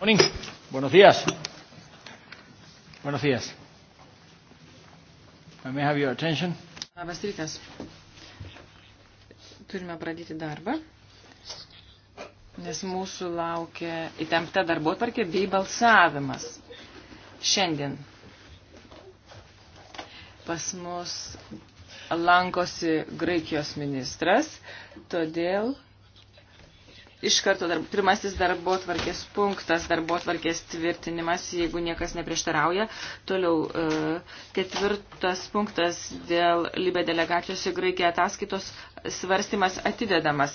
Morning. Buenos días. Buenos días. I may have your attention. Labas rytas. Turime pradėti darbą, nes mūsų laukia įtempta darbo tvarkė bei balsavimas. Šiandien pas mus lankosi Graikijos ministras, todėl Iš karto dar, pirmasis darbo tvarkės punktas, darbo tvarkės tvirtinimas, jeigu niekas neprieštarauja. Toliau e, ketvirtas punktas dėl Libė delegacijos į Graikiją ataskaitos svarstymas atidedamas.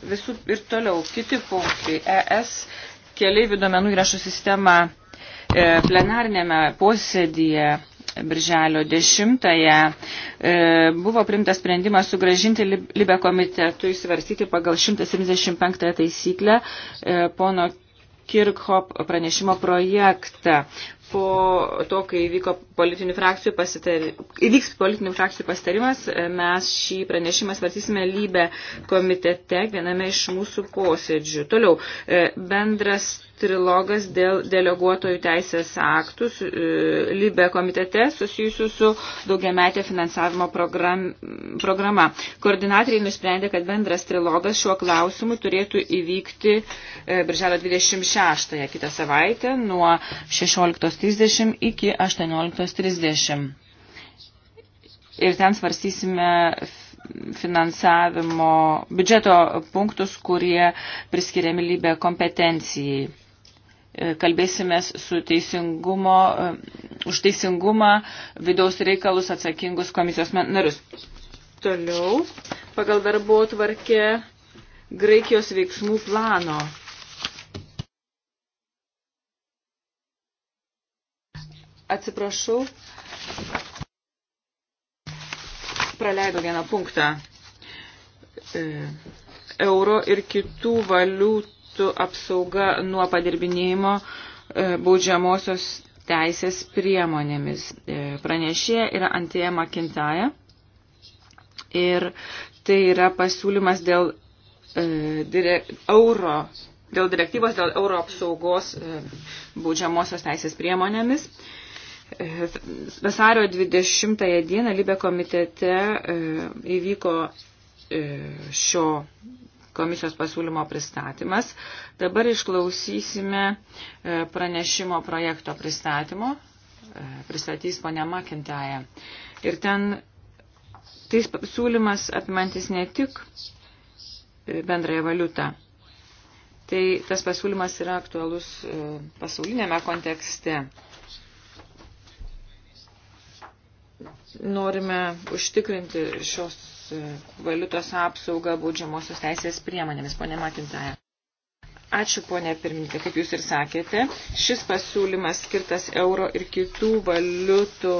Visų ir toliau kiti punktai. ES keliaivių duomenų įrašų sistema e, plenarinėme posėdyje birželio 10-ąją e, buvo primtas sprendimas sugražinti Libe komitetui svarstyti pagal 175 taisyklę e, pono Kirkhop pranešimo projektą po to, kai įvyko politinių frakcijų pasitar... įvyks politinių frakcijų pasitarimas, e, mes šį pranešimą svartysime lybę komitete viename iš mūsų posėdžių. Toliau, e, bendras trilogas dėl deleguotojų teisės aktų e, lybė komitete susijusių su daugiametė finansavimo program, programa. Koordinatoriai nusprendė, kad bendras trilogas šiuo klausimu turėtų įvykti birželio 26 kitą savaitę nuo 16 30 iki 18.30. Ir ten svarstysime finansavimo biudžeto punktus, kurie priskiriami lybė kompetencijai. E, Kalbėsime su teisingumo, e, už teisingumą vidaus reikalus atsakingus komisijos narius. Toliau, pagal darbo tvarkė Graikijos veiksmų plano Atsiprašau. Praleido vieną punktą. E, euro ir kitų valiutų apsauga nuo padirbinėjimo e, baudžiamosios teisės priemonėmis. E, Pranešė yra Antėja Makintaja. Ir tai yra pasiūlymas dėl e, direk, euro, dėl direktyvos dėl euro apsaugos e, būdžiamosios teisės priemonėmis. E, Vasario 20 dieną Libė komitete e, įvyko e, šio komisijos pasiūlymo pristatymas. Dabar išklausysime e, pranešimo projekto pristatymo. Pristatys ponia Makintaja. Ir ten tai siūlymas apimantis ne tik bendrąją valiutą. Tai tas pasiūlymas yra aktualus pasaulinėme kontekste. norime užtikrinti šios e, valiutos apsaugą baudžiamosios teisės priemonėmis, ponė Matintaja. Ačiū, ponė pirmininkė, kaip jūs ir sakėte. Šis pasiūlymas skirtas euro ir kitų valiutų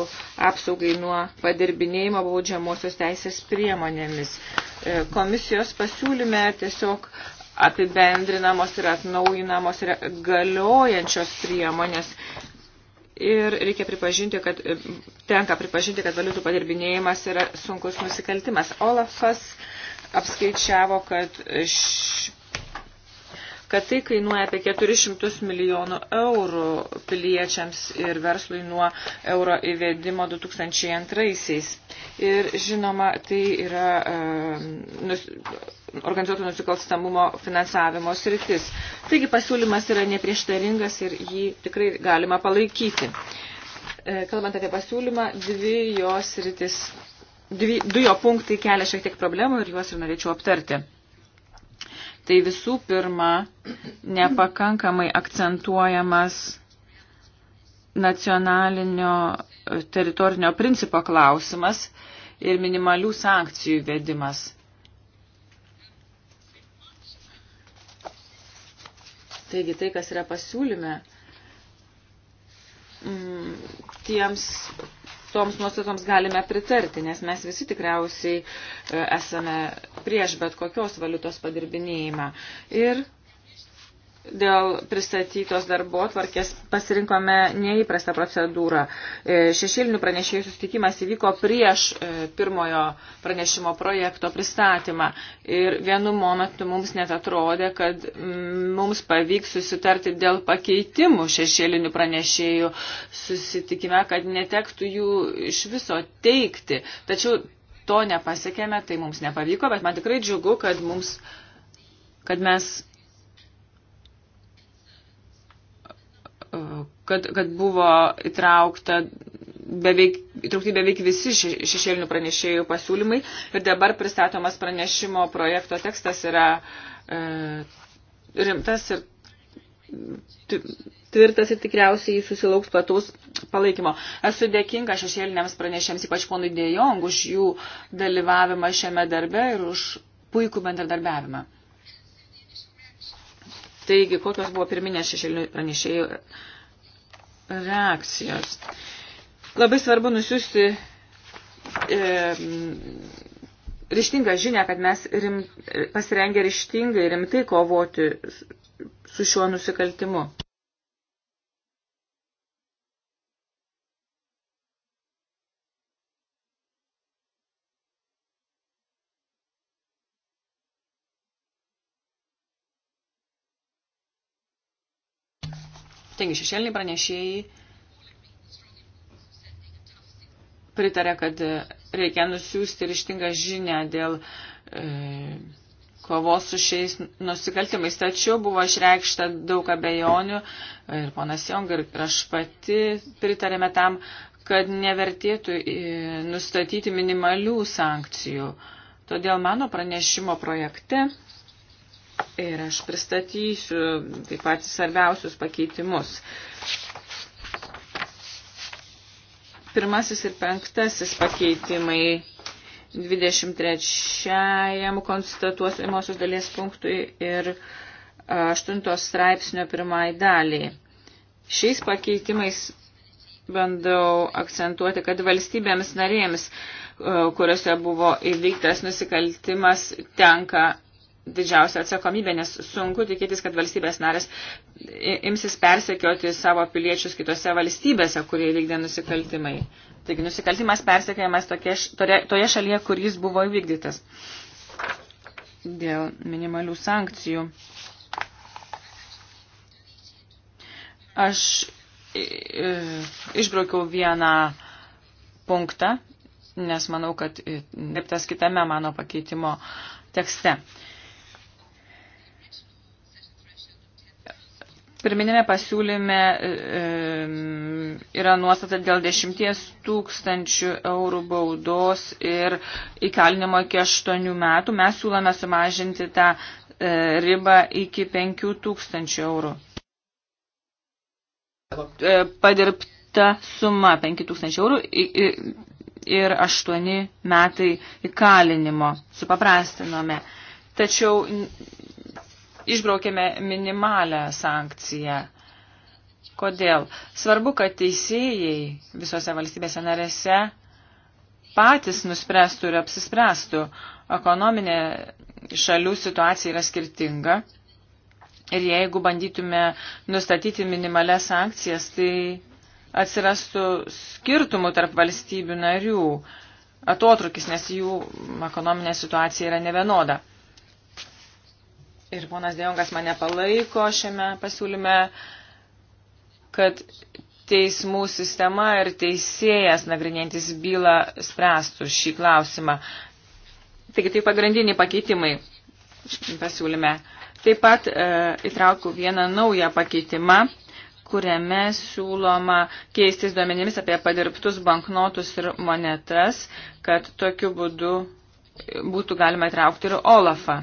apsaugai nuo padirbinėjimo baudžiamosios teisės priemonėmis. E, komisijos pasiūlyme tiesiog apibendrinamos ir atnaujinamos ir galiojančios priemonės Ir reikia pripažinti, kad e, tenka pripažinti, kad valiutų padirbinėjimas yra sunkus nusikaltimas. Olafas apskaičiavo, kad š, kad tai kainuoja apie 400 milijonų eurų piliečiams ir verslui nuo euro įvedimo 2002-aisiais. Ir žinoma, tai yra uh, nus, organizuotų nusikalstamumo finansavimo sritis. Taigi pasiūlymas yra neprieštaringas ir jį tikrai galima palaikyti. E, kalbant apie pasiūlymą, dvi jos sritis, dvi, du jo punktai kelia šiek tiek problemų ir juos ir norėčiau aptarti tai visų pirma nepakankamai akcentuojamas nacionalinio e, teritorinio principo klausimas ir minimalių sankcijų vedimas. Taigi tai, kas yra pasiūlyme, tiems toms nuostatoms galime pritarti, nes mes visi tikriausiai e, esame prieš bet kokios valiutos padirbinėjimą. Ir dėl pristatytos darbo atvarkės pasirinkome neįprastą procedūrą. E, šešėlinių pranešėjų susitikimas įvyko prieš e, pirmojo pranešimo projekto pristatymą ir vienu momentu mums net atrodė, kad mm, mums pavyks susitarti dėl pakeitimų šešėlinių pranešėjų susitikime, kad netektų jų iš viso teikti. Tačiau to nepasiekėme, tai mums nepavyko, bet man tikrai džiugu, kad, mums, kad mes kad, kad buvo įtraukta beveik, įtraukti beveik visi šešėlinių pranešėjų pasiūlymai ir dabar pristatomas pranešimo projekto tekstas yra e, rimtas ir tvirtas ir tikriausiai susilauks plataus palaikymo. Esu dėkinga šešėliniams pranešėms, ypač ponui Dejong, už jų dalyvavimą šiame darbe ir už puikų bendradarbiavimą. Taigi, kokios buvo pirminės šešėlinių pranešėjų reakcijos. Labai svarbu nusiųsti e, ryštingą žinę, kad mes rim, pasirengę ryštingai, rimtai kovoti su šiuo nusikaltimu. Taigi šešėliniai pranešėjai pritarė, kad reikia nusiųsti ryštingą žinę dėl e, kovos su šiais nusikaltimais. Tačiau buvo išreikšta daug abejonių ir ponas Jong ir aš pati pritarėme tam, kad nevertėtų e, nustatyti minimalių sankcijų. Todėl mano pranešimo projekte ir aš pristatysiu taip pat svarbiausius pakeitimus. Pirmasis ir penktasis pakeitimai 23 konstatuosimosios dalies punktui ir 8 straipsnio pirmai daliai. Šiais pakeitimais bandau akcentuoti, kad valstybėms narėms, kuriuose buvo įvyktas nusikaltimas, tenka didžiausia atsakomybė, nes sunku tikėtis, kad valstybės narės imsis persekioti savo piliečius kitose valstybėse, kurie vykdė nusikaltimai. Taigi nusikaltimas persekiojamas tokie, toje šalyje, kur jis buvo įvykdytas dėl minimalių sankcijų. Aš išbraukiau vieną punktą, nes manau, kad neptas kitame mano pakeitimo tekste. Uh, pirminėme pasiūlyme e, e, yra nuostata dėl 10 tūkstančių eurų baudos ir įkalinimo iki 8 metų. Mes siūlome sumažinti tą e, ribą iki 5 tūkstančių eurų. Padirbta suma 5 tūkstančių eurų ir 8 metai įkalinimo. Supaprastinome. Tačiau išbraukėme minimalę sankciją. Kodėl? Svarbu, kad teisėjai visose valstybėse narėse patys nuspręstų ir apsispręstų. Ekonominė šalių situacija yra skirtinga. Ir jeigu bandytume nustatyti minimalias sankcijas, tai atsirastų skirtumų tarp valstybių narių atotrukis, nes jų ekonominė situacija yra nevienoda ir ponas Dejongas mane palaiko šiame pasiūlyme, kad teismų sistema ir teisėjas nagrinėjantis bylą spręstų šį klausimą. Taigi tai pagrindiniai pakeitimai pasiūlyme. Taip pat e, įtraukiu vieną naują pakeitimą, kuriame siūloma keistis duomenimis apie padirbtus banknotus ir monetas, kad tokiu būdu būtų galima įtraukti ir Olafą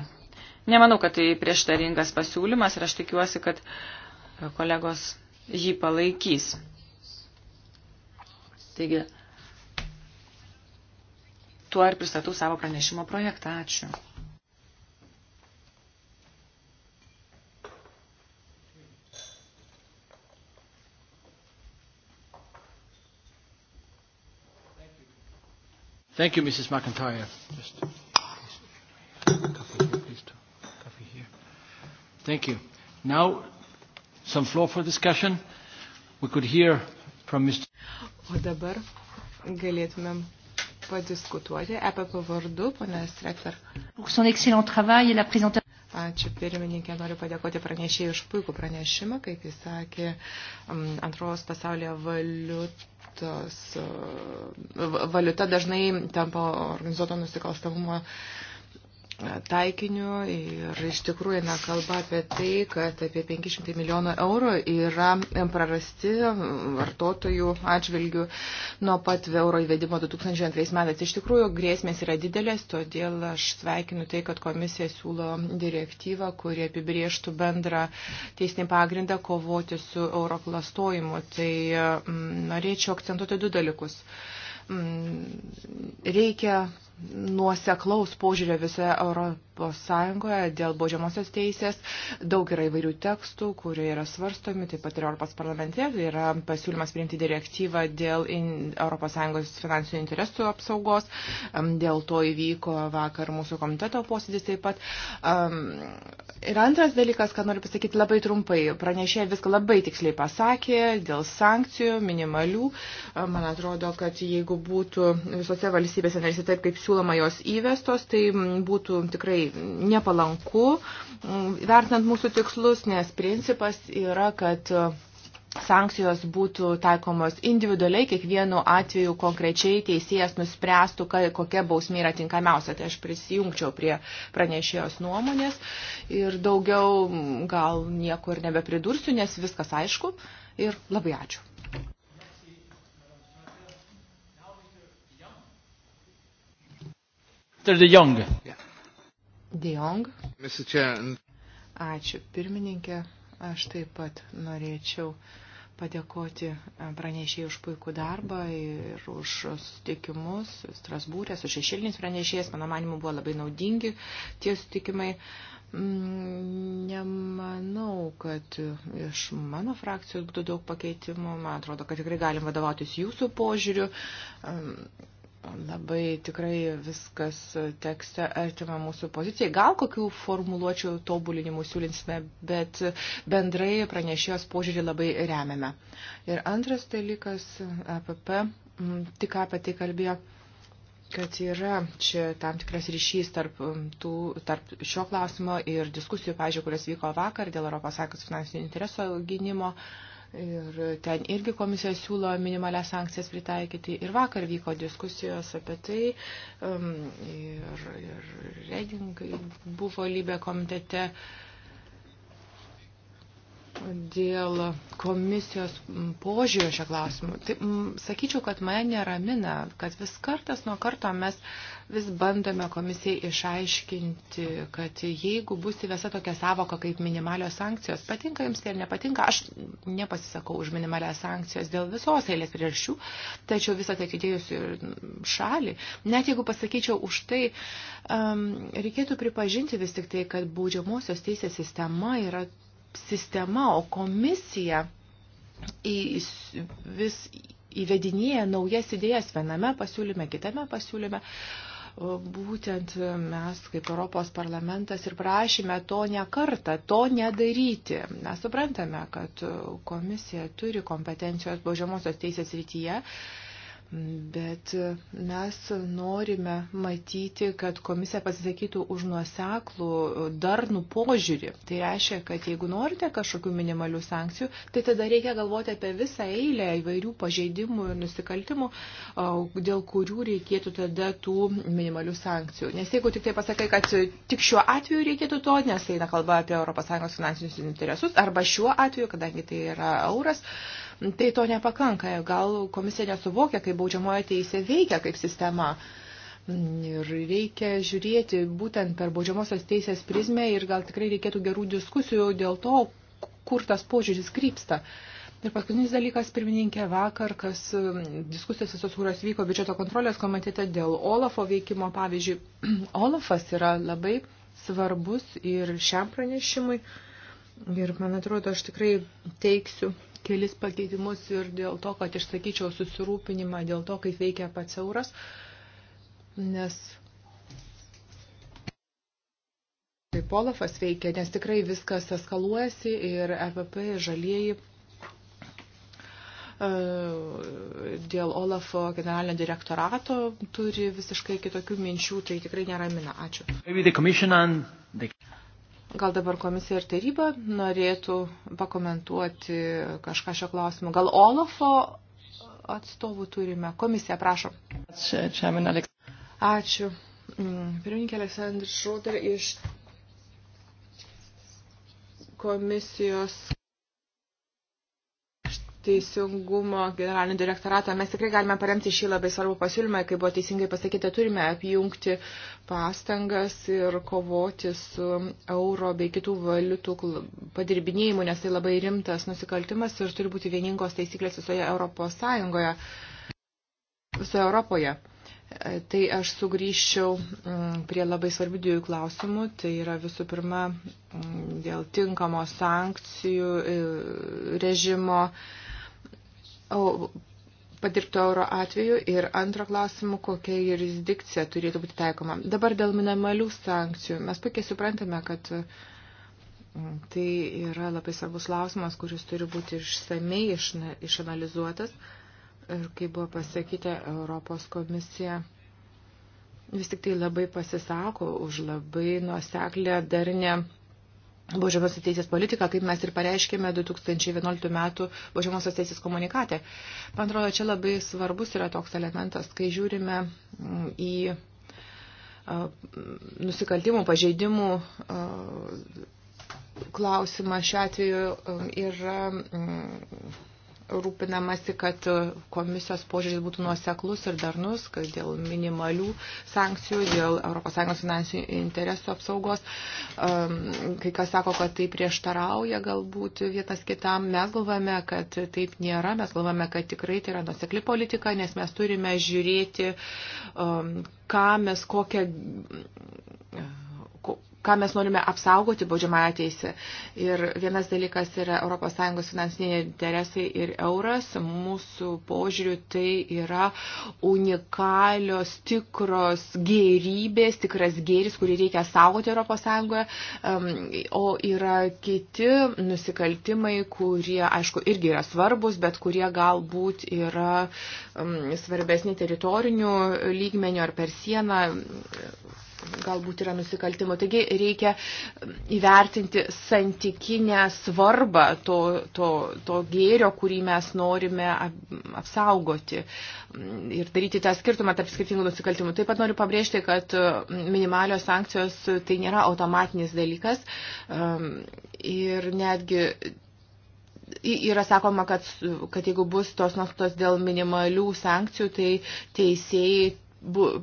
Nemanau, kad tai prieštaringas pasiūlymas ir aš tikiuosi, kad e, kolegos jį palaikys. Taigi, tuo ir pristatau savo pranešimo projektą. Ačiū. Thank you, Mrs. McIntyre. Just... Thank you. Now, some floor for discussion. We could hear from Mr. O dabar galėtumėm padiskutuoti apie pavardų, ponas Rekler. Ačiū pirmininkė, noriu padėkoti pranešėjai už puikų pranešimą, kaip jis sakė, antros pasaulyje valiutų valiutos, valiuta dažnai tampa organizuoto nusikalstamumo taikiniu ir iš tikrųjų eina kalba apie tai, kad apie 500 milijonų eurų yra prarasti vartotojų atžvilgių nuo pat euro įvedimo 2002 metais. Iš tikrųjų grėsmės yra didelės, todėl aš sveikinu tai, kad komisija siūlo direktyvą, kuri apibrieštų bendrą teisinį pagrindą kovoti su euroklastojimu. Tai m, mm, norėčiau akcentuoti du dalykus mm, reikia nuoseklaus požiūrio visoje Europos Sąjungoje dėl baudžiamosios teisės. Daug yra įvairių tekstų, kurie yra svarstomi, taip pat ir Europos parlamente tai yra pasiūlymas priimti direktyvą dėl Europos Sąjungos finansinių interesų apsaugos. Dėl to įvyko vakar mūsų komiteto posėdis taip pat. Ir antras dalykas, ką noriu pasakyti labai trumpai. Pranešė viską labai tiksliai pasakė dėl sankcijų minimalių. Man atrodo, kad jeigu būtų visose valstybėse narsi taip, kaip siūlė, siūloma jos įvestos, tai būtų tikrai nepalanku vertinant mūsų tikslus, nes principas yra, kad e, sankcijos būtų taikomos individualiai, kiekvienu atveju konkrečiai teisėjas nuspręstų, kai, kokia bausmė yra tinkamiausia. Tai aš prisijungčiau prie pranešėjos nuomonės ir daugiau gal nieko ir nebepridursiu, nes viskas aišku ir labai ačiū. Mr. De Jong. De Jong. Ačiū, pirmininkė. Aš taip pat norėčiau padėkoti pranešėjai už puikų darbą ir už sutikimus Strasbūrė su šešėliniais pranešėjais. Mano manimu buvo labai naudingi tie sutikimai. Mm, nemanau, kad iš mano frakcijos būtų daug pakeitimų. Man atrodo, kad tikrai galim vadovautis jūsų požiūriu. Mm, labai tikrai viskas tekste artima mūsų pozicijai. Gal kokių formuluočių tobulinimų siūlinsime, bet bendrai pranešėjos požiūrį labai remiame. Ir antras dalykas, APP, tik apie tai kalbėjo, kad yra čia tam tikras ryšys tarp, tų, tarp šio klausimo ir diskusijų, pažiūrėjau, kurias vyko vakar dėl ES finansinių interesų gynimo. Uh, Ir ten irgi komisija siūlo minimalias sankcijas pritaikyti. Ir vakar vyko diskusijos apie tai. Um, ir, ir Reding buvo lybė komitete. Um, dėl komisijos požiūrio šio klausimu. Tai, m, sakyčiau, kad mane neramina, kad vis kartas nuo karto mes vis bandome komisijai išaiškinti, kad jeigu bus įvesa tokia savoka kaip minimalios sankcijos, patinka jums tai ar nepatinka, aš nepasisakau už minimalias sankcijas dėl visos eilės priežasčių, tačiau visą tai atidėjus šalį, net jeigu pasakyčiau už tai, um, reikėtų pripažinti vis tik tai, kad baudžiamosios teisės sistema yra sistema, o komisija į, vis įvedinėja naujas idėjas viename pasiūlyme, kitame pasiūlyme. Būtent mes kaip Europos parlamentas ir prašyme to nekartą, to nedaryti. Mes suprantame, kad komisija turi kompetencijos baudžiamosios teisės rytyje, bet mes norime matyti, kad komisija pasisakytų už nuoseklų darnų požiūrį. Tai reiškia, kad jeigu norite kažkokių minimalių sankcijų, tai tada reikia galvoti apie visą eilę įvairių pažeidimų ir nusikaltimų, dėl kurių reikėtų tada tų minimalių sankcijų. Nes jeigu tik tai pasakai, kad tik šiuo atveju reikėtų to, nes eina kalba apie ES finansinius interesus, arba šiuo atveju, kadangi tai yra euras, Tai to nepakanka. Gal komisija nesuvokia, kaip baudžiamoje teisė veikia kaip sistema. Ir reikia žiūrėti būtent per baudžiamosios teisės prizmę ir gal tikrai reikėtų gerų diskusijų dėl to, kur tas požiūris krypsta. Ir paskutinis dalykas, pirmininkė, vakar, kas um, diskusijos visos, kurios vyko biudžeto kontrolės komitete dėl Olafo veikimo, pavyzdžiui, Olafas yra labai svarbus ir šiam pranešimui. Ir man atrodo, aš tikrai teiksiu kelis pakeitimus ir dėl to, kad išsakyčiau susirūpinimą, dėl to, kaip veikia pats euras, nes kaip Olafas veikia, nes tikrai viskas eskaluojasi ir EPP žalieji e, dėl Olafo generalinio direktorato turi visiškai kitokių minčių, tai tikrai neramina. Ačiū. Gal dabar komisija ir taryba norėtų pakomentuoti kažką šio klausimu. Gal Olofo atstovų turime? Komisija, prašom. Ačiū. Mm, pirmininkė Aleksandr Šruder iš komisijos teisingumo generalinio direktorato. Mes tikrai galime paremti šį labai svarbų pasiūlymą, kaip buvo teisingai pasakyta, turime apjungti pastangas ir kovoti su euro bei kitų valiutų padirbinėjimu, nes tai labai rimtas nusikaltimas ir turi būti vieningos taisyklės visoje Europos Sąjungoje, visoje Europoje. E, tai aš sugrįžčiau mm, prie labai svarbių dviejų klausimų. Tai yra visų pirma mm, dėl tinkamo sankcijų e, režimo padirbto euro atveju ir antro klausimu, kokia jurisdikcija turėtų būti taikoma. Dabar dėl minimalių sankcijų. Mes puikiai suprantame, kad mm, tai yra labai svarbus klausimas, kuris turi būti išsamei iš, išanalizuotas. Ir kaip buvo pasakyta, Europos komisija vis tik tai labai pasisako už labai nuoseklę darnę Baudžiamosios teisės politiką, kaip mes ir pareiškėme 2011 metų Baudžiamosios teisės komunikate. Man atrodo, čia labai svarbus yra toks elementas, kai žiūrime mm, į nusikaltimų, pažeidimų klausimą šiuo atveju yra mm, rūpinamasi, kad komisijos požiūris būtų nuoseklus ir darnus, kad dėl minimalių sankcijų, dėl ES finansinių interesų apsaugos, um, kai kas sako, kad tai prieštarauja galbūt vienas kitam, mes galvame, kad taip nėra, mes galvame, kad tikrai tai yra nuosekli politika, nes mes turime žiūrėti, um, ką mes kokią ką mes norime apsaugoti baudžiamąją teisę. Ir vienas dalykas yra ES finansiniai interesai ir euras. Mūsų požiūriu tai yra unikalios, tikros gerybės, tikras gėris, kurį reikia saugoti ES. O yra kiti nusikaltimai, kurie, aišku, irgi yra svarbus, bet kurie galbūt yra svarbesni teritorinių lygmenių ar per sieną galbūt yra nusikaltimo. Taigi reikia įvertinti santykinę svarbą to, to, to gėrio, kurį mes norime apsaugoti ir daryti tą skirtumą tarp skirtingų nusikaltimų. Taip pat noriu pabrėžti, kad minimalios sankcijos tai nėra automatinis dalykas um, ir netgi yra sakoma, kad, kad jeigu bus tos nuostatos dėl minimalių sankcijų, tai teisėjai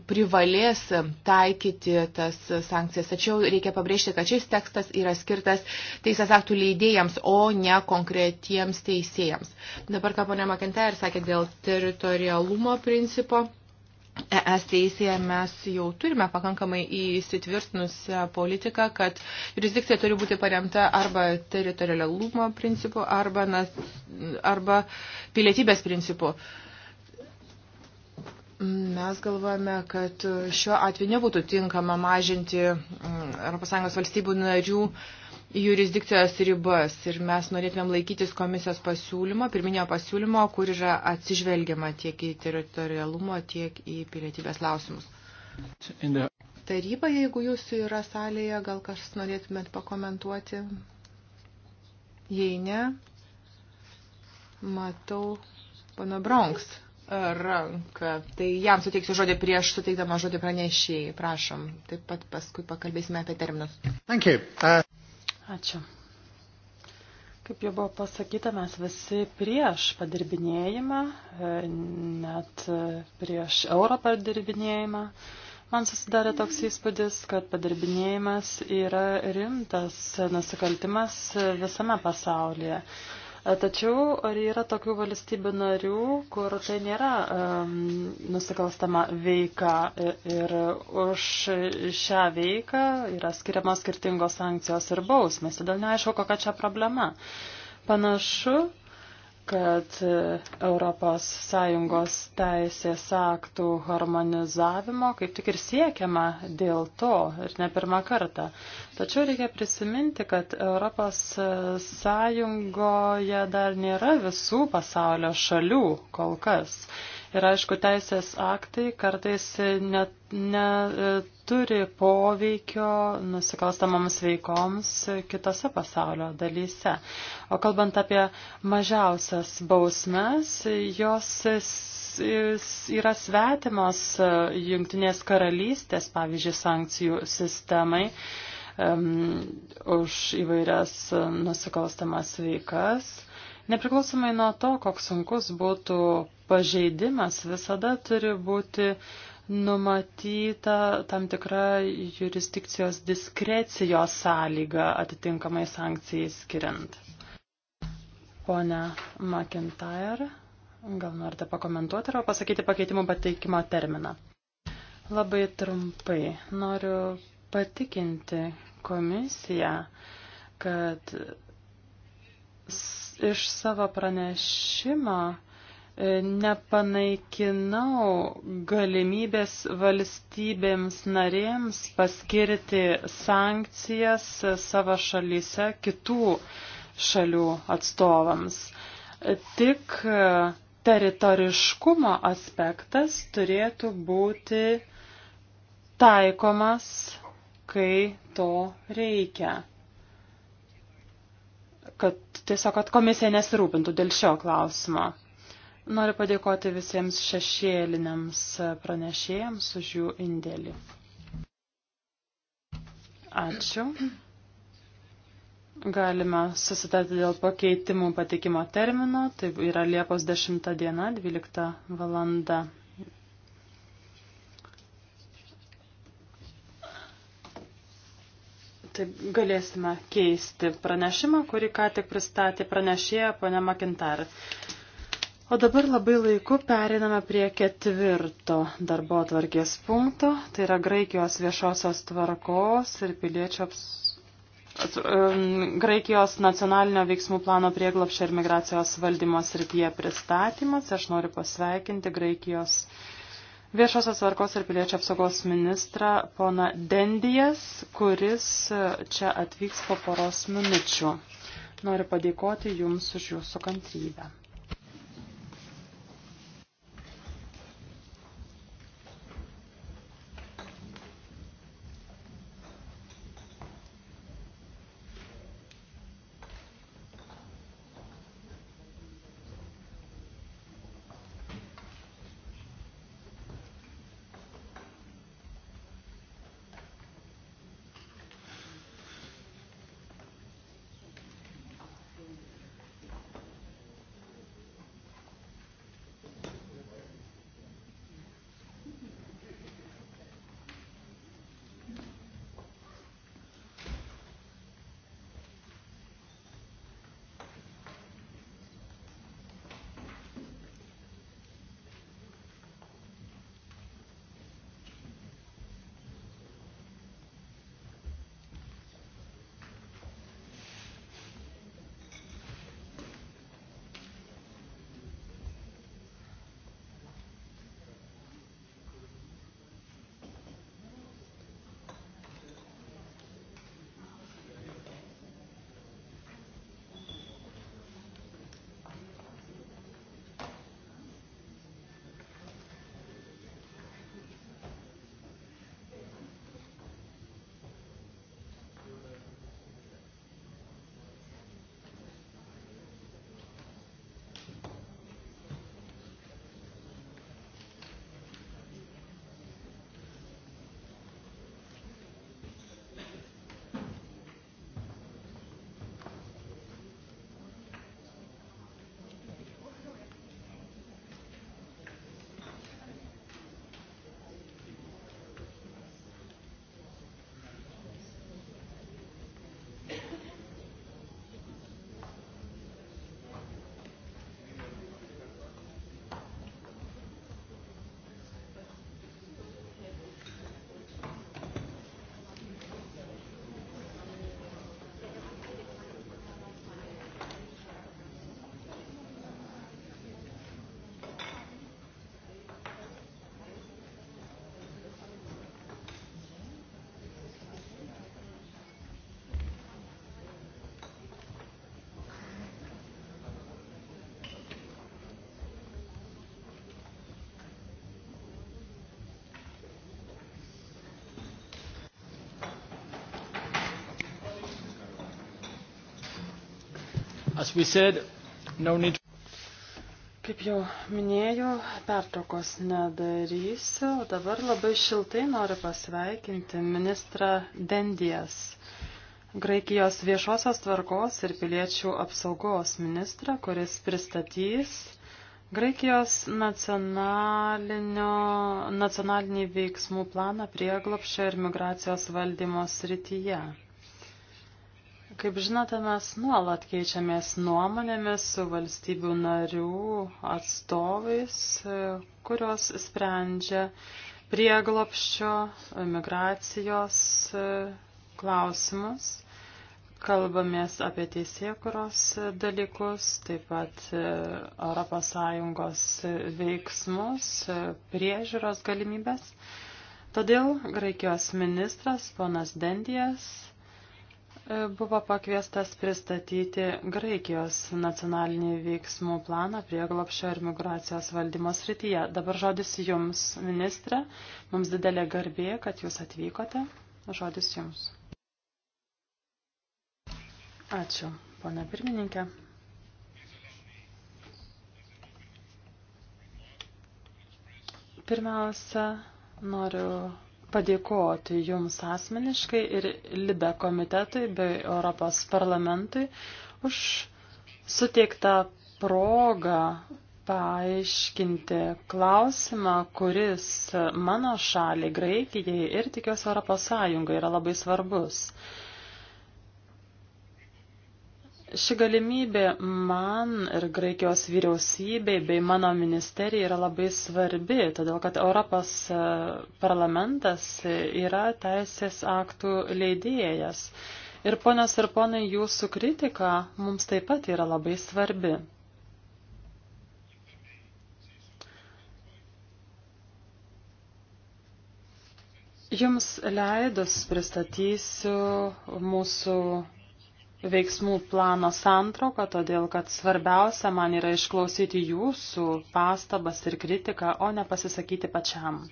privalės taikyti tas sankcijas. Tačiau reikia pabrėžti, kad šis tekstas yra skirtas teisės aktų leidėjams, o ne konkretiems teisėjams. Dabar, ką ponė Makintai ir sakė dėl teritorialumo principo. ES teisėje mes jau turime pakankamai įsitvirtinusią politiką, kad jurisdikcija turi būti paremta arba teritorialumo principu, arba, nas, arba pilietybės principu. Uh, Mes galvojame, kad šiuo atveju nebūtų tinkama mažinti mm, ES valstybių narių jurisdikcijos ribas ir mes norėtumėm laikytis komisijos pasiūlymo, pirminio pasiūlymo, kur yra atsižvelgiama tiek į teritorialumo, tiek į pilietybės klausimus. The... Taryba, jeigu jūs yra salėje, gal kažkas norėtumėt pakomentuoti? Jei ne, matau pana Bronks ranką. Tai jam suteiksiu žodį prieš suteikdama žodį pranešėjai. Prašom. Taip pat paskui pakalbėsime apie terminus. Thank you. Uh... Ačiū. Kaip jau buvo pasakyta, mes visi prieš padirbinėjimą, e, net e, prieš euro padirbinėjimą. Man susidarė toks įspūdis, kad padirbinėjimas yra rimtas nusikaltimas visame pasaulyje. Tačiau ar yra tokių valstybių narių, kur tai nėra um, nusikalstama veika e, ir už šią veiką yra skiriamas skirtingos sankcijos ir bausmės, todėl neaišku, kokia čia problema. Panašu, kad ES teisės aktų harmonizavimo kaip tik ir siekiama dėl to ir ne pirmą kartą. Tačiau reikia prisiminti, kad ES dar nėra visų pasaulio šalių kol kas. Ir aišku, teisės aktai kartais net neturi e, poveikio nusikalstamoms veikoms kitose pasaulio dalyse. O kalbant apie mažiausias bausmes, jos yra svetimos jungtinės karalystės, pavyzdžiui, sankcijų sistemai um, už įvairias nusikalstamas veikas. Nepriklausomai nuo to, koks sunkus būtų pažeidimas, visada turi būti numatyta tam tikra jurisdikcijos diskrecijos sąlyga atitinkamai sankcijai skiriant. Pone McIntyre, gal norite pakomentuoti arba pasakyti pakeitimo pateikimo terminą? Labai trumpai noriu patikinti komisiją, kad iš savo pranešimo e, nepanaikinau galimybės valstybėms narėms paskirti sankcijas savo šalyse kitų šalių atstovams. Tik e, teritoriškumo aspektas turėtų būti taikomas, kai to reikia kad tiesiog, kad komisija nesirūpintų dėl šio klausimo. Noriu padėkoti visiems šešėliniams pranešėjams už jų indėlį. Ačiū. Galime susitarti dėl pakeitimų patikimo termino. Tai yra Liepos 10 diena, 12 valanda. Taip galėsime keisti pranešimą, kurį ką tik pristatė pranešėja ponia Makintar. O dabar labai laiku periname prie ketvirto darbo atvarkės punkto, tai yra Graikijos viešosios tvarkos ir piliečio aps... Ats... Graikijos nacionalinio veiksmų plano prieglopščio ir migracijos valdymo srityje pristatymas. Aš noriu pasveikinti Graikijos viešosios tvarkos ir piliečio apsaugos ministrą poną Dendijas, kuris e, čia atvyks po poros minučių. Noriu padėkoti Jums už Jūsų kantrybę. Said, no need... Kaip jau minėjau, pertraukos nedarysiu. Dabar labai šiltai noriu pasveikinti ministrą Dendijas. Graikijos viešosios tvarkos ir piliečių apsaugos ministrą, kuris pristatys Graikijos nacionalinį veiksmų planą prieglopščio ir migracijos valdymo srityje. Kaip žinote, mes nuolat keičiamės nuomonėmis su valstybių narių atstovais, kurios sprendžia prieglopščio, migracijos klausimus. Kalbamės apie teisėkuros dalykus, taip pat ES veiksmus, e, priežiūros galimybės. Todėl Graikijos ministras ponas Dendijas E, buvo pakviestas pristatyti Graikijos nacionalinį veiksmų planą prieglopščio ir migracijos valdymo srityje. Dabar žodis Jums, ministrė. Mums didelė garbė, kad Jūs atvykote. Žodis Jums. Ačiū, pana pirmininkė. Pirmiausia, noriu padėkoti Jums asmeniškai ir Libe komitetui bei Europos parlamentui už suteiktą progą paaiškinti klausimą, kuris mano šaliai, Graikijai ir tikiuosi Europos Sąjungai yra labai svarbus. Ši galimybė man ir Graikijos vyriausybei bei mano ministerijai yra labai svarbi, todėl kad Europos e, parlamentas yra teisės aktų leidėjas. Ir ponios ir ponai, jūsų kritika mums taip pat yra labai svarbi. Jums leidus pristatysiu mūsų veiksmų plano santrauką, todėl kad svarbiausia man yra išklausyti jūsų pastabas ir kritiką, o ne pasisakyti pačiam.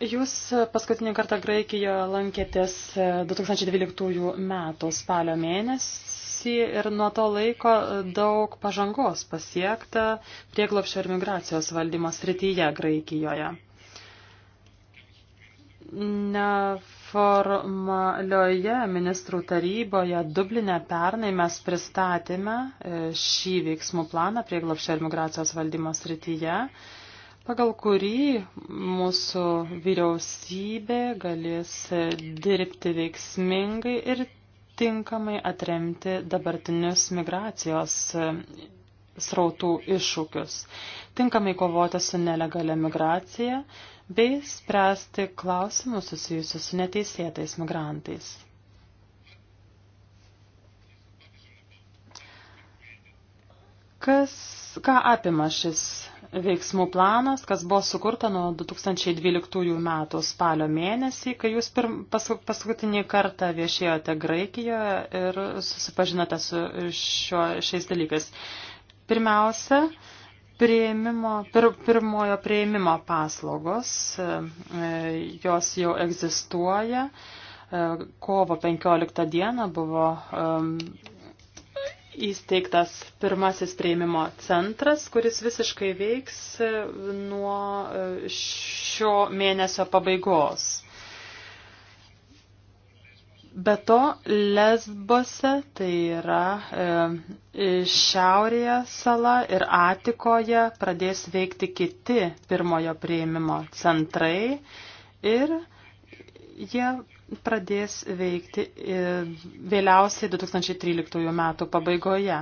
Jūs paskutinį kartą Graikijoje lankėtės 2012 e, metų spalio mėnesį ir nuo to laiko daug pažangos pasiekta prieglopščio ir migracijos valdymo srityje Graikijoje. Ne Informalioje ministrų taryboje Dublinė pernai mes pristatėme e, šį veiksmų planą prieglopščio ir migracijos valdymo srityje, pagal kurį mūsų vyriausybė galės dirbti veiksmingai ir tinkamai atremti dabartinius migracijos e, srautų iššūkius, tinkamai kovoti su nelegalia migracija, bei spręsti klausimus susijusius su neteisėtais migrantais. Kas, ką apima šis veiksmų planas, kas buvo sukurta nuo 2012 metų spalio mėnesį, kai jūs pirm, paskut, paskutinį kartą viešėjote Graikijoje ir susipažinote su šio, šiais dalykais. Pirmiausia, prieimimo, pir, pirmojo prieimimo paslaugos, e, e, jos jau egzistuoja. E, kovo 15 dieną buvo įsteigtas pirmasis prieimimo centras, kuris visiškai veiks nuo šio mėnesio pabaigos. Be to, lesbose, tai yra e, šiaurėje sala ir Atikoje pradės veikti kiti pirmojo prieimimo centrai ir jie pradės veikti vėliausiai 2013 metų pabaigoje.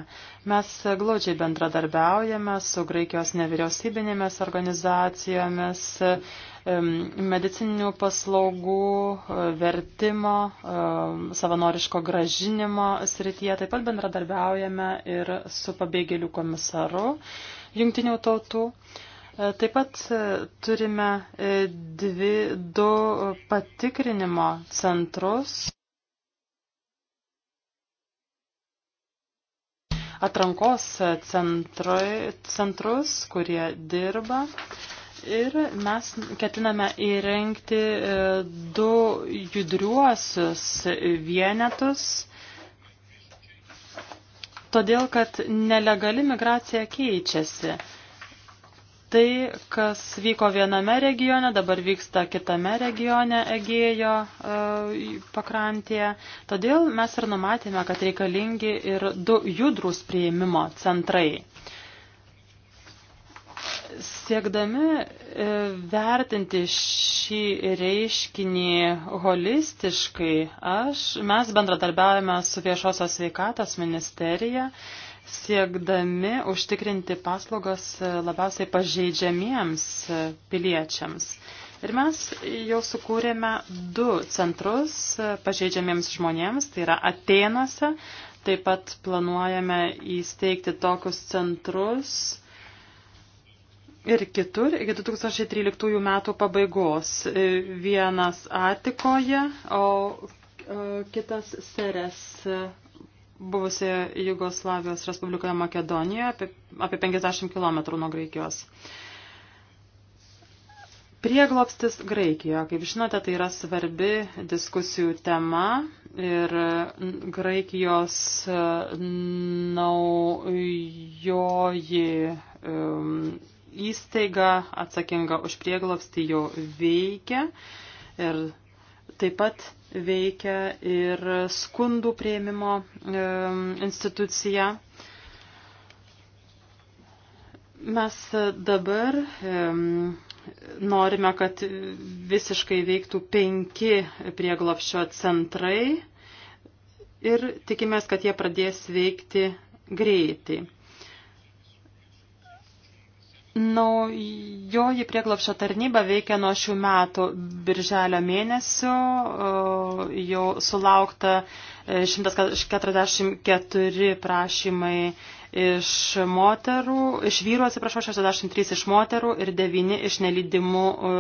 Mes glaudžiai bendradarbiaujame su Graikijos nevyriausybinėmis organizacijomis, medicinių paslaugų, e, vertimo, e, savanoriško gražinimo srityje. Taip pat bendradarbiaujame ir su pabėgėlių komisaru jungtinių tautų. E, taip pat turime dvi, du patikrinimo centrus. atrankos centrui, centrus, kurie dirba Ir mes ketiname įrengti e, du judriuosius vienetus, todėl kad nelegali migracija keičiasi. Tai, kas vyko viename regione, dabar vyksta kitame regione Egėjo e, pakrantėje. Todėl mes ir numatėme, kad reikalingi ir du judrus prieimimo centrai. Siekdami e, vertinti šį reiškinį holistiškai, aš, mes bendradarbiavame su viešosios sveikatos ministerija, siekdami užtikrinti paslaugas labiausiai pažeidžiamiems piliečiams. Ir mes jau sukūrėme du centrus pažeidžiamiems žmonėms, tai yra Atenose, taip pat planuojame įsteigti tokius centrus, ir kitur iki 2013 metų pabaigos. E, vienas Atikoje, o e, kitas Seres e, buvusioje Jugoslavijos Respublikoje Makedonijoje, apie, apie 50 km nuo Graikijos. Prieglopstis Graikijoje, kaip žinote, tai yra svarbi diskusijų tema ir Graikijos naujoji um, įstaiga atsakinga už prieglobstį jau veikia ir taip pat veikia ir skundų prieimimo institucija. Mes dabar norime, kad visiškai veiktų penki prieglopščio centrai ir tikimės, kad jie pradės veikti greitai. Naujoji prieglopšio tarnyba veikia nuo šių metų birželio mėnesio, e, jau sulaukta 144 e, prašymai iš moterų, iš vyrų, atsiprašau, 63 iš moterų ir 9 iš nelydimų e,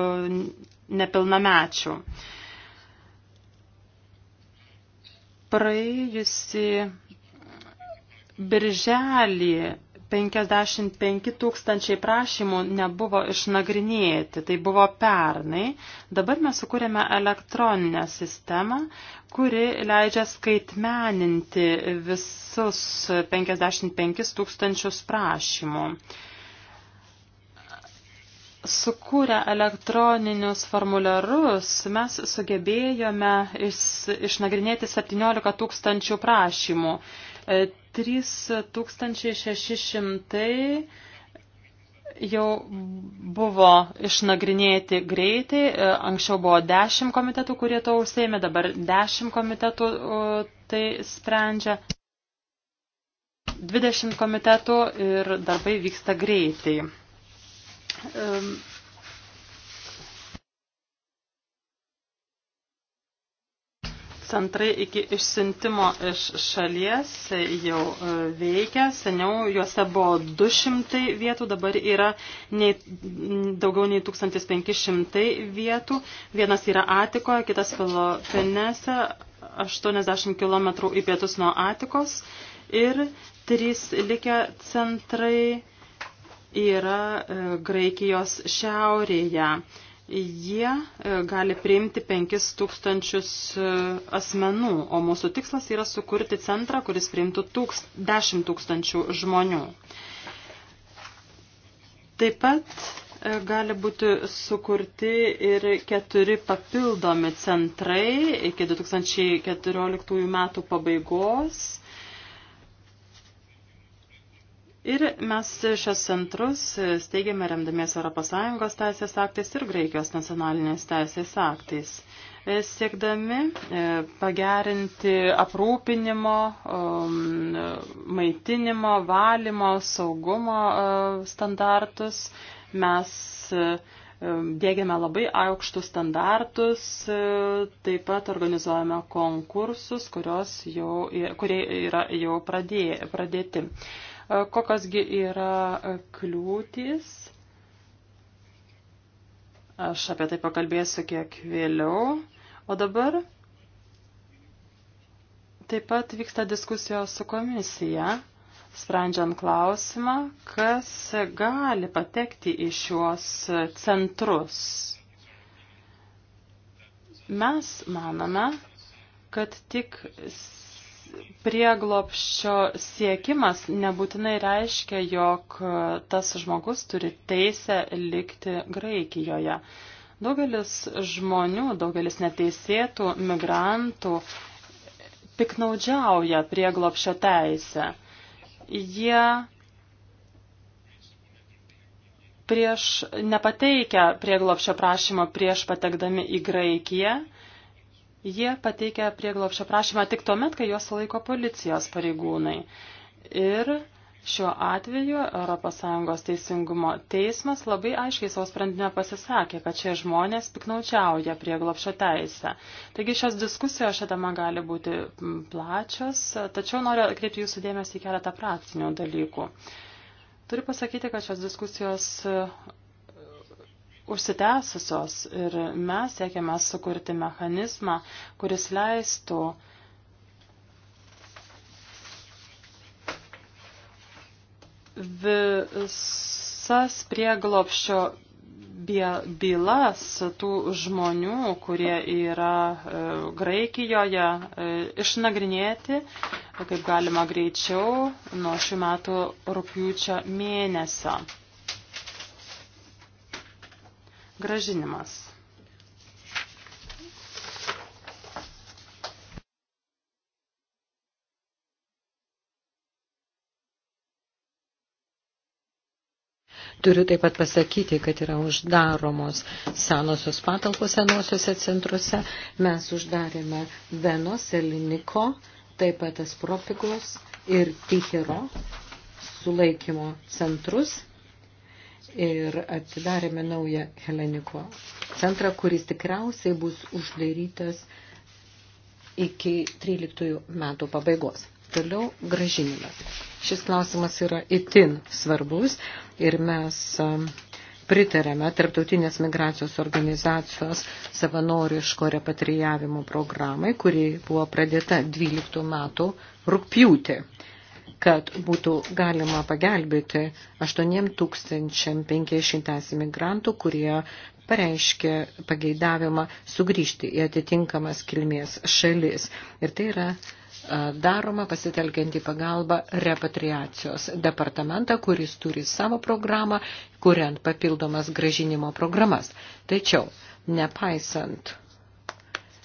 nepilnamečių. Praėjusi birželį 55 tūkstančiai prašymų nebuvo išnagrinėti, tai buvo pernai. Dabar mes sukūrėme elektroninę sistemą, kuri leidžia skaitmeninti visus 55 tūkstančius prašymų. Sukūrę elektroninius formularus mes sugebėjome iš, išnagrinėti 17 tūkstančių prašymų. E, 3600 jau buvo išnagrinėti greitai, e, anksčiau buvo 10 komitetų, kurie to užsėmė, dabar 10 komitetų e, tai sprendžia. 20 komitetų ir darbai vyksta greitai. centrai iki išsintimo iš šalies jau e, veikia. Seniau juose buvo 200 vietų, dabar yra nei, daugiau nei 1500 vietų. Vienas yra Atikoje, kitas Filipinėse, 80 km į pietus nuo Atikos. Ir trys likę centrai yra e, Graikijos šiaurėje jie e, gali priimti 5000 e, asmenų, o mūsų tikslas yra sukurti centrą, kuris priimtų 10 tūkstančių žmonių. Taip pat e, gali būti sukurti ir keturi papildomi centrai iki 2014 metų pabaigos Ir mes šios centrus steigiame remdamies ES teisės aktais ir Graikijos nacionalinės teisės aktais, e, siekdami e, pagerinti aprūpinimo, um, maitinimo, valymo, saugumo e, standartus. Mes dėgiame labai aukštus standartus, taip pat organizuojame konkursus, kurios jau, kurie yra jau pradė, pradėti. E, kokiosgi yra e, kliūtis. Aš apie tai pakalbėsiu kiek vėliau. O dabar taip pat vyksta diskusijos su komisija, sprendžiant klausimą, kas gali patekti į šiuos centrus. Mes manome, kad tik prieglopščio siekimas nebūtinai reiškia, jog tas žmogus turi teisę likti Graikijoje. Daugelis žmonių, daugelis neteisėtų migrantų piknaudžiauja prieglopščio teisę. Jie prieš nepateikia prieglopščio prašymo prieš patekdami į Graikiją Jie pateikia prieglopšio prašymą tik tuomet, kai juos laiko policijos pareigūnai. Ir Šiuo atveju ES teisingumo teismas labai aiškiai savo sprendinę pasisakė, kad šie žmonės piknaučiauja prieglopšio teisę. Taigi šios diskusijos šią temą gali būti plačios, tačiau noriu atkreipti jūsų dėmesį į keletą praktinių dalykų. Turiu pasakyti, kad šios diskusijos užsitęsusios ir mes siekiame sukurti mechanizmą, kuris leistų visas prieglopščio bylas tų žmonių, kurie yra e, Graikijoje, e, išnagrinėti, kaip galima greičiau, nuo šių metų rūpjūčio mėnesio. Gražinimas. Turiu taip pat pasakyti, kad yra uždaromos senosios patalpos senosiuose centruose. Mes uždarėme Venos, Eliniko, taip pat Esprofikos ir Tichiro sulaikymo centrus ir atsidarėme naują Heleniko centrą, kuris tikriausiai bus uždarytas iki 13 metų pabaigos. Toliau gražinimas. Šis klausimas yra itin svarbus ir mes um, pritarėme Tarptautinės migracijos organizacijos savanoriško repatrijavimo programai, kuri buvo pradėta 12 metų rūpjūtį kad būtų galima pagelbėti 8500 imigrantų, kurie pareiškė pageidavimą sugrįžti į atitinkamas kilmės šalis. Ir tai yra daroma pasitelkiant į pagalbą repatriacijos departamentą, kuris turi savo programą, kuriant papildomas gražinimo programas. Tačiau, nepaisant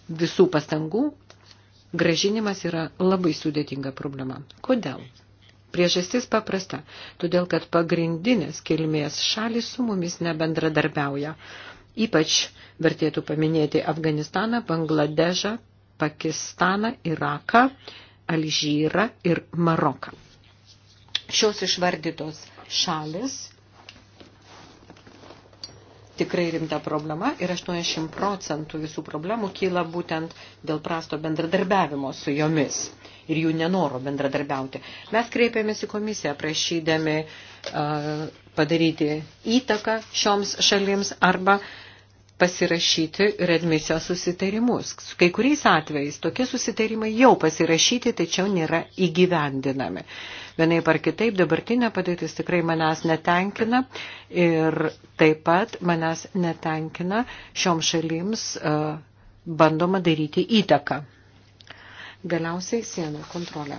visų pastangų, gražinimas yra labai sudėtinga problema. Kodėl? Priežastis paprasta, todėl kad pagrindinės kilmės šalis su mumis nebendradarbiauja. Ypač vertėtų paminėti Afganistaną, Bangladežą, Pakistaną, Iraką, Alžyrą ir Maroką. Šios išvardytos šalis tikrai rimta problema ir 80 procentų visų problemų kyla būtent dėl prasto bendradarbiavimo su jomis ir jų nenoro bendradarbiauti. Mes kreipėmės į komisiją prašydami uh, padaryti įtaką šioms šalims arba pasirašyti redmisijos susitarimus. Kai kuriais atvejais tokie susitarimai jau pasirašyti, tačiau nėra įgyvendinami. Vienai par kitaip dabartinė padėtis tikrai manęs netenkina ir taip pat manęs netenkina šioms šalims uh, bandoma daryti įtaką. Galiausiai sienų kontrolė.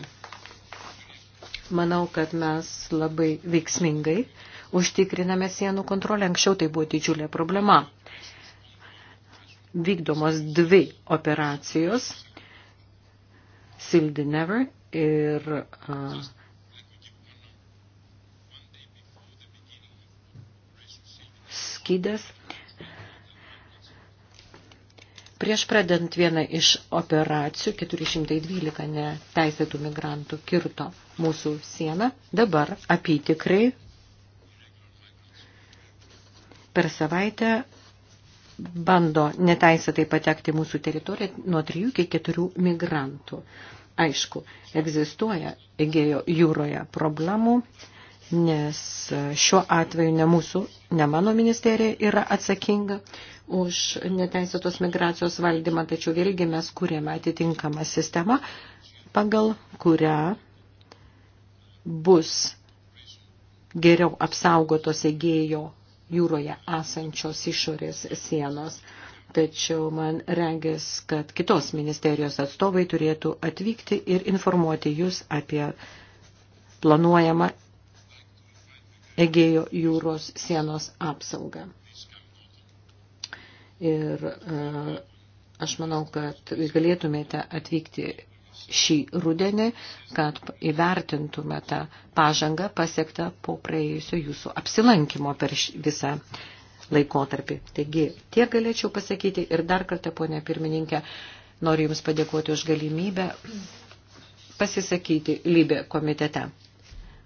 Manau, kad mes labai veiksmingai užtikriname sienų kontrolę. Anksčiau tai buvo didžiulė problema. Vykdomos dvi operacijos Sildinever ir uh, Skydės Prieš pradant vieną iš operacijų, 412 neteisėtų migrantų kirto mūsų sieną, dabar apytikrai per savaitę bando neteisėtai patekti mūsų teritoriją nuo 3 iki 4 migrantų. Aišku, egzistuoja Egėjo jūroje problemų, nes šiuo atveju ne mūsų, ne mano ministerija yra atsakinga už neteisėtos migracijos valdymą, tačiau vėlgi mes kūrėme atitinkamą sistemą, pagal kurią bus geriau apsaugotos Egėjo jūroje esančios išorės sienos. Tačiau man regis, kad kitos ministerijos atstovai turėtų atvykti ir informuoti jūs apie planuojamą Egėjo jūros sienos apsaugą. Ir e, aš manau, kad jūs galėtumėte atvykti šį rudenį, kad įvertintume tą pažangą pasiektą po praėjusio jūsų apsilankimo per visą laikotarpį. Taigi, tiek galėčiau pasakyti ir dar kartą, ponė pirmininkė, noriu Jums padėkoti už galimybę pasisakyti lybė komitete.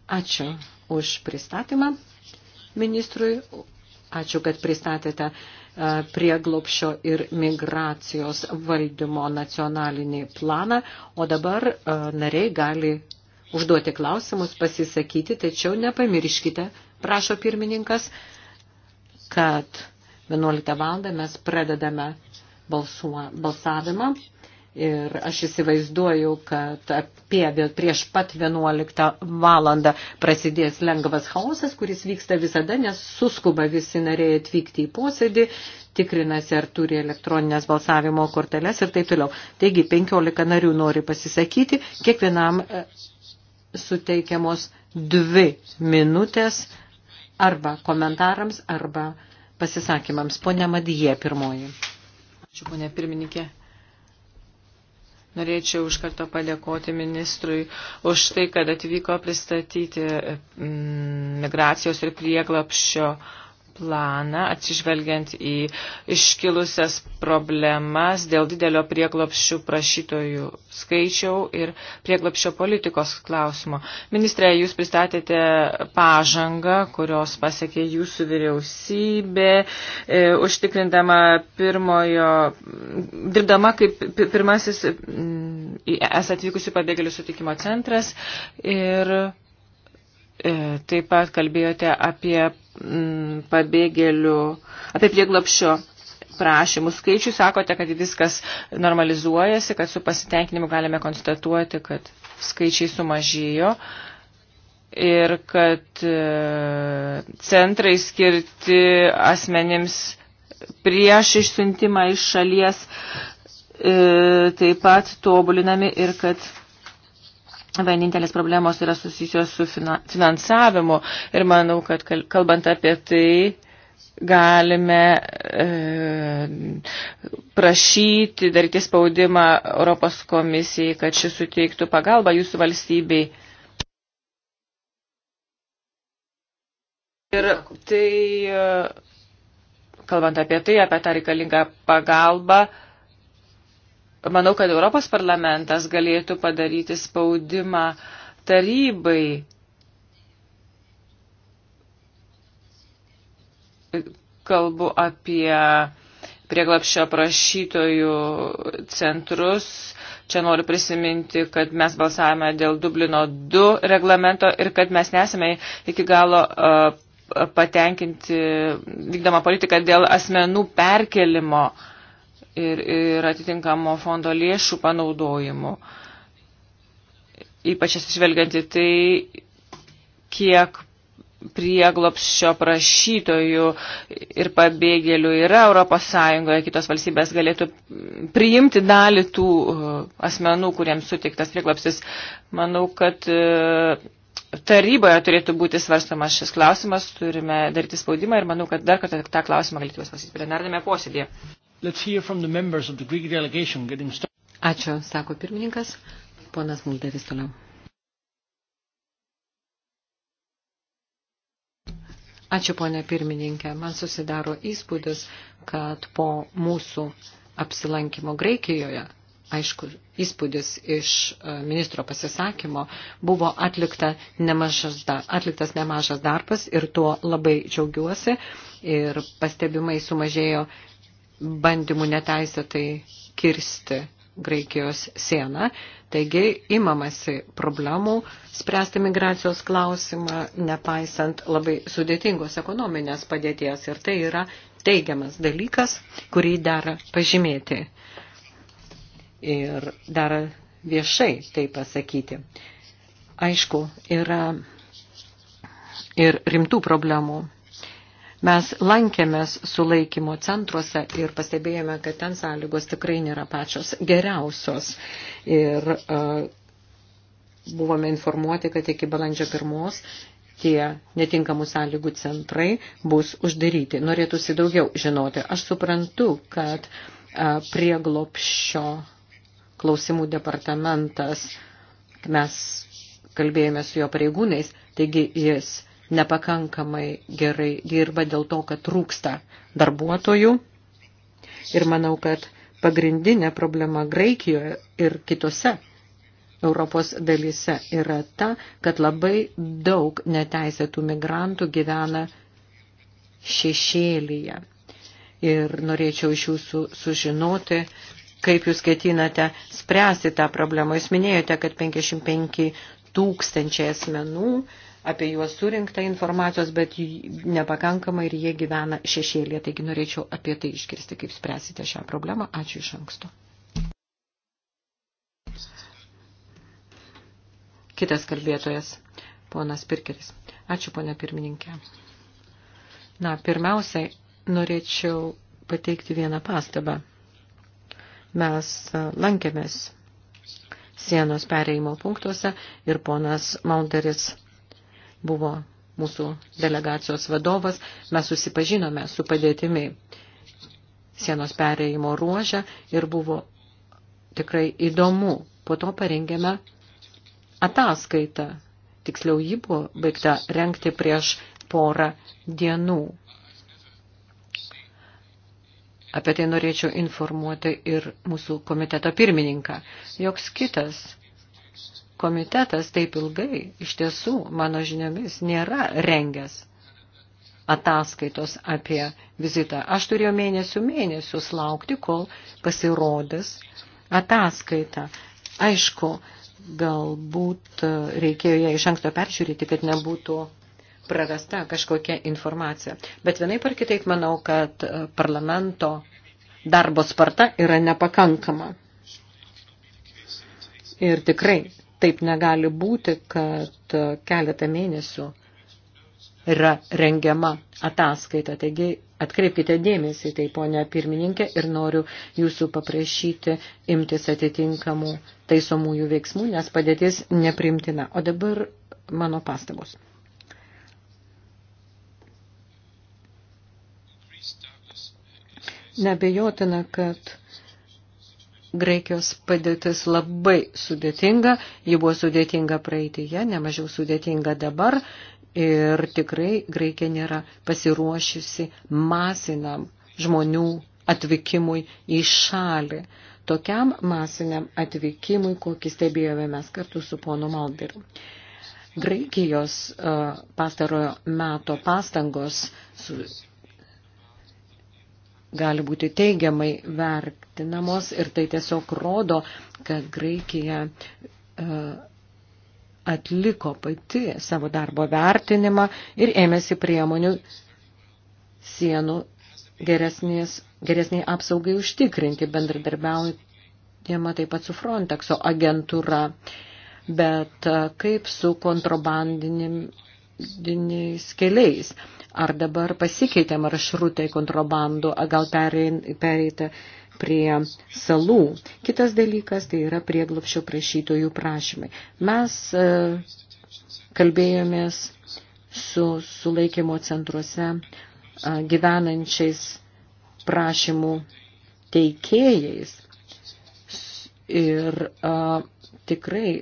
Ačiū už pristatymą ministrui. Ačiū, kad pristatėte e, prieglopšio ir migracijos valdymo nacionalinį planą, o dabar e, nariai gali užduoti klausimus, pasisakyti, tačiau nepamirškite, prašo pirmininkas, kad 11 val. mes pradedame balsuo, balsavimą. Ir aš įsivaizduoju, kad apie prieš pat 11 valandą prasidės lengvas chaosas, kuris vyksta visada, nes suskuba visi nariai atvykti į posėdį, tikrinasi, ar turi elektroninės balsavimo korteles ir taip toliau. Taigi 15 narių nori pasisakyti, kiekvienam e, suteikiamos dvi minutės arba komentarams, arba pasisakymams. Pone Madije pirmoji. Ačiū, ponė pirmininkė. Norėčiau iš karto padėkoti ministrui už tai, kad atvyko pristatyti mm, migracijos ir prieglapščio planą, atsižvelgiant į iškilusias problemas dėl didelio prieglopščių prašytojų skaičiau ir prieglopščio politikos klausimo. Ministrė, jūs pristatėte pažangą, kurios pasiekė jūsų vyriausybė, e, užtikrindama pirmojo, dirbdama kaip pirmasis į es atvykusių pabėgėlių sutikimo centras ir E, taip pat kalbėjote apie mm, pabėgėlių, apie prieglapšio prašymų skaičių. Sakote, kad viskas normalizuojasi, kad su pasitenkinimu galime konstatuoti, kad skaičiai sumažėjo ir kad e, centrai skirti asmenims prieš išsiuntimą iš šalies e, taip pat tobulinami ir kad Vienintelės problemos yra susijusios su finansavimu ir manau, kad kalbant apie tai, galime e, prašyti, daryti spaudimą Europos komisijai, kad šis suteiktų pagalbą jūsų valstybei. Ir tai, e, kalbant apie tai, apie tą reikalingą pagalbą, e, manau, kad Europos parlamentas galėtų padaryti spaudimą tarybai kalbu apie prieglapščio prašytojų centrus. Čia noriu prisiminti, kad mes balsavome dėl Dublino 2 reglamento ir kad mes nesame iki galo uh, patenkinti vykdomą politiką dėl asmenų perkelimo uh, ir, ir atitinkamo fondo lėšų panaudojimu. Ypač atsižvelgiant į tai, kiek prieglopščio prašytojų ir pabėgėlių yra Europos Sąjungoje, kitos valstybės galėtų priimti dalį tų uh, asmenų, kuriems sutiktas prieglopsis. Manau, kad uh, taryboje turėtų būti svarstamas šis klausimas, turime daryti spaudimą ir manau, kad dar kartą tą klausimą galėtume svarstyti plenarnėme posėdėje. Let's hear from the members of the Greek delegation getting started. Ačiū, sako pirmininkas. Ponas Mulderis toliau. Ačiū, ponė pirmininkė. Man susidaro įspūdis, kad po mūsų apsilankimo Graikijoje, aišku, įspūdis iš e, ministro pasisakymo, buvo atlikta nemažas, atliktas nemažas darbas ir tuo labai džiaugiuosi ir pastebimai sumažėjo bandymų neteisėtai kirsti Graikijos sieną. Taigi imamasi problemų spręsti migracijos klausimą, nepaisant labai sudėtingos ekonominės padėties. Ir tai yra teigiamas dalykas, kurį dera pažymėti. Ir dera viešai tai pasakyti. Aišku, yra ir rimtų problemų Mes lankėmės sulaikymo centruose ir pastebėjome, kad ten sąlygos tikrai nėra pačios geriausios. Ir uh, buvome informuoti, kad iki balandžio pirmos tie netinkamų sąlygų centrai bus uždaryti. Norėtųsi daugiau žinoti. Aš suprantu, kad uh, prieglopščio klausimų departamentas, mes kalbėjome su jo pareigūnais, taigi jis nepakankamai gerai dirba dėl to, kad trūksta darbuotojų. Ir manau, kad pagrindinė problema Graikijoje ir kitose Europos dalyse yra ta, kad labai daug neteisėtų migrantų gyvena šešėlyje. Ir norėčiau iš jūsų sužinoti, kaip jūs ketinate spręsti tą problemą. Jūs minėjote, kad 55 tūkstančiai asmenų uh, apie juos surinkta informacijos, bet nepakankamai ir jie gyvena šešėlėje. Taigi norėčiau apie tai išgirsti, kaip spręsite šią problemą. Ačiū iš anksto. Kitas kalbėtojas, ponas Pirkeris. Ačiū, ponė pirmininkė. Na, pirmiausiai norėčiau pateikti vieną pastabą. Mes lankėmės sienos pereimo punktuose ir ponas Maunderis buvo mūsų delegacijos vadovas, mes susipažinome su padėtimi sienos perėjimo ruožę ir buvo tikrai įdomu. Po to parengėme ataskaitą. Tiksliau, ji buvo baigta renkti prieš porą dienų. Apie tai norėčiau informuoti ir mūsų komiteto pirmininką. Joks kitas komitetas taip ilgai iš tiesų, mano žiniomis, nėra rengęs ataskaitos apie vizitą. Aš turėjau mėnesių mėnesius laukti, kol pasirodys ataskaita. Aišku, galbūt reikėjo ją iš anksto peržiūrėti, kad nebūtų prarasta kažkokia informacija. Bet vienaip ar kitaip manau, kad parlamento darbo sparta yra nepakankama. Ir tikrai Taip negali būti, kad keletą mėnesių yra rengiama ataskaita. Taigi atkreipkite dėmesį, tai ponia pirmininkė, ir noriu jūsų paprašyti imtis atitinkamų taisomųjų veiksmų, nes padėtis neprimtina. O dabar mano pastabos. Nebejotina, kad Graikijos padėtis labai sudėtinga, ji buvo sudėtinga praeitėje, nemažiau sudėtinga dabar ir tikrai Graikija nėra pasiruošiusi masinam žmonių atvykimui į šalį. Tokiam masiniam atvykimui, kokį stebėjome mes kartu su ponu Malderiu. Graikijos e, pastarojo meto pastangos gali būti teigiamai vertinamos ir tai tiesiog rodo, kad Graikija e, atliko pati savo darbo vertinimą ir ėmėsi priemonių sienų geresnės, geresniai apsaugai užtikrinti, bendradarbiaujama taip pat su Frontexo agentūra. Bet e, kaip su kontrabandinėmis pagrindiniais keliais. Ar dabar pasikeitė maršrutai kontrabandų, gal pereita prie salų. Kitas dalykas tai yra prieglopščio prašytojų prašymai. Mes e, kalbėjomės su sulaikymo centruose gyvenančiais prašymų teikėjais. Ir a, tikrai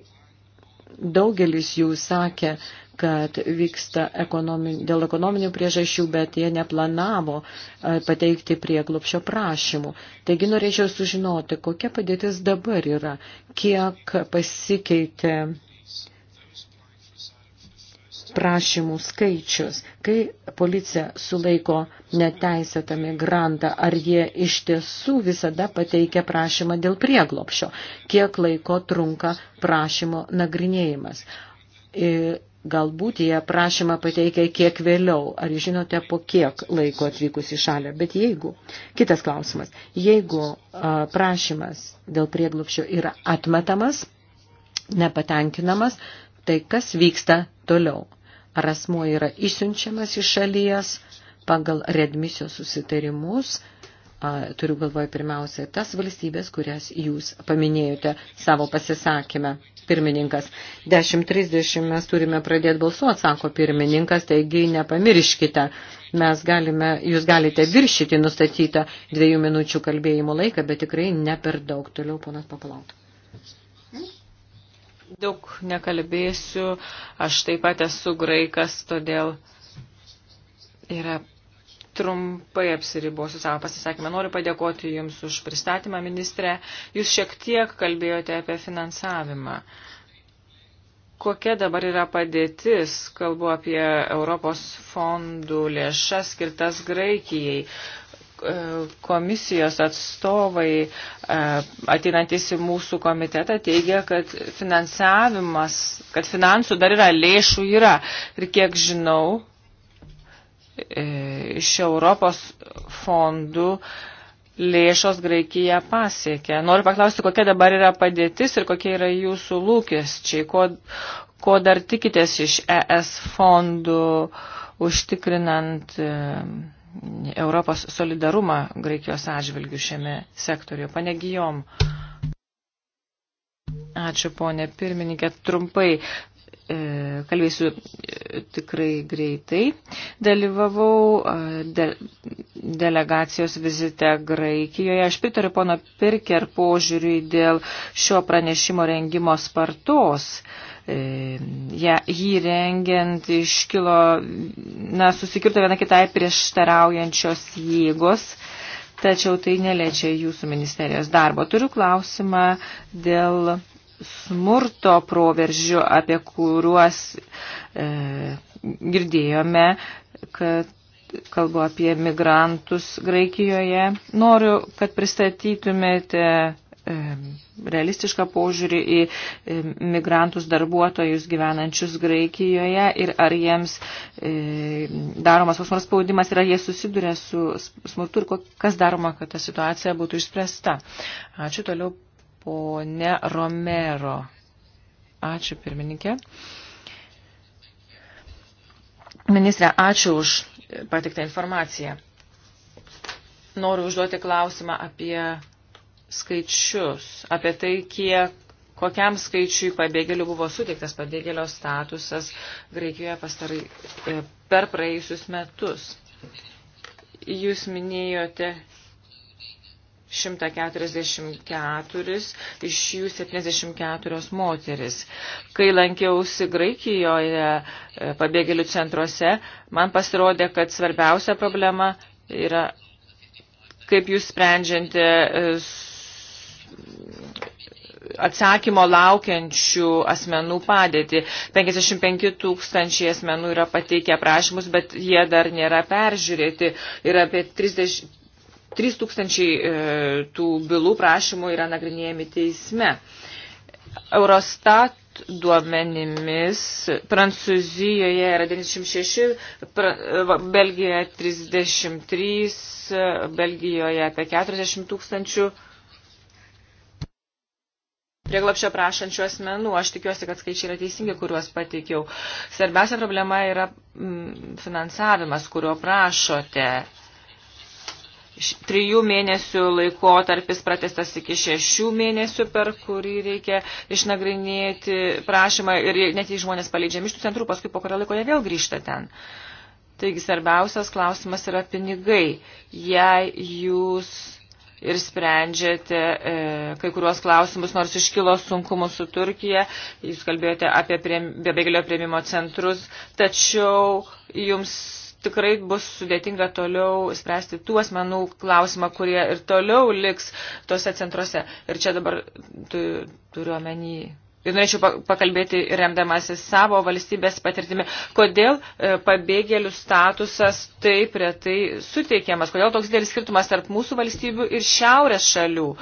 daugelis jų sakė, kad vyksta ekonomin, dėl ekonominių priežasčių, bet jie neplanavo e, pateikti prieglopšio prašymų. Taigi norėčiau sužinoti, kokia padėtis dabar yra, kiek pasikeitė prašymų skaičius, kai policija sulaiko neteisėtą migrantą, ar jie iš tiesų visada pateikia prašymą dėl prieglopšio, kiek laiko trunka prašymo nagrinėjimas. Ir Galbūt jie prašymą pateikia kiek vėliau, ar žinote, po kiek laiko atvykus į šalį. Bet jeigu, kitas klausimas, jeigu prašymas dėl prieglupščio yra atmetamas, nepatenkinamas, tai kas vyksta toliau? Ar asmuo yra išsiunčiamas iš šalies pagal redmisijos susitarimus, turiu galvoje pirmiausia tas valstybės, kurias jūs paminėjote savo pasisakymę. Pirmininkas, 10.30 mes turime pradėti balsuoti, sako pirmininkas, taigi nepamirškite, mes galime, jūs galite viršyti nustatytą dviejų minučių kalbėjimo laiką, bet tikrai ne per daug. Toliau ponas paplautų. Daug nekalbėsiu, aš taip pat esu graikas, todėl yra trumpai apsiribosiu savo pasisakymą. Noriu padėkoti Jums už pristatymą, ministrė. Jūs šiek tiek kalbėjote apie finansavimą. Kokia dabar yra padėtis, kalbu apie Europos fondų lėšas skirtas Graikijai. Komisijos atstovai e, ateinantis į mūsų komitetą teigia, kad finansavimas, kad finansų dar yra, lėšų yra. Ir kiek žinau, E, iš Europos fondų lėšos Graikiją pasiekė. Noriu paklausti, kokia dabar yra padėtis ir kokie yra jūsų lūkesčiai, ko, ko dar tikitės iš ES fondų užtikrinant e, Europos solidarumą Graikijos atžvilgių šiame sektoriu. Panegijom. Ačiū, ponė pirmininkė. Trumpai E, kalbėsiu e, tikrai greitai. Dalyvavau e, de, delegacijos vizite Graikijoje. Aš pritariu pono Pirker požiūriui dėl šio pranešimo rengimo spartos. Ja, jį rengiant iškilo, na, susikirto viena kitai prieštaraujančios jėgos tačiau tai neliečia jūsų ministerijos darbo. Turiu klausimą dėl smurto proveržių, apie kuriuos e, girdėjome, kad kalbu apie migrantus Graikijoje. Noriu, kad pristatytumėte e, realistišką požiūrį į e, migrantus darbuotojus gyvenančius Graikijoje ir ar jiems e, daromas koks nors spaudimas ir ar jie susiduria su smurtu ir kas daroma, kad ta situacija būtų išspręsta. Ačiū toliau Pone Romero. Ačiū pirmininkė. Ministrė, ačiū už patiktą informaciją. Noriu užduoti klausimą apie skaičius, apie tai, kiek, kokiam skaičiui pabėgėlių buvo suteiktas pabėgėlio statusas Graikijoje pastarai, e, per praėjusius metus. Jūs minėjote 144, iš jų 74 moteris. Kai lankiausi Graikijoje e, pabėgėlių centruose, man pasirodė, kad svarbiausia problema yra, kaip jūs sprendžianti e, atsakymo laukiančių asmenų padėtį. 55 tūkstančiai asmenų yra pateikę prašymus, bet jie dar nėra peržiūrėti. Yra apie 30 3000 e, tų bylų prašymų yra nagrinėjami teisme. Eurostat duomenimis Prancūzijoje yra 96, pra, Belgijoje 33, Belgijoje apie 40 tūkstančių prieglapšio prašančių asmenų. Aš tikiuosi, kad skaičiai yra teisingi, kuriuos pateikiau. Svarbiausia problema yra mm, finansavimas, kurio prašote trijų mėnesių laikotarpis pratestas iki šešių mėnesių, per kurį reikia išnagrinėti prašymą ir net jei žmonės paleidžiami iš tų centrų, paskui po kurio laiko jie vėl grįžta ten. Taigi svarbiausias klausimas yra pinigai. Jei jūs ir sprendžiate e, kai kuriuos klausimus, nors iškilo sunkumų su Turkija, jūs kalbėjote apie prie, bebeigelio prieimimo centrus, tačiau jums tikrai bus sudėtinga toliau spręsti tų asmenų klausimą, kurie ir toliau liks tuose centruose. Ir čia dabar tu, turiu omeny. Ir norėčiau pakalbėti remdamasis savo valstybės patirtimi, kodėl e, pabėgėlių statusas taip retai suteikiamas, kodėl toks dėlis skirtumas tarp mūsų valstybių ir šiaurės šalių. Uh,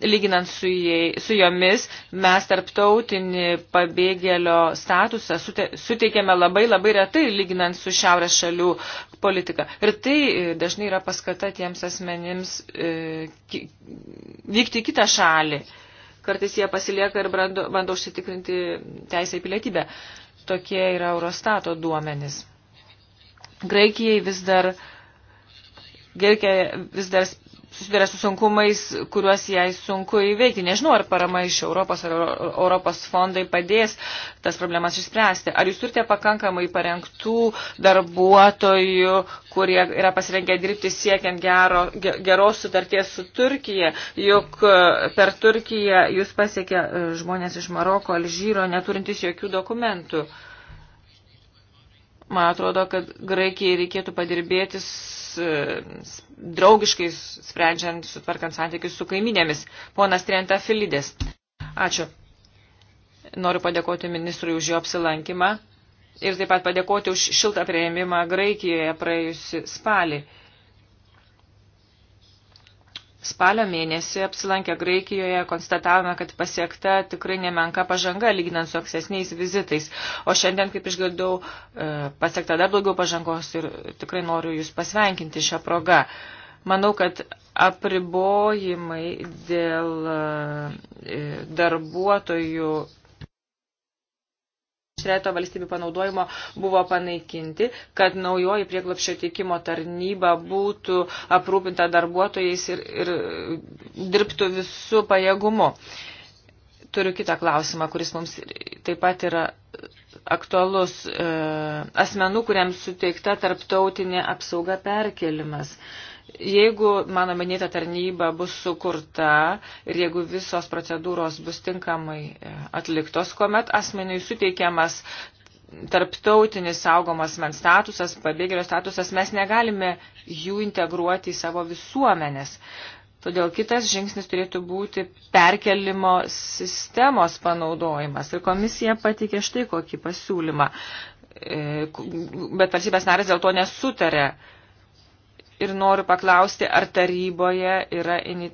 lyginant su, jai, su jomis, mes tarptautinį pabėgėlio statusą sute, suteikėme labai labai retai, lyginant su šiaurės šalių politika. Ir tai e, dažnai yra paskata tiems asmenims e, ki, vykti į kitą šalį. Kartais jie pasilieka ir brando, bando užsitikrinti teisę į pilietybę. Tokie yra Eurostato duomenys. Graikijai vis dar Gerkė vis dar susiduria su sunkumais, kuriuos jai sunku įveikti. Nežinau, ar parama iš Europos ar Europos fondai padės tas problemas išspręsti. Ar jūs turite pakankamai parengtų darbuotojų, kurie yra pasirengę dirbti siekiant gero, geros sutarties su Turkija, juk e, per Turkiją jūs pasiekė e, žmonės iš Maroko, Alžyro, neturintis jokių dokumentų. Uh, Man atrodo, kad Graikijai reikėtų padirbėti draugiškai sprendžiant, sutvarkant santykius su kaiminėmis. Ponas Trienta Filidės. Ačiū. Noriu padėkoti ministrui už jo apsilankymą ir taip pat padėkoti už šiltą prieimimą Graikijoje praėjusi spalį. Spalio mėnesį apsilankę Graikijoje konstatavome, kad pasiekta tikrai nemenka pažanga, lyginant su aksesniais vizitais. O šiandien, kaip išgirdau, e, pasiekta dar daugiau pažangos ir tikrai noriu Jūs pasveikinti šią progą. Manau, kad apribojimai dėl e, darbuotojų šreto valstybių panaudojimo buvo panaikinti, kad naujoji prieglopščio teikimo tarnyba būtų aprūpinta darbuotojais ir, ir dirbtų visų pajėgumu. Turiu kitą klausimą, kuris mums taip pat yra aktualus e, asmenų, kuriems suteikta tarptautinė apsauga perkelimas. E, Jeigu mano minėta tarnyba bus sukurta ir jeigu visos procedūros bus tinkamai e, atliktos, kuomet asmeniui suteikiamas tarptautinis saugomas men statusas, pabėgėlio statusas, mes negalime jų integruoti į savo visuomenės. Todėl kitas žingsnis turėtų būti perkelimo sistemos panaudojimas. Ir komisija patikė štai kokį pasiūlymą. E, bet valstybės narės dėl to nesutarė ir noriu paklausti, ar taryboje yra ini,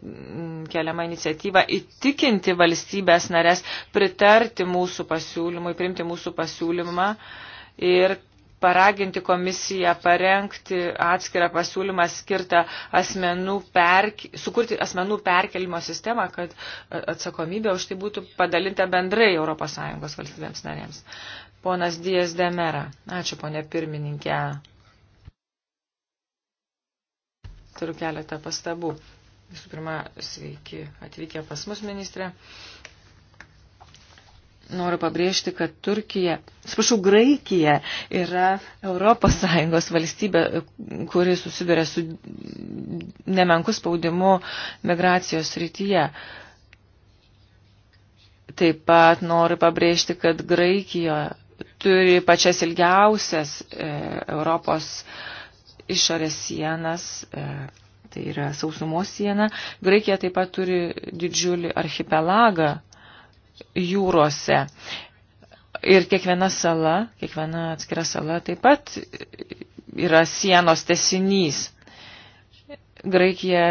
keliama iniciatyva įtikinti valstybės narės pritarti mūsų pasiūlymui, priimti mūsų pasiūlymą ir paraginti komisiją parengti atskirą pasiūlymą skirtą asmenų perk, sukurti asmenų perkelimo sistemą, kad e, atsakomybė už tai būtų padalinta bendrai ES valstybėms narėms. Ponas Dijas Demera. Ačiū, ponė pirmininkė. Turiu keletą pastabų. Visų pirma, sveiki atvykę pas mus, ministrė. Noriu pabrėžti, kad Turkija, sprašau, Graikija yra Europos Sąjungos valstybė, kuri susiduria su nemenkus spaudimu migracijos rytyje. Taip pat noriu pabrėžti, kad Graikija turi pačias ilgiausias e, Europos Sąjungos išorės sienas, e, tai yra sausumos siena. Graikija taip pat turi didžiulį archipelagą jūrose. Ir kiekviena sala, kiekviena atskira sala taip pat yra sienos tesinys. Graikija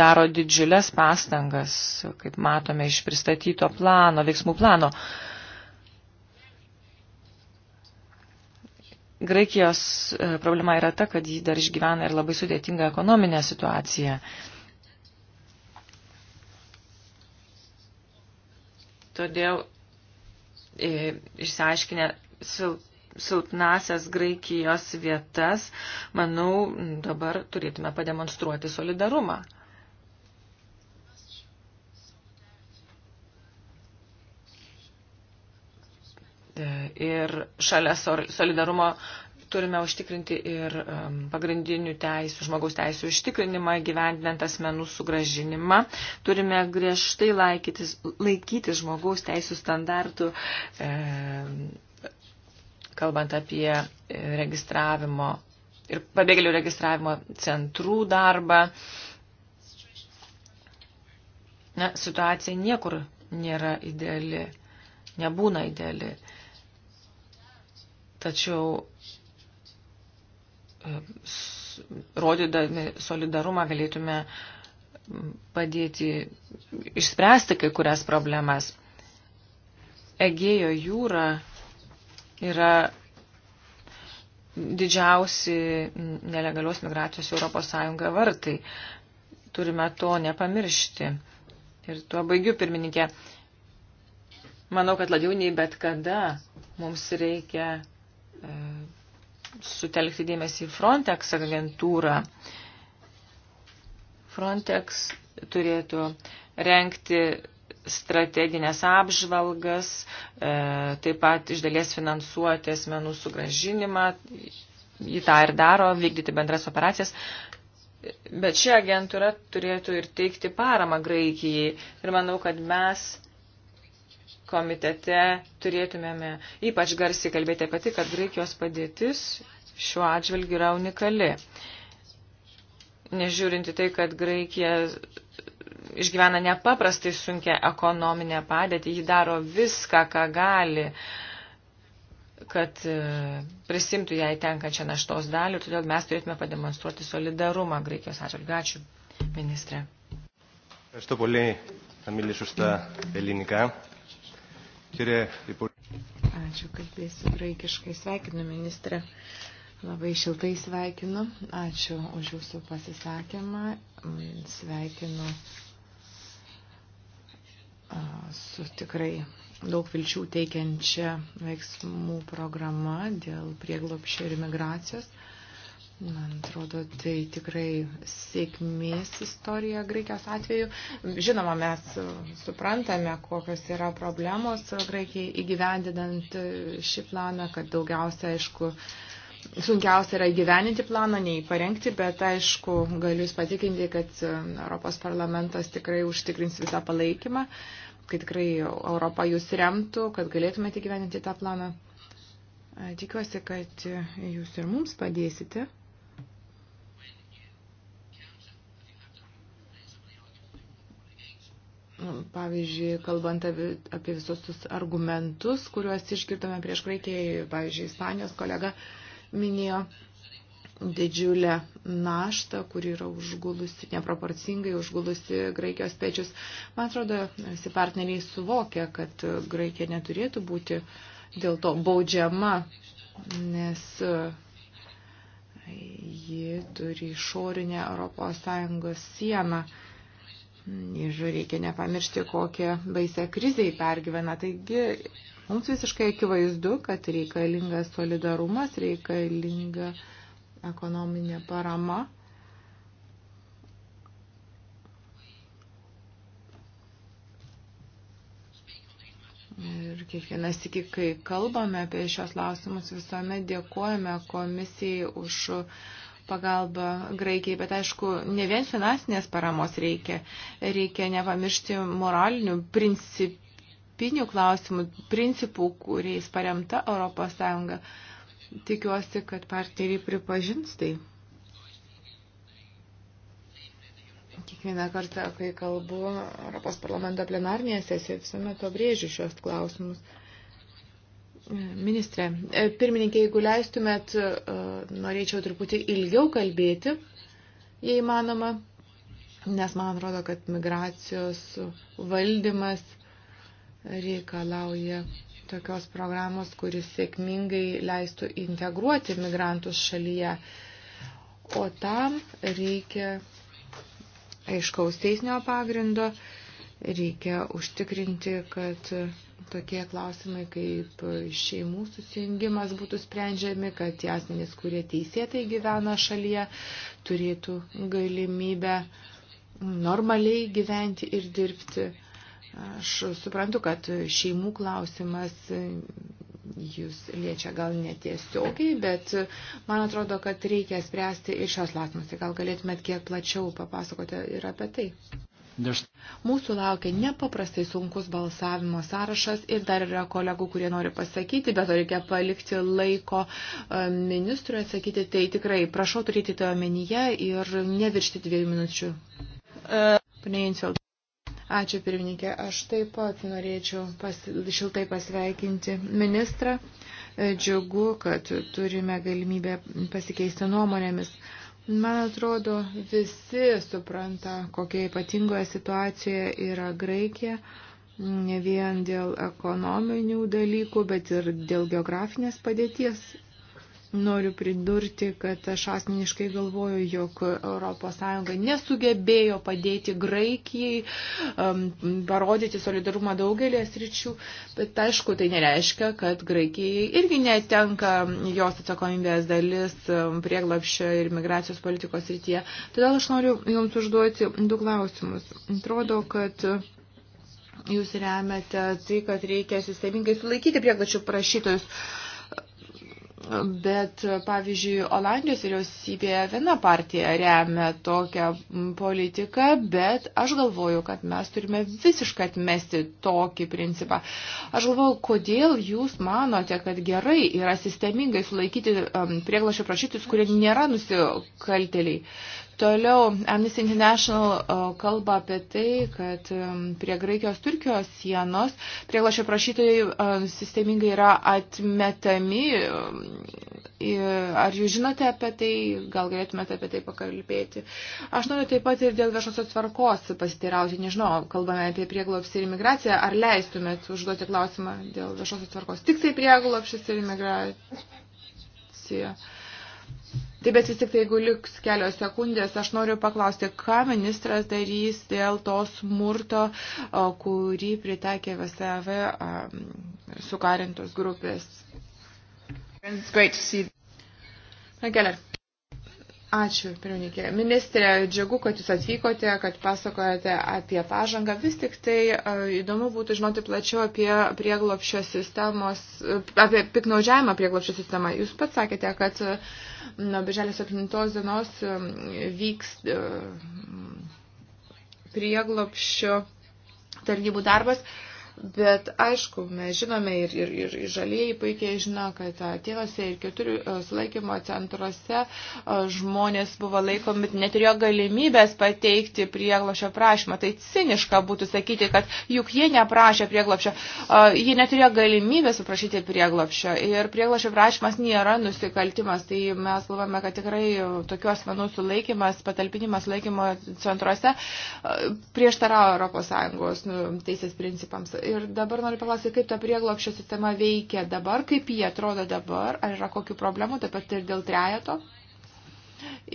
daro didžiulės pastangas, kaip matome iš pristatyto plano, veiksmų plano. Uh, Graikijos e, problema yra ta, kad ji dar išgyvena ir labai sudėtinga ekonominė situacija. Todėl e, išsiaiškinę silpnasias Graikijos vietas, manau, dabar turėtume pademonstruoti solidarumą. E, ir šalia solidarumo turime užtikrinti ir pagrindinių teisų, žmogaus teisų užtikrinimą, gyvendinant asmenų sugražinimą. Turime griežtai laikytis, laikytis žmogaus teisų standartų, e, kalbant apie registravimo ir pabėgėlių registravimo centrų darbą. Na, situacija niekur nėra ideali, nebūna ideali. E, Tačiau e, rodydami solidarumą galėtume padėti išspręsti kai kurias problemas. Egėjo jūra yra didžiausi nelegalios migracijos Europos Sąjunga vartai. Turime to nepamiršti. Ir tuo baigiu, pirmininkė. Manau, kad labiau nei bet kada mums reikia sutelkti dėmesį į Frontex agentūrą. Frontex turėtų renkti strateginės apžvalgas, e, taip pat iš dalies finansuoti asmenų sugražinimą, jį tą ir daro, vykdyti bendras operacijas. Bet ši agentūra turėtų ir teikti paramą Graikijai. Ir manau, kad mes komitete turėtumėme ypač garsiai kalbėti apie tai, kad Graikijos padėtis šiuo atžvilgiu yra unikali. Nežiūrinti tai, kad Graikija išgyvena nepaprastai sunkia ekonominė padėtį, ji daro viską, ką gali, kad e, prisimtų jai tenkančią naštos dalį ir todėl mes turėtume pademonstruoti solidarumą Graikijos atžvilgiu. Ačiū, ministrė. Ευχαριστώ πολύ. Θα μιλήσω στα ελληνικά. Ačiū, kalbėsiu graikiškai. Sveikinu, ministrė. Labai šiltai sveikinu. Ačiū už jūsų pasisakymą. Sveikinu su tikrai daug vilčių teikiančia veiksmų programa dėl prieglopščio ir migracijos. Man atrodo, tai tikrai sėkmės istorija Graikijos atveju. Žinoma, mes suprantame, kokios yra problemos Graikijai įgyvendinant šį planą, kad daugiausia, aišku, sunkiausia yra įgyveninti planą, nei parengti, bet aišku, galiu Jūs patikinti, kad Europos parlamentas tikrai užtikrins visą palaikymą, kad tikrai Europa Jūs remtų, kad galėtumėte įgyveninti tą planą. Tikiuosi, kad Jūs ir mums padėsite. Pavyzdžiui, kalbant apie visus tus argumentus, kuriuos išgirdome prieš Graikiją, pavyzdžiui, Ispanijos kolega minėjo didžiulę naštą, kuri yra užgulusi, neproporcingai užgulusi Graikijos pečius. Man atrodo, visi partneriai suvokia, kad Graikija neturėtų būti dėl to baudžiama, nes e, ji turi išorinę ES sieną. Nežiūrėjau, reikia nepamiršti, kokią baisę krizę pergyvena. Taigi, mums visiškai akivaizdu, kad reikalingas solidarumas, reikalinga ekonominė parama. Ir kiekvienas iki, kai kalbame apie šios lausimus, visuomet dėkojame komisijai už uh, pagalba Graikijai, bet aišku, ne vien finansinės paramos reikia, reikia nepamiršti moralinių principinių klausimų, principų, kuriais paremta ES. Tikiuosi, kad partneriai pripažins tai. Kiekvieną kartą, kai kalbu Europos parlamento plenarnėje sesijoje, visuomet pabrėžiu šios klausimus. Ministrė, e, pirmininkė, jeigu leistumėt, e, norėčiau truputį ilgiau kalbėti, jei manoma, nes man atrodo, kad migracijos valdymas reikalauja tokios programos, kuris sėkmingai leistų integruoti migrantus šalyje. O tam reikia aiškaus teisinio pagrindo, reikia užtikrinti, kad tokie klausimai kaip šeimų susijungimas būtų sprendžiami, kad tie asmenys, kurie teisėtai gyvena šalyje, turėtų galimybę normaliai gyventi ir dirbti. Aš suprantu, kad šeimų klausimas jūs liečia gal netiesiogiai, bet man atrodo, kad reikia spręsti ir šios latmus. Tai gal galėtumėt kiek plačiau papasakoti ir apie tai. Mūsų laukia nepaprastai sunkus balsavimo sąrašas ir dar yra kolegų, kurie nori pasakyti, bet reikia palikti laiko um, ministrui atsakyti. Tai tikrai prašau turėti tai omenyje ir neviršti dviejų minučių. Uh. Pane Insild. Ačiū pirmininkė. Aš taip pat norėčiau pas, šiltai pasveikinti ministrą. Džiugu, kad turime galimybę pasikeisti nuomonėmis. Man atrodo, visi supranta, kokia ypatingoje situacijoje yra Graikija, ne vien dėl ekonominių dalykų, bet ir dėl geografinės padėties Noriu pridurti, kad aš asmeniškai galvoju, jog ES nesugebėjo padėti Graikijai, um, parodyti solidarumą daugelį sričių, bet aišku, tai nereiškia, kad Graikijai irgi netenka jos atsakomybės dalis um, prieglapščio ir migracijos politikos srityje. Todėl aš noriu Jums užduoti du klausimus. Atrodo, kad Jūs remiate tai, kad reikia sistemingai sulaikyti prieglačių prašytojus. Uh, Bet, pavyzdžiui, Olandijos vyriausybėje viena partija remia tokią politiką, bet aš galvoju, kad mes turime visiškai atmesti tokį principą. Aš galvoju, kodėl jūs manote, kad gerai yra sistemingai sulaikyti um, prieglašio prašytus, kurie nėra nusikalteliai. Toliau Amnesty International kalba apie tai, kad um, prie Graikijos-Turkijos sienos prieglašio prašytojai sistemingai yra atmetami. Um, ar jūs žinote apie tai, gal galėtumėte apie tai pakalbėti? Aš noriu taip pat ir dėl viešosios tvarkos pasitirauti, nežinau, kalbame apie prieglopsį ir imigraciją, ar leistumėt užduoti klausimą dėl viešosios tvarkos tik tai prieglopšis ir imigracija? Taip, bet vis tik tai, jeigu liks kelios sekundės, aš noriu paklausti, ką ministras darys dėl to smurto, kurį pritaikė VSAV sukarintos grupės. Geller. Ačiū, pirmininkė. Ministrė, džiugu, kad jūs atvykote, kad pasakojate apie pažangą. Vis tik tai e, įdomu būtų žinoti plačiau apie prieglopščio sistemos, apie piknaudžiavimą prieglopščio sistemą. Jūs pats sakėte, kad e, nuo birželio 7 dienos e, vyks prieglopščio tarnybų darbas. Bet aišku, mes žinome ir, ir, ir žalieji puikiai žino, kad Atenose ir kitur sulaikymo centruose žmonės buvo laikomi, neturėjo galimybės pateikti prieglošio prašymą. Tai ciniška būtų sakyti, kad juk jie neprašė prieglopšio, jie neturėjo galimybės paprašyti prieglopšio. Ir prieglopšio prašymas nėra nusikaltimas. Tai mes galvome, kad tikrai tokių asmenų sulaikymas, patalpinimas sulaikymo centruose prieštarauja Europos Sąjungos nu, teisės principams ir dabar noriu paklausyti, kaip ta prieglopščio sistema veikia dabar, kaip jie atrodo dabar, ar yra kokių problemų, taip pat ir dėl trejato.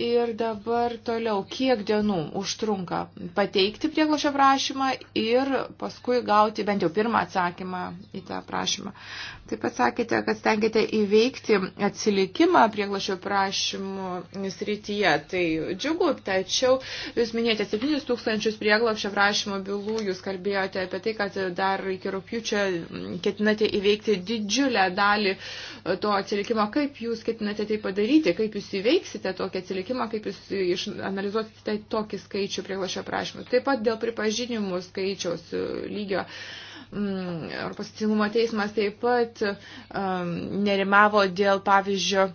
Ir dabar toliau, kiek dienų užtrunka pateikti prieglošio prašymą ir paskui gauti bent jau pirmą atsakymą į tą prašymą. Taip pat sakėte, kad stengiate įveikti atsilikimą prieglašio prašymų srityje. Tai džiugu, tačiau jūs minėjote 7 tūkstančius prieglapšio prašymų bylų, jūs kalbėjote apie tai, kad dar iki rūpjūčio ketinate įveikti didžiulę dalį to atsilikimo. Kaip jūs ketinate tai padaryti, kaip jūs įveiksite tokį atsilikimą, kaip jūs analizuosite tokį skaičių prieglašio prašymų. Taip pat dėl pripažinimų skaičiaus lygio. Uh, Mm, Europos teisingumo teismas taip pat um, nerimavo dėl pavyzdžio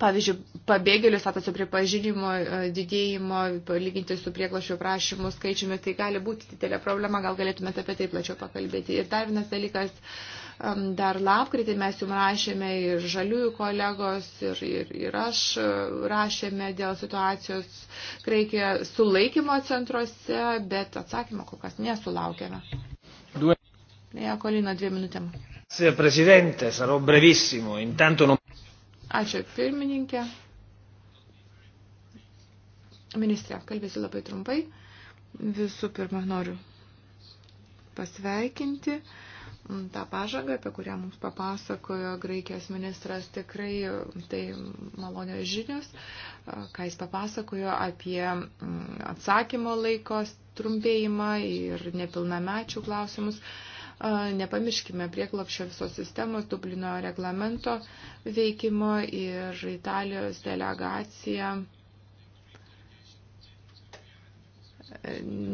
pavyzdžiui, pabėgėlių statuso pripažinimo e, didėjimo, lyginti su prieglašio prašymų skaičiumi, tai gali būti didelė problema, gal galėtumėte apie tai plačiau pakalbėti. Ir dar vienas dalykas, um, dar lapkritį mes jums rašėme ir žaliųjų kolegos, ir, ir, ir aš e, rašėme dėl situacijos Graikijoje sulaikymo centruose, bet atsakymo kol kas nesulaukėme. Jakolino dviem minutėm. Prezidente, sarò brevissimo. Intanto non... Ačiū pirmininkė. Ministrė, kalbėsiu labai trumpai. Visų pirma, noriu pasveikinti tą pažangą, apie kurią mums papasakojo Graikijos ministras, tikrai tai malonios žinios, ką jis papasakojo apie mm, atsakymo laikos trumpėjimą ir nepilnamečių klausimus. Nepamirškime prieklopščio visos sistemos, Dublino reglamento veikimo ir Italijos delegacija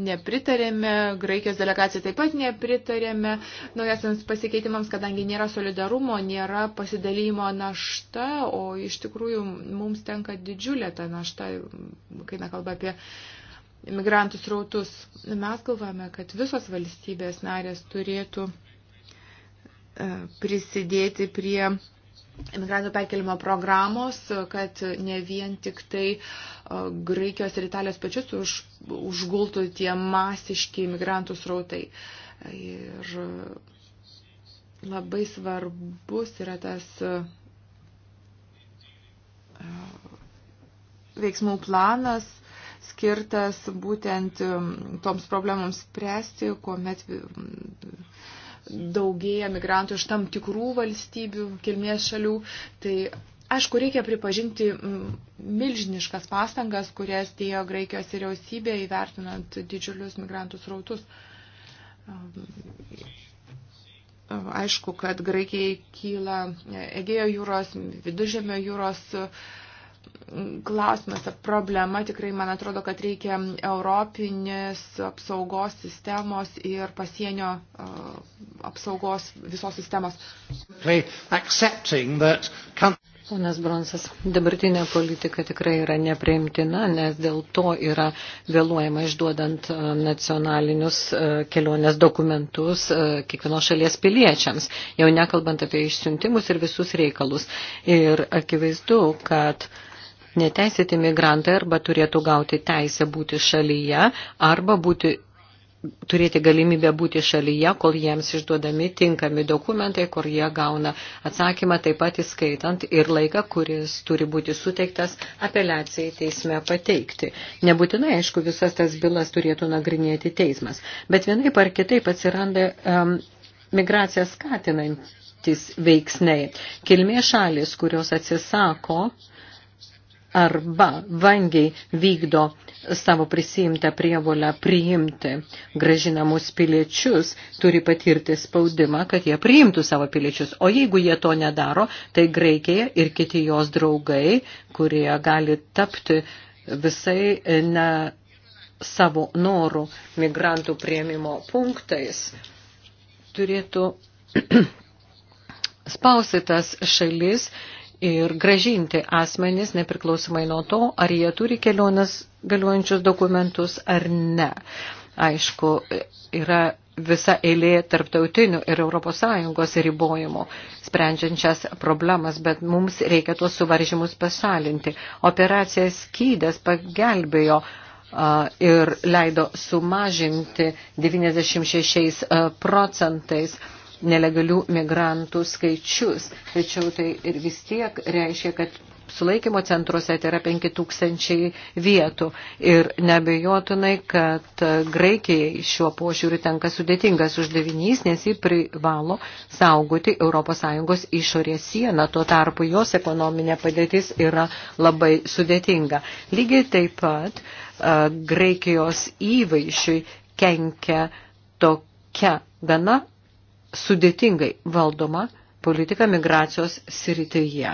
nepritarėme, Graikijos delegacija taip pat nepritarėme naujasiams pasikeitimams, kadangi nėra solidarumo, nėra pasidalymo našta, o iš tikrųjų mums tenka didžiulė ta našta, kai nekalba apie migrantų srautus. Mes galvojame, kad visos valstybės narės turėtų e, prisidėti prie imigrantų perkelimo programos, kad ne vien tik tai e, Graikijos ir Italijos pačius už, užgultų tie masiški imigrantų srautai. Ir labai svarbus yra tas e, veiksmų planas skirtas būtent um, toms problemams spręsti, kuomet um, daugėja migrantų iš tam tikrų valstybių, kilmės šalių. Tai aišku, reikia pripažinti um, milžiniškas pastangas, kurias dėjo Graikijos vyriausybė įvertinant didžiulius migrantų srautus. Aišku, kad Graikijai kyla Egėjo jūros, Vidužėmio jūros uh, klausimas, problema tikrai, man atrodo, kad reikia europinės apsaugos sistemos ir pasienio uh, apsaugos visos sistemos. Ponas Bronsas, dabartinė politika tikrai yra nepriimtina, nes dėl to yra vėluojama išduodant e, nacionalinius e, kelionės dokumentus kiekvienos šalies piliečiams, jau nekalbant apie išsiuntimus ir visus reikalus. Ir akivaizdu, kad uh, neteisėti migrantai arba turėtų gauti teisę būti šalyje, arba būti, turėti galimybę būti šalyje, kol jiems išduodami tinkami dokumentai, kur jie gauna atsakymą, taip pat įskaitant ir laiką, kuris turi būti suteiktas apeliacijai teisme pateikti. Nebūtinai, aišku, visas tas bylas turėtų nagrinėti teismas, bet vienaip ar kitaip atsiranda um, migraciją skatinant patys veiksniai. Kilmė šalis, kurios atsisako arba vangiai vykdo savo prisimtą prievolę priimti gražinamus piliečius, turi patirti spaudimą, kad jie priimtų savo piliečius. O jeigu jie to nedaro, tai Graikija ir kiti jos draugai, kurie gali tapti visai e, ne savo norų migrantų prieimimo punktais, turėtų spausti tas šalis ir gražinti asmenys nepriklausomai nuo to, ar jie turi kelionės galiuojančius dokumentus ar ne. Aišku, yra visa eilė tarptautinių ir ES ribojimų, sprendžiančias problemas, bet mums reikia tuos suvaržymus pašalinti. Operacija Skydės pagelbėjo ir leido sumažinti 96 procentais nelegalių migrantų skaičius. Tačiau tai ir vis tiek reiškia, kad sulaikymo centruose tai yra 5000 vietų. Ir nebejotinai, kad Graikijai šiuo požiūriu tenka sudėtingas uždavinys, nes jį privalo saugoti ES išorės sieną. Tuo tarpu jos ekonominė padėtis yra labai sudėtinga. Lygiai taip pat Graikijos įvaišiui kenkia tokia gana sudėtingai valdoma politika migracijos srityje.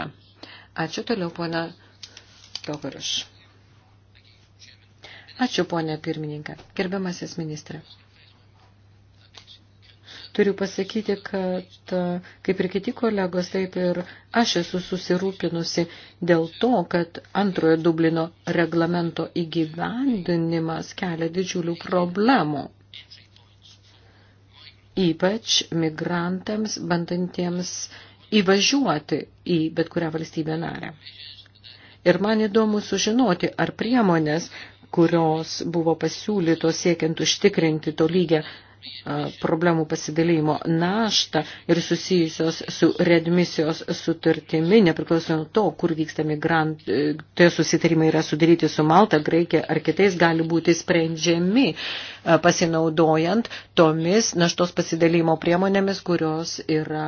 Ačiū toliau, pona Togariš. Ačiū, ponė pirmininkė. Gerbiamasis ministrė. Turiu pasakyti, kad e, kaip ir kiti kolegos, taip ir aš esu susirūpinusi dėl to, kad antrojo Dublino reglamento įgyvendinimas kelia didžiulių problemų ypač migrantams bandantiems įvažiuoti į bet kurią valstybę narę. Ir man įdomu sužinoti, ar priemonės, kurios buvo pasiūlytos siekiant užtikrinti tolygę problemų pasidalymo naštą ir susijusios su redmisijos sutartimi, nepriklausomai to, kur vyksta migrant, e, tie susitarimai yra sudaryti su Malta, Graikija ar kitais, gali būti sprendžiami pasinaudojant tomis naštos pasidalymo priemonėmis, kurios yra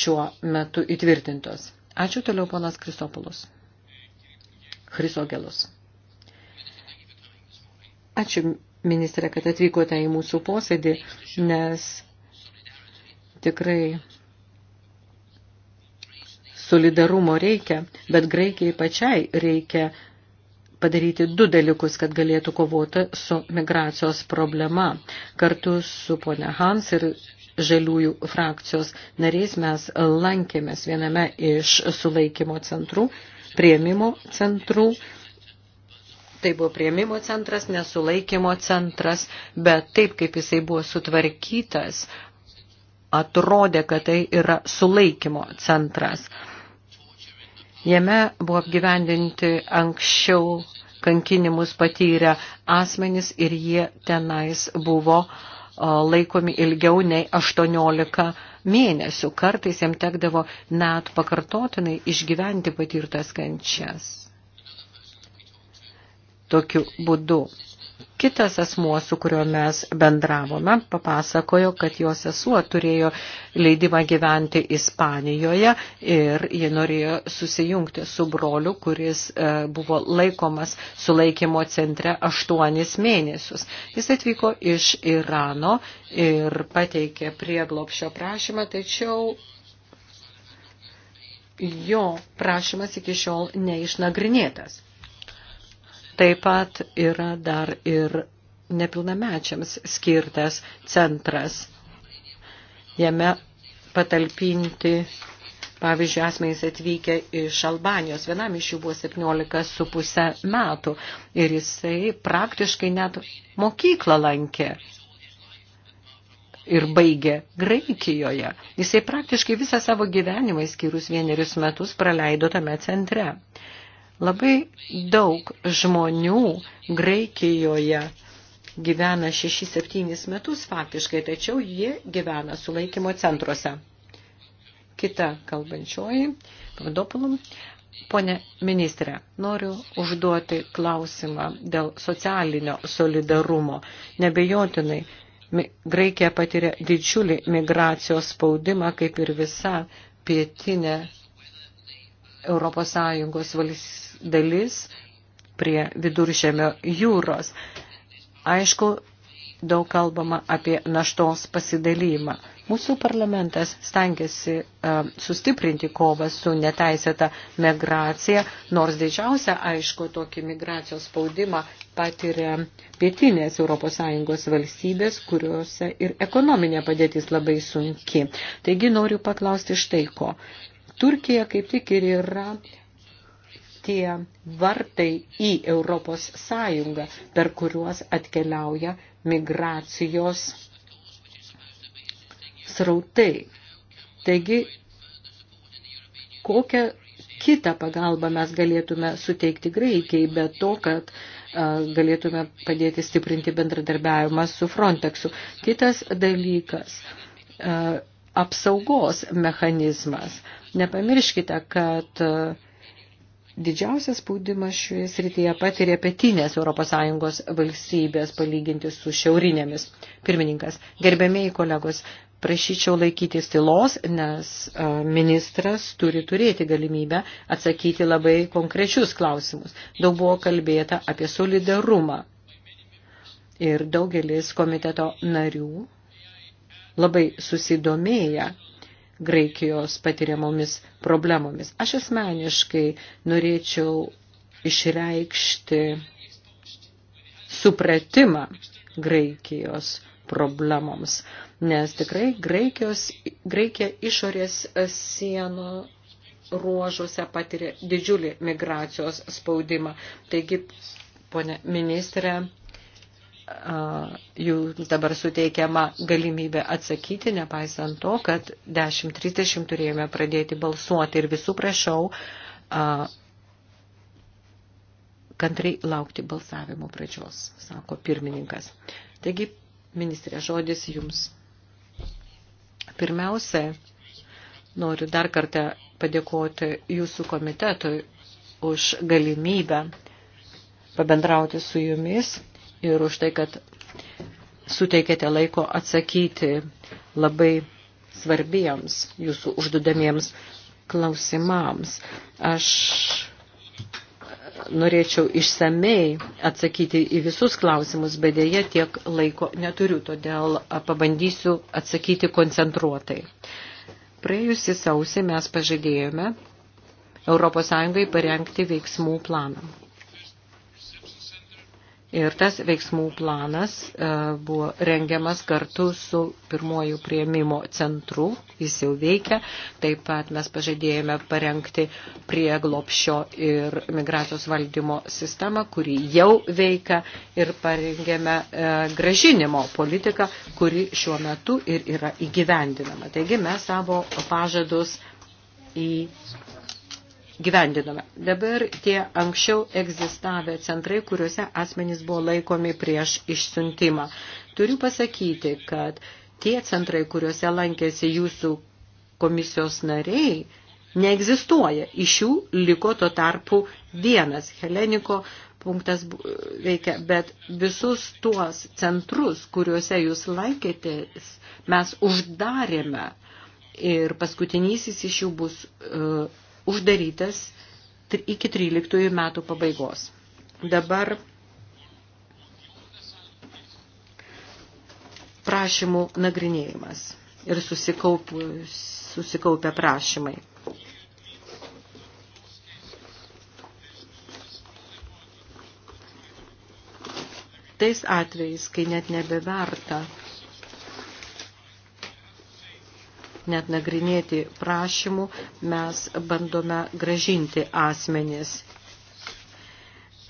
šiuo metu įtvirtintos. Ačiū toliau ponas Kristopoulos. Chrysogelus. Ačiū ministrė, kad atvykote į mūsų posėdį, nes tikrai solidarumo reikia, bet Graikijai pačiai reikia padaryti du dalykus, kad galėtų kovoti su migracijos problema. Kartu su ponia Hans ir žaliųjų frakcijos nariais mes lankėmės viename iš sulaikymo centrų, prieimimo centrų Tai buvo prieimimo centras, nesulaikymo centras, bet taip, kaip jisai buvo sutvarkytas, atrodė, kad tai yra sulaikymo centras. Jame buvo apgyvendinti anksčiau kankinimus patyrę asmenys ir jie tenais buvo laikomi ilgiau nei 18 mėnesių. Kartais jam tekdavo net pakartotinai išgyventi patirtas kančias tokiu būdu. Kitas asmuo, su kuriuo mes bendravome, papasakojo, kad jos sesuo turėjo leidimą gyventi Ispanijoje ir ji norėjo susijungti su broliu, kuris e, buvo laikomas sulaikymo centre aštuonis mėnesius. Jis atvyko iš Irano ir pateikė prieglopšio prašymą, tačiau jo prašymas iki šiol neišnagrinėtas. Taip pat yra dar ir nepilnamečiams skirtas centras. Jame patalpinti, pavyzdžiui, asmenys atvykę iš Albanijos. Vienam iš jų buvo 17,5 metų ir jisai praktiškai net mokyklą lankė ir baigė Graikijoje. Jisai praktiškai visą savo gyvenimą, skyrus vienerius metus, praleido tame centre. Labai daug žmonių Graikijoje gyvena 6-7 metus faktiškai, tačiau jie gyvena sulaikymo centruose. Kita kalbančioji, pavadopulum. Pone ministrė, noriu užduoti klausimą dėl socialinio solidarumo. Nebejotinai, Graikija patiria didžiulį migracijos spaudimą, kaip ir visa pietinė ES dalis prie viduršėmio jūros. Aišku, daug kalbama apie naštos pasidalymą. Mūsų parlamentas stengiasi uh, sustiprinti kovą su neteisėta migracija, nors didžiausia, aišku, tokį migracijos spaudimą patiria pietinės ES valstybės, kuriuose ir ekonominė padėtis labai sunki. Taigi noriu paklausti štai ko. Turkija kaip tik ir yra tie vartai į Europos Sąjungą, per kuriuos atkeliauja migracijos srautai. Taigi, kokią kitą pagalbą mes galėtume suteikti Graikijai, be to, kad galėtume padėti stiprinti bendradarbiavimą su Frontexu. Kitas dalykas – apsaugos mechanizmas. Nepamirškite, kad e, didžiausias spaudimas šioje srityje patiria pietinės ES valstybės palyginti su šiaurinėmis. Pirmininkas, gerbėmiai kolegos, prašyčiau laikytis tylos, nes e, ministras turi turėti galimybę atsakyti labai konkrečius klausimus. Daug buvo kalbėta apie solidarumą. Ir daugelis komiteto narių labai susidomėję Graikijos patiriamomis problemomis. Aš asmeniškai norėčiau išreikšti supratimą Graikijos problemoms, nes tikrai Graikijos, Graikija išorės sienų ruožuose patiria didžiulį migracijos spaudimą. Taigi, ponė ministrė, jų dabar suteikiama galimybė atsakyti, nepaisant to, kad 10.30 turėjome pradėti balsuoti ir visų prašau kantrai laukti balsavimo pradžios, sako pirmininkas. Taigi, ministrė, žodis jums. Pirmiausia, noriu dar kartą padėkoti jūsų komitetui už galimybę pabendrauti su jumis ir už tai, kad suteikėte laiko atsakyti labai svarbiems jūsų uždudamiems klausimams. Aš norėčiau išsamei atsakyti į visus klausimus, bet dėje tiek laiko neturiu, todėl pabandysiu atsakyti koncentruotai. Praėjusį sausį mes pažadėjome ES parengti veiksmų planą. Ir tas veiksmų planas e, buvo rengiamas kartu su pirmuoju prieimimo centru, jis jau veikia. Taip pat mes pažadėjome parengti prieglopšio ir migracijos valdymo sistemą, kuri jau veikia ir parengėme e, gražinimo politiką, kuri šiuo metu ir yra įgyvendinama. Taigi mes savo pažadus į gyvendinome. Dabar tie anksčiau egzistavę centrai, kuriuose asmenys buvo laikomi prieš išsiuntimą. Turiu pasakyti, kad tie centrai, kuriuose lankėsi jūsų komisijos nariai, neegzistuoja. Iš jų liko to tarpu vienas Heleniko punktas veikia, bet visus tuos centrus, kuriuose jūs laikėtės, mes uždarėme ir paskutinysis iš jų bus uh, uždarytas iki 13 metų pabaigos. Dabar prašymų nagrinėjimas ir susikaupę prašymai. Tais atvejais, kai net nebeverta net nagrinėti prašymų, mes bandome gražinti asmenis.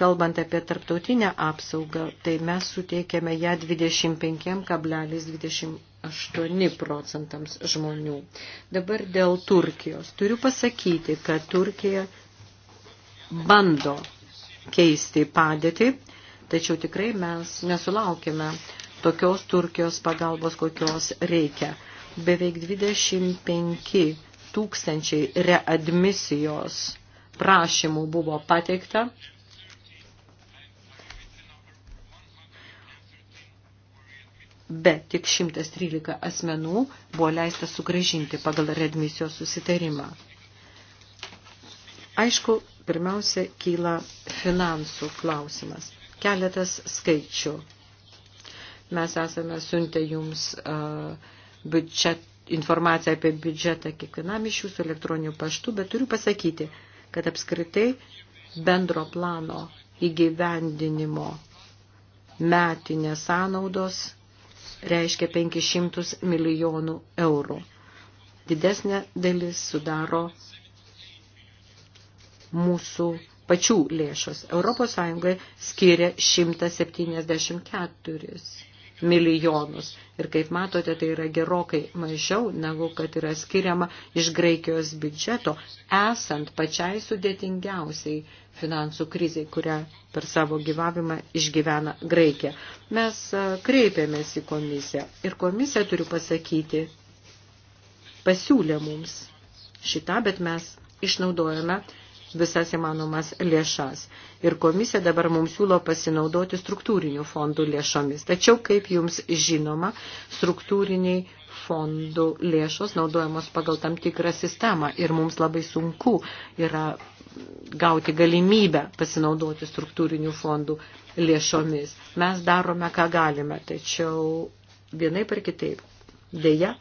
Kalbant apie tarptautinę apsaugą, tai mes suteikėme ją 25,28 procentams žmonių. Dabar dėl Turkijos. Turiu pasakyti, kad Turkija bando keisti padėtį, tačiau tikrai mes nesulaukime tokios Turkijos pagalbos, kokios reikia beveik 25 tūkstančiai readmisijos prašymų buvo pateikta. Bet tik 113 asmenų buvo leista sugražinti pagal readmisijos susitarimą. Aišku, pirmiausia, kyla finansų klausimas. Keletas skaičių. Mes esame siuntę jums uh, biudžet, informaciją apie biudžetą kiekvienam iš jūsų elektroninių paštų, bet turiu pasakyti, kad apskritai bendro plano įgyvendinimo metinės sąnaudos reiškia 500 milijonų eurų. Didesnė dalis sudaro mūsų pačių lėšos. Europos Sąjungoje skiria 174 milijonus. Ir kaip matote, tai yra gerokai mažiau, negu kad yra skiriama iš Graikijos biudžeto, esant pačiai sudėtingiausiai finansų krizai, kurią per savo gyvavimą išgyvena Graikija. Mes e, kreipėmės į komisiją ir komisija, turiu pasakyti, pasiūlė mums šitą, bet mes išnaudojame visas įmanomas lėšas. Ir komisija dabar mums siūlo pasinaudoti struktūrinių fondų lėšomis. Tačiau, kaip jums žinoma, struktūriniai fondų lėšos naudojamos pagal tam tikrą sistemą ir mums labai sunku yra gauti galimybę pasinaudoti struktūrinių fondų lėšomis. Mes darome, ką galime, tačiau vienai per kitaip. Deja,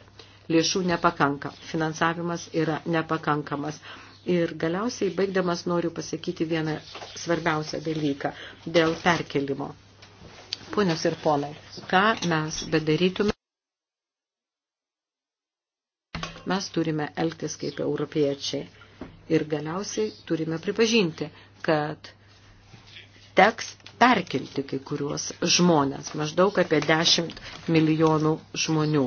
lėšų nepakanka, finansavimas yra nepakankamas. Ir galiausiai, baigdamas, noriu pasakyti vieną svarbiausią dalyką dėl perkelimo. Ponios ir ponai, ką mes bedarytume, mes turime elgtis kaip europiečiai. Ir galiausiai turime pripažinti, kad teks perkelti kai kuriuos žmonės, maždaug apie 10 milijonų žmonių.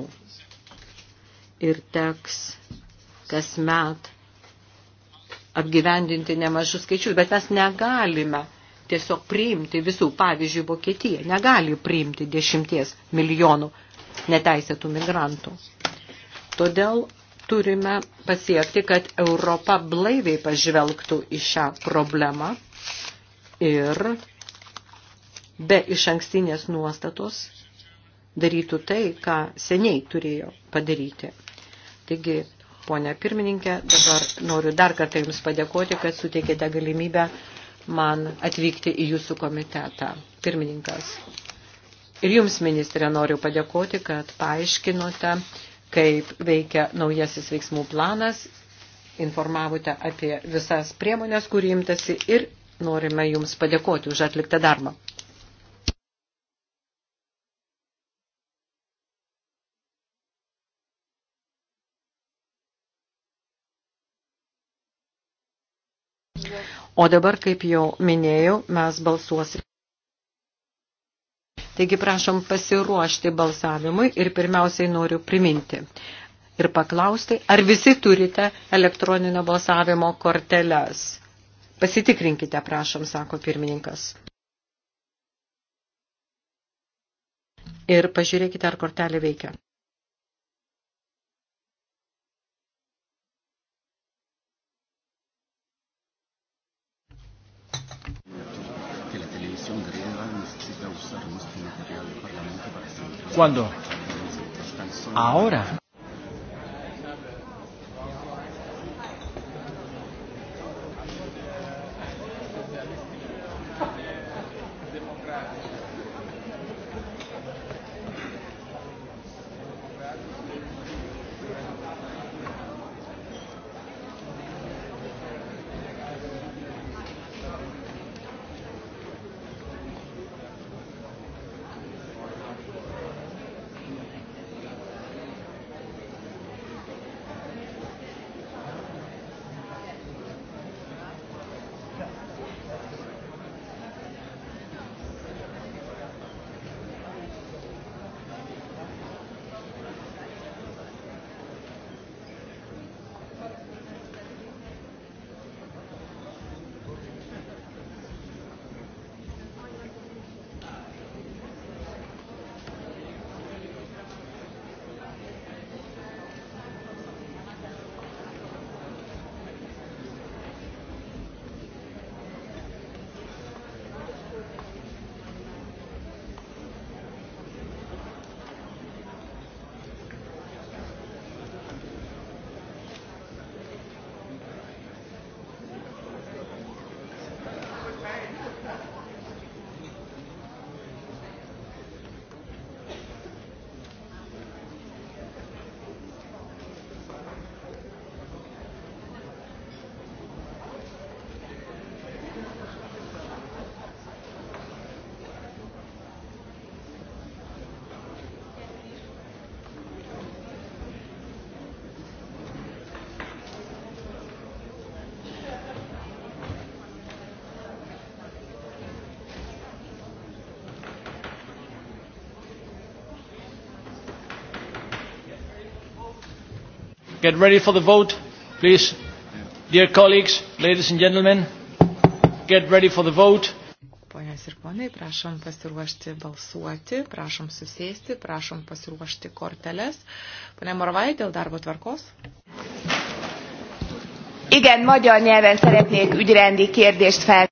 Ir teks kasmet apgyvendinti nemažus skaičius, bet mes negalime tiesiog priimti visų, pavyzdžiui, Vokietija negali priimti dešimties milijonų neteisėtų migrantų. Todėl turime pasiekti, kad Europa blaiviai pažvelgtų į šią problemą ir be iš ankstinės nuostatos darytų tai, ką seniai turėjo padaryti. Taigi ponė pirmininkė. Dabar noriu dar kartą Jums padėkoti, kad suteikėte galimybę man atvykti į Jūsų komitetą. Pirmininkas. Ir Jums, ministrė, noriu padėkoti, kad paaiškinote, kaip veikia naujasis veiksmų planas, informavote apie visas priemonės, kurį imtasi ir norime Jums padėkoti už atliktą darbą. O dabar, kaip jau minėjau, mes balsuosime. Taigi prašom pasiruošti balsavimui ir pirmiausiai noriu priminti ir paklausti, ar visi turite elektroninio balsavimo korteles. Pasitikrinkite, prašom, sako pirmininkas. Ir pažiūrėkite, ar kortelė veikia. ¿Cuándo? Ahora. Get ready for the vote, please. Dear colleagues, ladies and gentlemen, get ready for the vote. Ponios ir ponai, prašom pasiruošti balsuoti, prašom susėsti, prašom pasiruošti korteles. Pane Morvai, dėl darbo tvarkos. Igen, magyar nyelven szeretnék ügyrendi kérdést fel.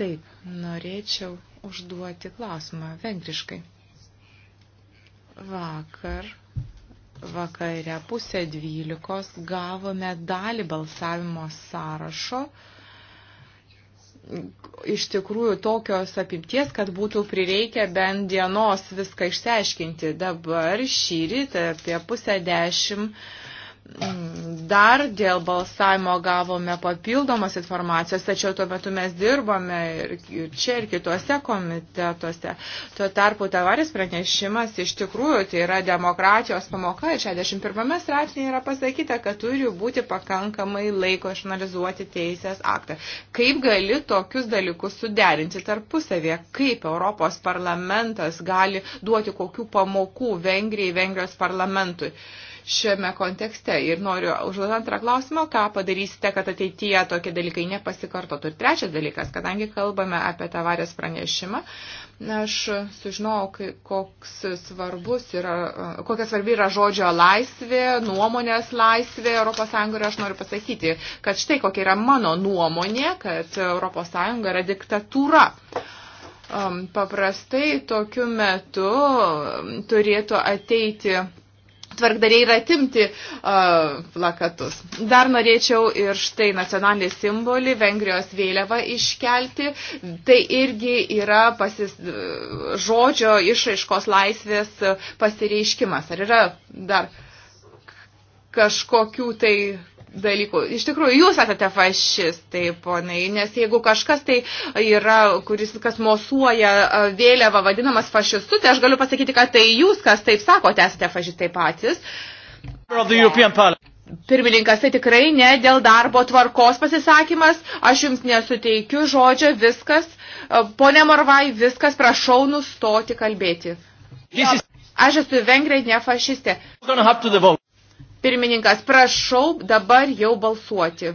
Taip, norėčiau užduoti klausimą vengriškai. Vakar vakare pusę dvylikos gavome dalį balsavimo sąrašo. Iš tikrųjų tokios apimties, kad būtų prireikę bent dienos viską išsiaiškinti. Dabar šį rytą apie pusę dešimt Dar dėl balsavimo gavome papildomas informacijos, tačiau tuo metu mes dirbome ir čia ir kituose komitetuose. Tuo tarpu tavaris pranešimas iš tikrųjų tai yra demokratijos pamoka ir 61 straipsnėje yra pasakyta, kad turi būti pakankamai laiko išanalizuoti teisės aktą. Kaip gali tokius dalykus suderinti tarpusavėje? Kaip Europos parlamentas gali duoti kokių pamokų Vengrijai, Vengrijos parlamentui? Uh, šiame kontekste. Ir noriu užduoti antrą klausimą, ką padarysite, kad ateityje tokie dalykai nepasikartotų. Ir trečias dalykas, kadangi kalbame apie tavarės pranešimą, aš sužinojau, koks svarbus yra, kokia svarbi yra žodžio laisvė, nuomonės laisvė ES ir aš noriu pasakyti, kad štai kokia yra mano nuomonė, kad ES yra diktatūra. Paprastai tokiu metu um, turėtų ateiti tvarkdariai yra atimti uh, plakatus. Dar norėčiau ir štai nacionalinį simbolį, Vengrijos vėliavą iškelti. Tai irgi yra pasis, žodžio išraiškos laisvės pasireiškimas. Ar yra dar kažkokių tai dalykų. Iš tikrųjų, jūs esate fašistai, ponai, nes jeigu kažkas tai yra, kuris kas mosuoja vėliavą vadinamas fašistu, tai aš galiu pasakyti, kad tai jūs, kas taip sakote, esate fašistai patys. Pirmininkas, tai tikrai ne dėl darbo tvarkos pasisakymas, aš jums nesuteikiu žodžio, viskas, ponė Morvai, viskas, prašau nustoti kalbėti. Aš esu vengrai, ne fašistė. Pirmininkas, prašau dabar jau balsuoti.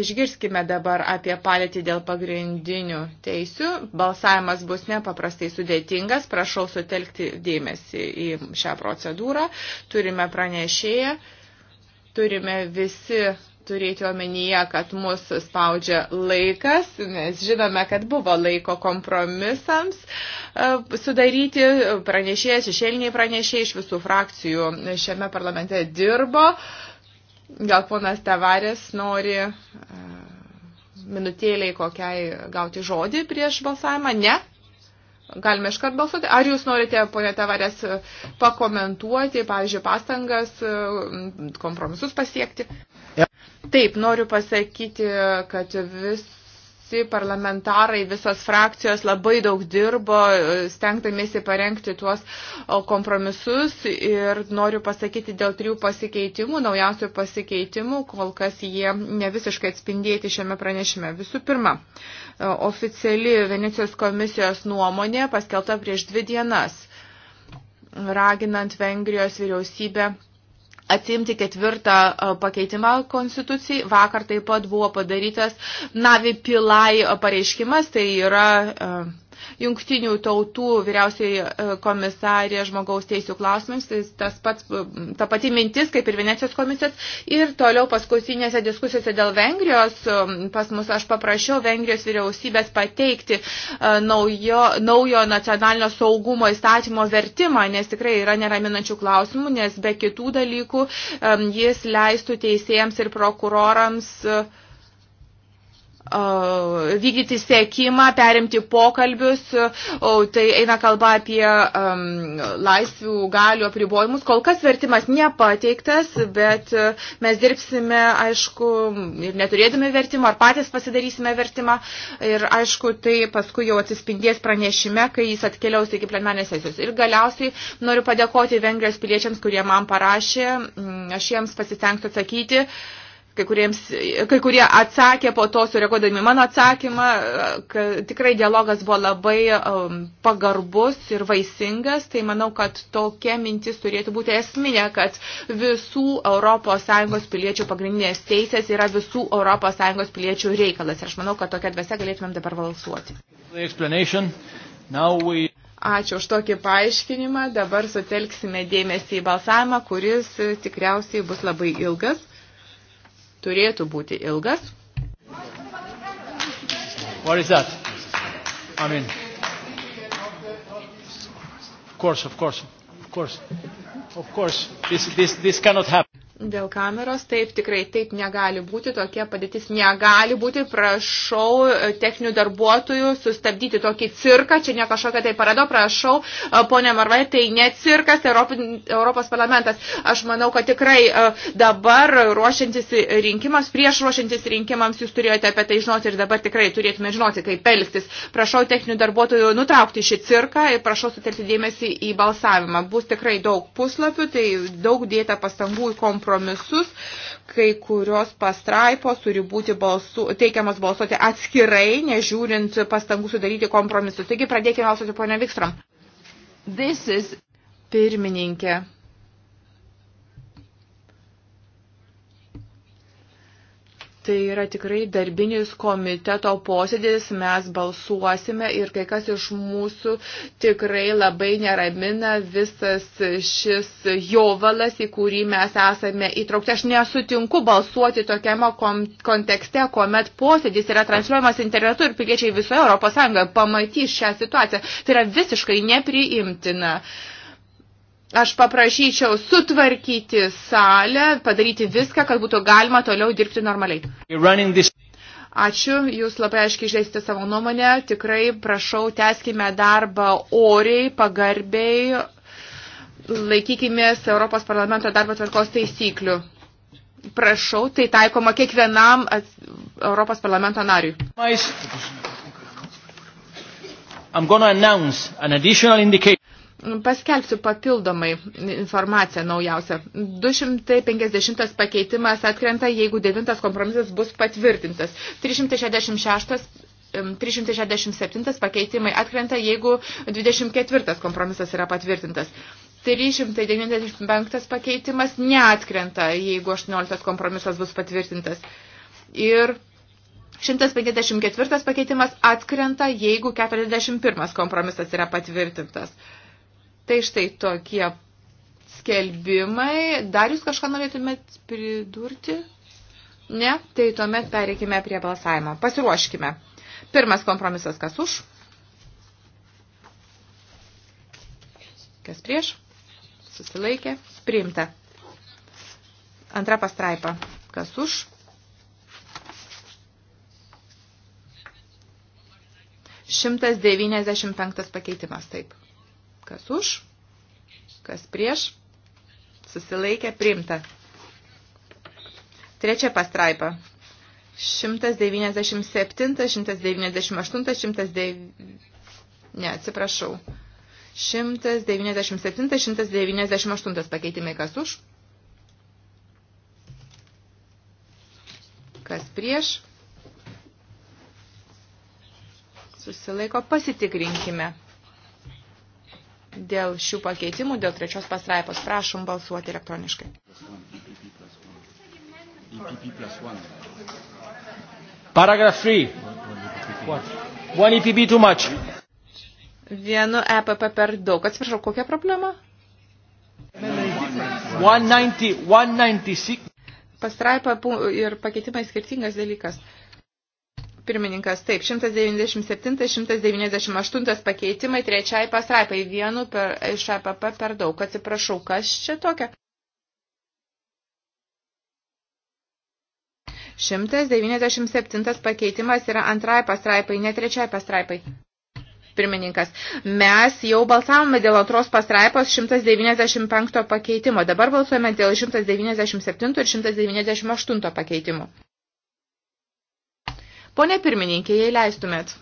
Išgirskime dabar apie palėtį dėl pagrindinių teisių. Balsavimas bus nepaprastai sudėtingas. Prašau sutelkti dėmesį į šią procedūrą. Turime pranešėją, turime visi turėti omenyje, kad mūsų spaudžia laikas, nes žinome, kad buvo laiko kompromisams e, sudaryti pranešėjas, išėliniai pranešėjai iš visų frakcijų šiame parlamente dirbo. Gal ponas Tavarės nori e, minutėliai kokiai gauti žodį prieš balsavimą? Ne? Galime iškart balsuoti. Ar jūs norite, ponė Tavarės, pakomentuoti, pavyzdžiui, pastangas, e, kompromisus pasiekti? Taip, noriu pasakyti, kad visi parlamentarai, visas frakcijos labai daug dirbo, stengdamėsi parengti tuos kompromisus ir noriu pasakyti dėl trijų pasikeitimų, naujausių pasikeitimų, kol kas jie ne visiškai atspindėti šiame pranešime. Visų pirma, oficiali Venecijos komisijos nuomonė paskelta prieš dvi dienas, raginant Vengrijos vyriausybę atsimti ketvirtą e, pakeitimą konstitucijai. Vakar taip pat buvo padarytas Navi Pilai e, pareiškimas, tai yra e, Jungtinių tautų vyriausiai e, komisarė žmogaus teisų klausimams, tai tas pats, e, ta pati mintis kaip ir Venecijos komisijos. Ir toliau paskutinėse diskusijose dėl Vengrijos e, pas mus aš paprašiau Vengrijos vyriausybės pateikti naujo, naujo nacionalinio saugumo įstatymo vertimą, nes tikrai yra neraminančių klausimų, nes be kitų dalykų jis leistų teisėjams ir prokurorams uh, vykdyti sėkimą, perimti pokalbius, tai eina kalba apie um, laisvių galių apribojimus. Kol kas vertimas nepateiktas, bet e, mes dirbsime, aišku, ir neturėdami vertimo, ar patys pasidarysime vertimą. Ir, aišku, tai paskui jau atsispindės pranešime, kai jis atkeliaus iki plenarnės sesijos. Ir galiausiai noriu padėkoti Vengrijos piliečiams, kurie man parašė, mm, aš jiems pasistengsiu atsakyti. Uh, kai, kuriems, kai kurie atsakė po to sureaguodami mano atsakymą, kad tikrai dialogas buvo labai um, pagarbus ir vaisingas, tai manau, kad tokia mintis turėtų būti esminė, kad visų ES piliečių pagrindinės teisės yra visų ES piliečių reikalas. Ir aš manau, kad tokia dvasia galėtumėm dabar valsuoti. We... Ačiū už tokį paaiškinimą. Dabar sutelksime dėmesį į balsavimą, kuris tikriausiai bus labai ilgas turėtų būti ilgas. What is that? I mean, of course, of course, of course, of course, this, this, this cannot happen. Dėl kameros, taip tikrai taip negali būti, tokia padėtis negali būti, prašau e, techninių darbuotojų sustabdyti tokį cirką, čia ne kažkokia tai parado, prašau, e, ponė Marvai, tai ne cirkas, tai Europos parlamentas. Aš manau, kad tikrai e, dabar ruošiantis rinkimams, prieš ruošiantis rinkimams jūs turėjote apie tai žinoti ir dabar tikrai turėtume žinoti, kaip elgtis. Prašau techninių darbuotojų nutraukti šį cirką ir prašau sutelkti dėmesį į balsavimą. Bus tikrai daug puslapių, tai daug dėta pastangų į kompromisą kompromisus, kai kurios pastraipos turi būti balsu, teikiamas balsuoti atskirai, nežiūrint pastangų sudaryti kompromisus. Taigi pradėkime balsuoti, ponia Vikstrom. Is... Pirmininkė, Tai yra tikrai darbinis komiteto posėdis, mes balsuosime ir kai kas iš mūsų tikrai labai neramina visas šis jovalas, į kurį mes esame įtraukti. Aš nesutinku balsuoti tokiame kontekste, kuomet posėdis yra transliuojamas internetu ir piliečiai visoje Europos Sąjungoje pamatys šią situaciją. Tai yra visiškai nepriimtina. Uh, Aš paprašyčiau sutvarkyti salę, padaryti viską, kad būtų galima toliau dirbti normaliai. Ačiū, jūs labai aiškiai išdėsite savo nuomonę. Tikrai prašau, teskime darbą oriai, pagarbiai, laikykimės Europos parlamento darbo tvarkos taisyklių. Prašau, tai taikoma kiekvienam Europos parlamento nariui. I'm gonna announce an additional indication. Paskelbsiu papildomai informaciją naujausią. 250 pakeitimas atkrenta, jeigu 9 kompromisas bus patvirtintas. 366 367 pakeitimai atkrenta, jeigu 24 kompromisas yra patvirtintas. 395 pakeitimas neatkrenta, jeigu 18 kompromisas bus patvirtintas. Ir 154 pakeitimas atkrenta, jeigu 41 kompromisas yra patvirtintas. Tai štai tokie skelbimai. Dar jūs kažką norėtumėt pridurti? Ne? Tai tuomet pereikime prie balsavimo. Pasiruoškime. Pirmas kompromisas kas už? Kas prieš? Susilaikė. Priimta. Antra pastraipa. Kas už? Šimtas devyniasdešimt penktas pakeitimas. Taip. Kas už, kas prieš, susilaikė priimta. Trečia pastraipa. 197, 198, 109, ne, atsiprašau. 197, 198 pakeitimai kas už, kas prieš, susilaiko, pasitikrinkime dėl šių pakeitimų, dėl trečios pastraipos. Prašom balsuoti elektroniškai. Paragraf 3. One EPP e too much. Vienu EPP per daug. Atsiprašau, kokia problema? 190, 196. Pastraipa ir pakeitimai skirtingas dalykas. Pirmininkas, taip, 197-198 pakeitimai trečiai pasraipai, vienu per, iš APP per daug. Atsiprašau, kas čia tokia? 197 pakeitimas yra antrai pasraipai, ne trečiai pasraipai. Pirmininkas, mes jau balsavome dėl antros pastraipos 195 pakeitimo, dabar balsuojame dėl 197 ir 198 pakeitimo. Pone pirmininkė, jei leistumėt.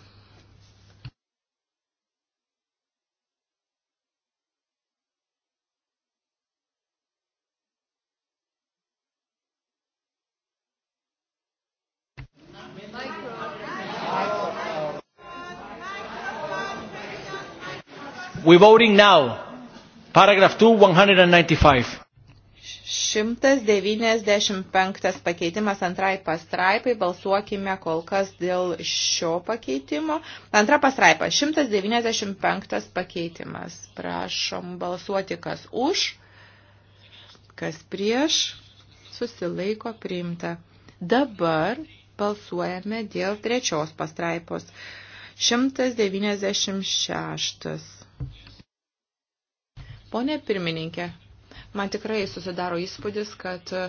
We're voting now. Paragraph 2, 195. 195 pakeitimas antrai pastraipai, balsuokime kol kas dėl šio pakeitimo. Antra pastraipa, 195 pakeitimas. Prašom balsuoti, kas už, kas prieš, susilaiko priimta. Dabar balsuojame dėl trečios pastraipos. 196. Pone pirmininkė, Man tikrai susidaro įspūdis, kad e,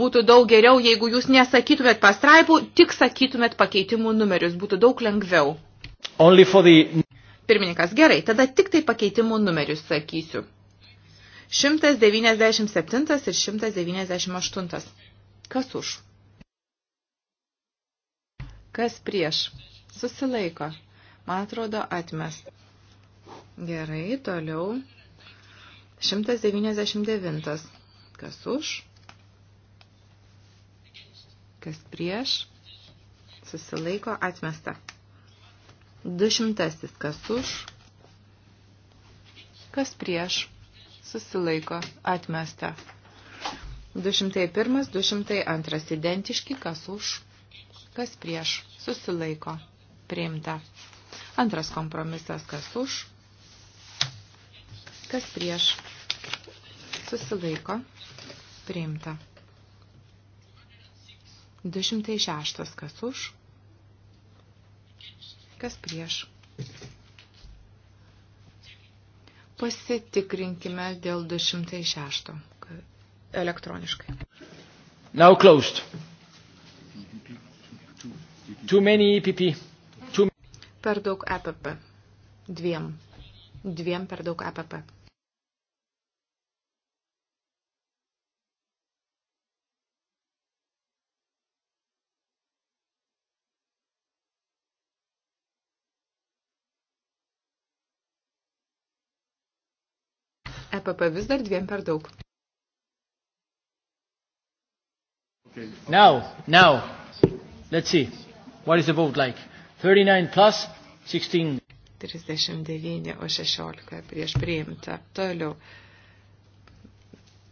būtų daug geriau, jeigu jūs nesakytumėt pastraipų, tik sakytumėt pakeitimų numerius. Būtų daug lengviau. The... Pirmininkas, gerai, tada tik tai pakeitimų numerius sakysiu. 197 ir 198. Kas už? Kas prieš? Susilaiko. Man atrodo, atmes. Gerai, toliau. 199. Kas už? Kas prieš? Susilaiko atmesta. 200. Kas už? Kas prieš? Susilaiko atmesta. 201, 202 identiški, kas už, kas prieš, susilaiko, priimta. Antras kompromisas, kas už, kas prieš, susilaiko, priimta. 206 kas už, kas prieš. Pasitikrinkime dėl 206 elektroniškai. Now closed. Too many EPP. Too... Per daug EPP. Dviem. Dviem per daug EPP. EPP vis dar dviem per daug. Now, now, let's see. What is the vote like? 39 plus 16. 39, o 16 prieš priimta. Toliau.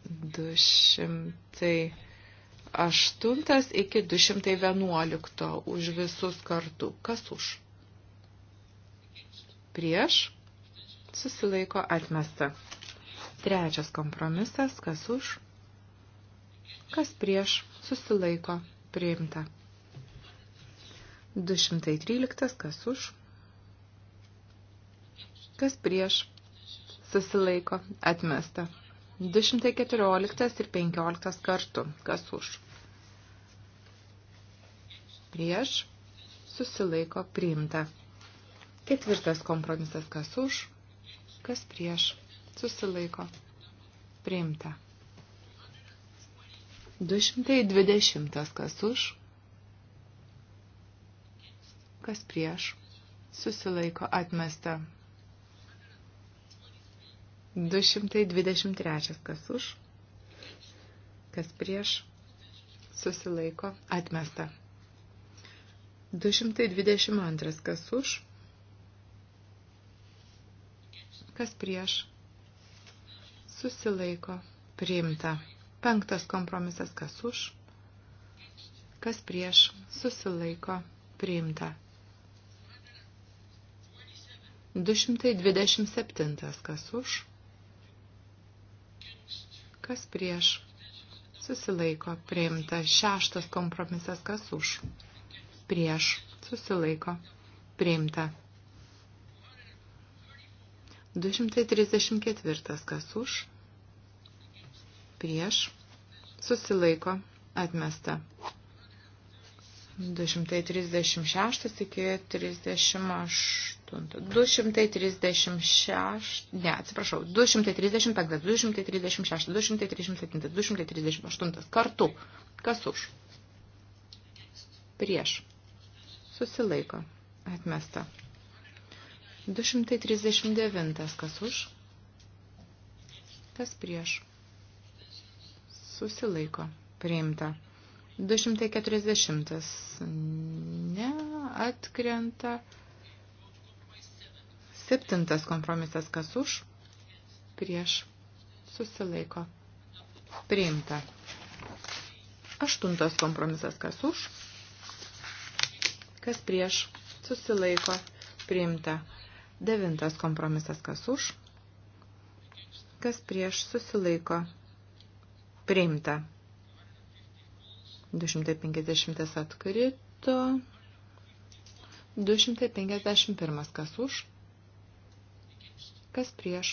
208 iki 211 už visus kartu. Kas už? Prieš susilaiko atmesta. Trečias kompromisas, kas už, kas prieš, susilaiko, priimta. 213, kas už, kas prieš, susilaiko, atmesta. 214 ir 15 kartų, kas už. Prieš, susilaiko, priimta. Ketvirtas kompromisas, kas už, kas prieš, susilaiko priimta. 220 kas už, kas prieš, susilaiko atmesta. 223 kas už, kas prieš, susilaiko atmesta. 222 kas už, kas prieš, susilaiko priimta. Penktas kompromisas kas už, kas prieš susilaiko priimta. 227 kas už, kas prieš susilaiko priimta. Šeštas kompromisas kas už, prieš susilaiko priimta. 234 kas už, prieš, susilaiko, atmesta. 236 iki 38. 236, ne, atsiprašau, 235, 236, 237, 238 kartu. Kas už? Prieš. Susilaiko. Atmesta. 239. Kas už? Kas prieš? susilaiko priimta. 240 ne atkrenta. Septintas kompromisas kas už prieš susilaiko priimta. Aštuntas kompromisas kas už kas prieš susilaiko priimta. Devintas kompromisas kas už kas prieš susilaiko priimta Priimta. 250 atkrito. 251 kas už, kas prieš,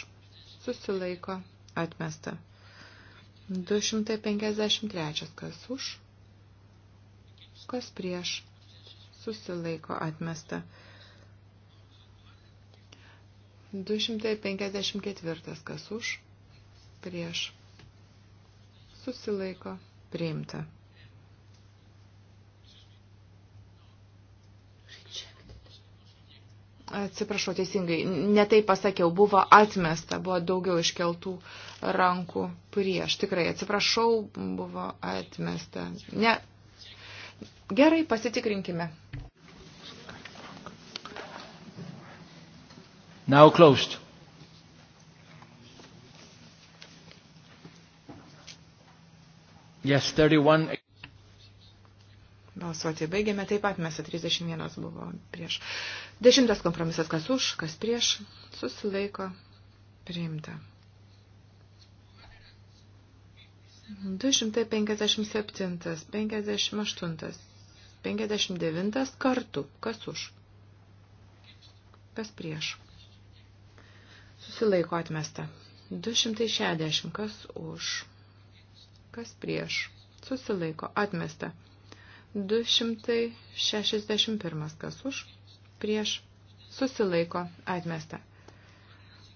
susilaiko, atmesta. 253 kas už, kas prieš, susilaiko, atmesta. 254 kas už, prieš, susilaiko priimta. Atsiprašau, teisingai, netai pasakiau, buvo atmesta, buvo daugiau iškeltų rankų prieš. Tikrai, atsiprašau, buvo atmesta. Ne. Gerai, pasitikrinkime. Now closed. Yes, 31. Balsuoti baigėme, taip pat mes 31 buvo prieš. Dešimtas kompromisas, kas už, kas prieš, susilaiko, priimta. 257, 58, 59 kartų, kas už, kas prieš. Susilaiko atmesta. 260, kas už kas prieš, susilaiko, atmesta. 261 kas už, prieš, susilaiko, atmesta.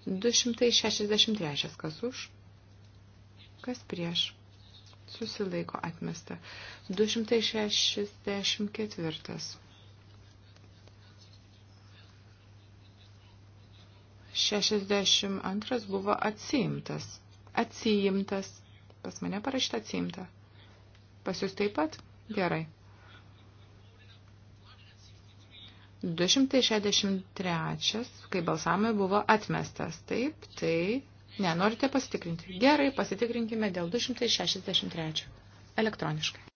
263 kas už, kas prieš, susilaiko, atmesta. 264. 62 buvo atsiimtas. Atsiimtas. Pas mane parašyta atsimta. Pas jūs taip pat? Gerai. 263, kai balsavimai buvo atmestas. Taip, tai... Ne, norite pasitikrinti. Gerai, pasitikrinkime dėl 263. Elektroniškai.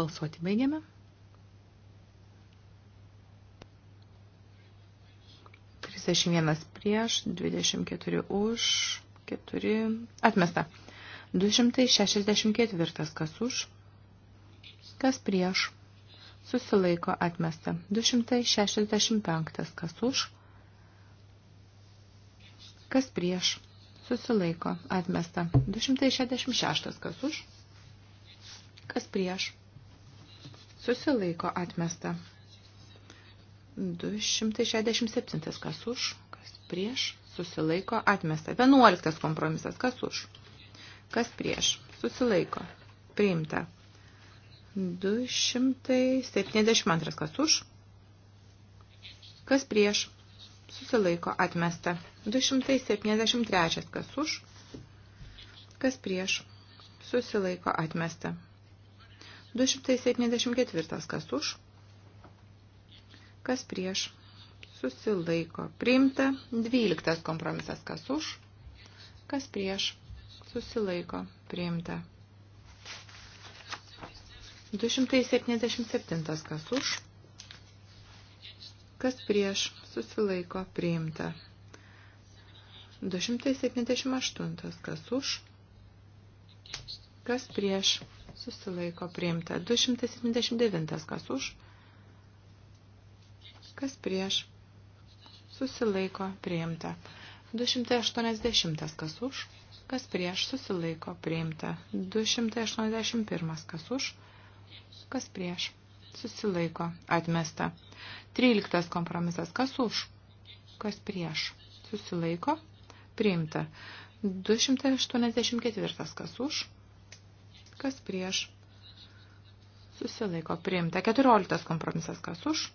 Balsuoti baigiame. 61 prieš, 24 už, 4 atmesta. 264 kas už, kas prieš, susilaiko atmesta. 265 kas už, kas prieš, susilaiko atmesta. 266 kas už, kas prieš, susilaiko atmesta. 267. Kas už, kas prieš, susilaiko, atmesta. 11. Kompromisas. Kas už, kas prieš, susilaiko, priimta. 272. Kas už, kas prieš, susilaiko, atmesta. 273. Kas už, kas prieš, susilaiko, atmesta. 274. Kas už, kas prieš, susilaiko priimta. 12 kompromisas, kas už, kas prieš, susilaiko priimta. 277 kas už, kas prieš, susilaiko priimta. 278 kas už, kas prieš, susilaiko priimta. 279 kas už, kas prieš, susilaiko priimta. 280 kas už, kas prieš, susilaiko priimta. 281 kas už, kas prieš, susilaiko atmesta. 13 kompromisas kas už, kas prieš, susilaiko priimta. 284 kas už, kas prieš, susilaiko priimta. 14 kompromisas kas už,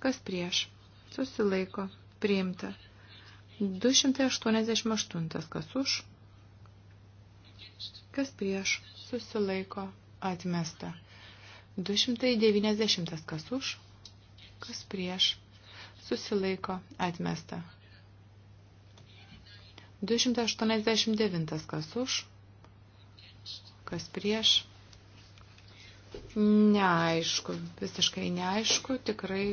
Kas prieš? Susilaiko. Priimta. 288. Kas už? Kas prieš? Susilaiko. Atmesta. 290. Kas už? Kas prieš? Susilaiko. Atmesta. 289. Kas už? Kas prieš? Neaišku, visiškai neaišku, tikrai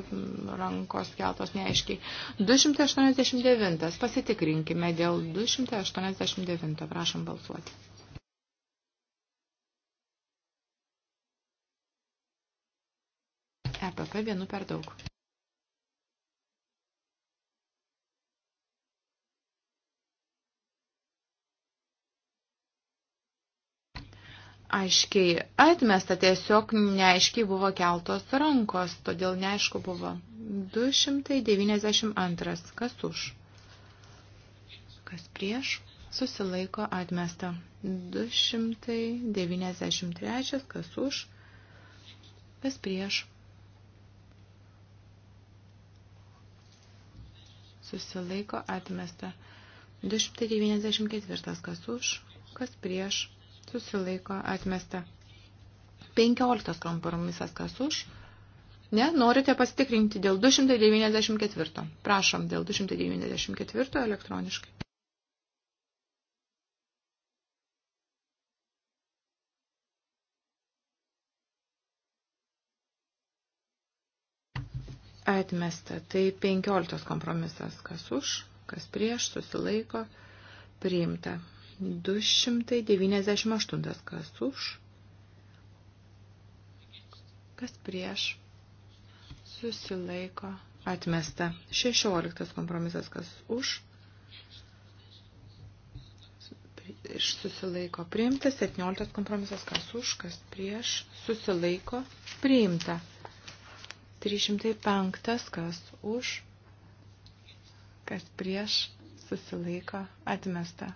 rankos keltos neaiškiai. 289, pasitikrinkime dėl 289, prašom balsuoti. EPP vienu per daug. aiškiai atmesta, tiesiog neaiškiai buvo keltos rankos, todėl neaišku buvo. 292. Kas už? Kas prieš? Susilaiko atmesta. 293. Kas už? Kas prieš? Susilaiko atmesta. 294. Kas už? Kas prieš? susilaiko atmesta. 15 kompromisas kas už. Ne, norite pasitikrinti dėl 294. Prašom, dėl 294 elektroniškai. Atmesta. Tai 15 kompromisas. Kas už, kas prieš, susilaiko, priimta. 298 kas už, kas prieš, susilaiko, atmesta. 16 kompromisas kas už, ir susilaiko, priimta. 17 kompromisas kas už, kas prieš, susilaiko, priimta. 305 kas už, kas prieš, susilaiko, atmesta.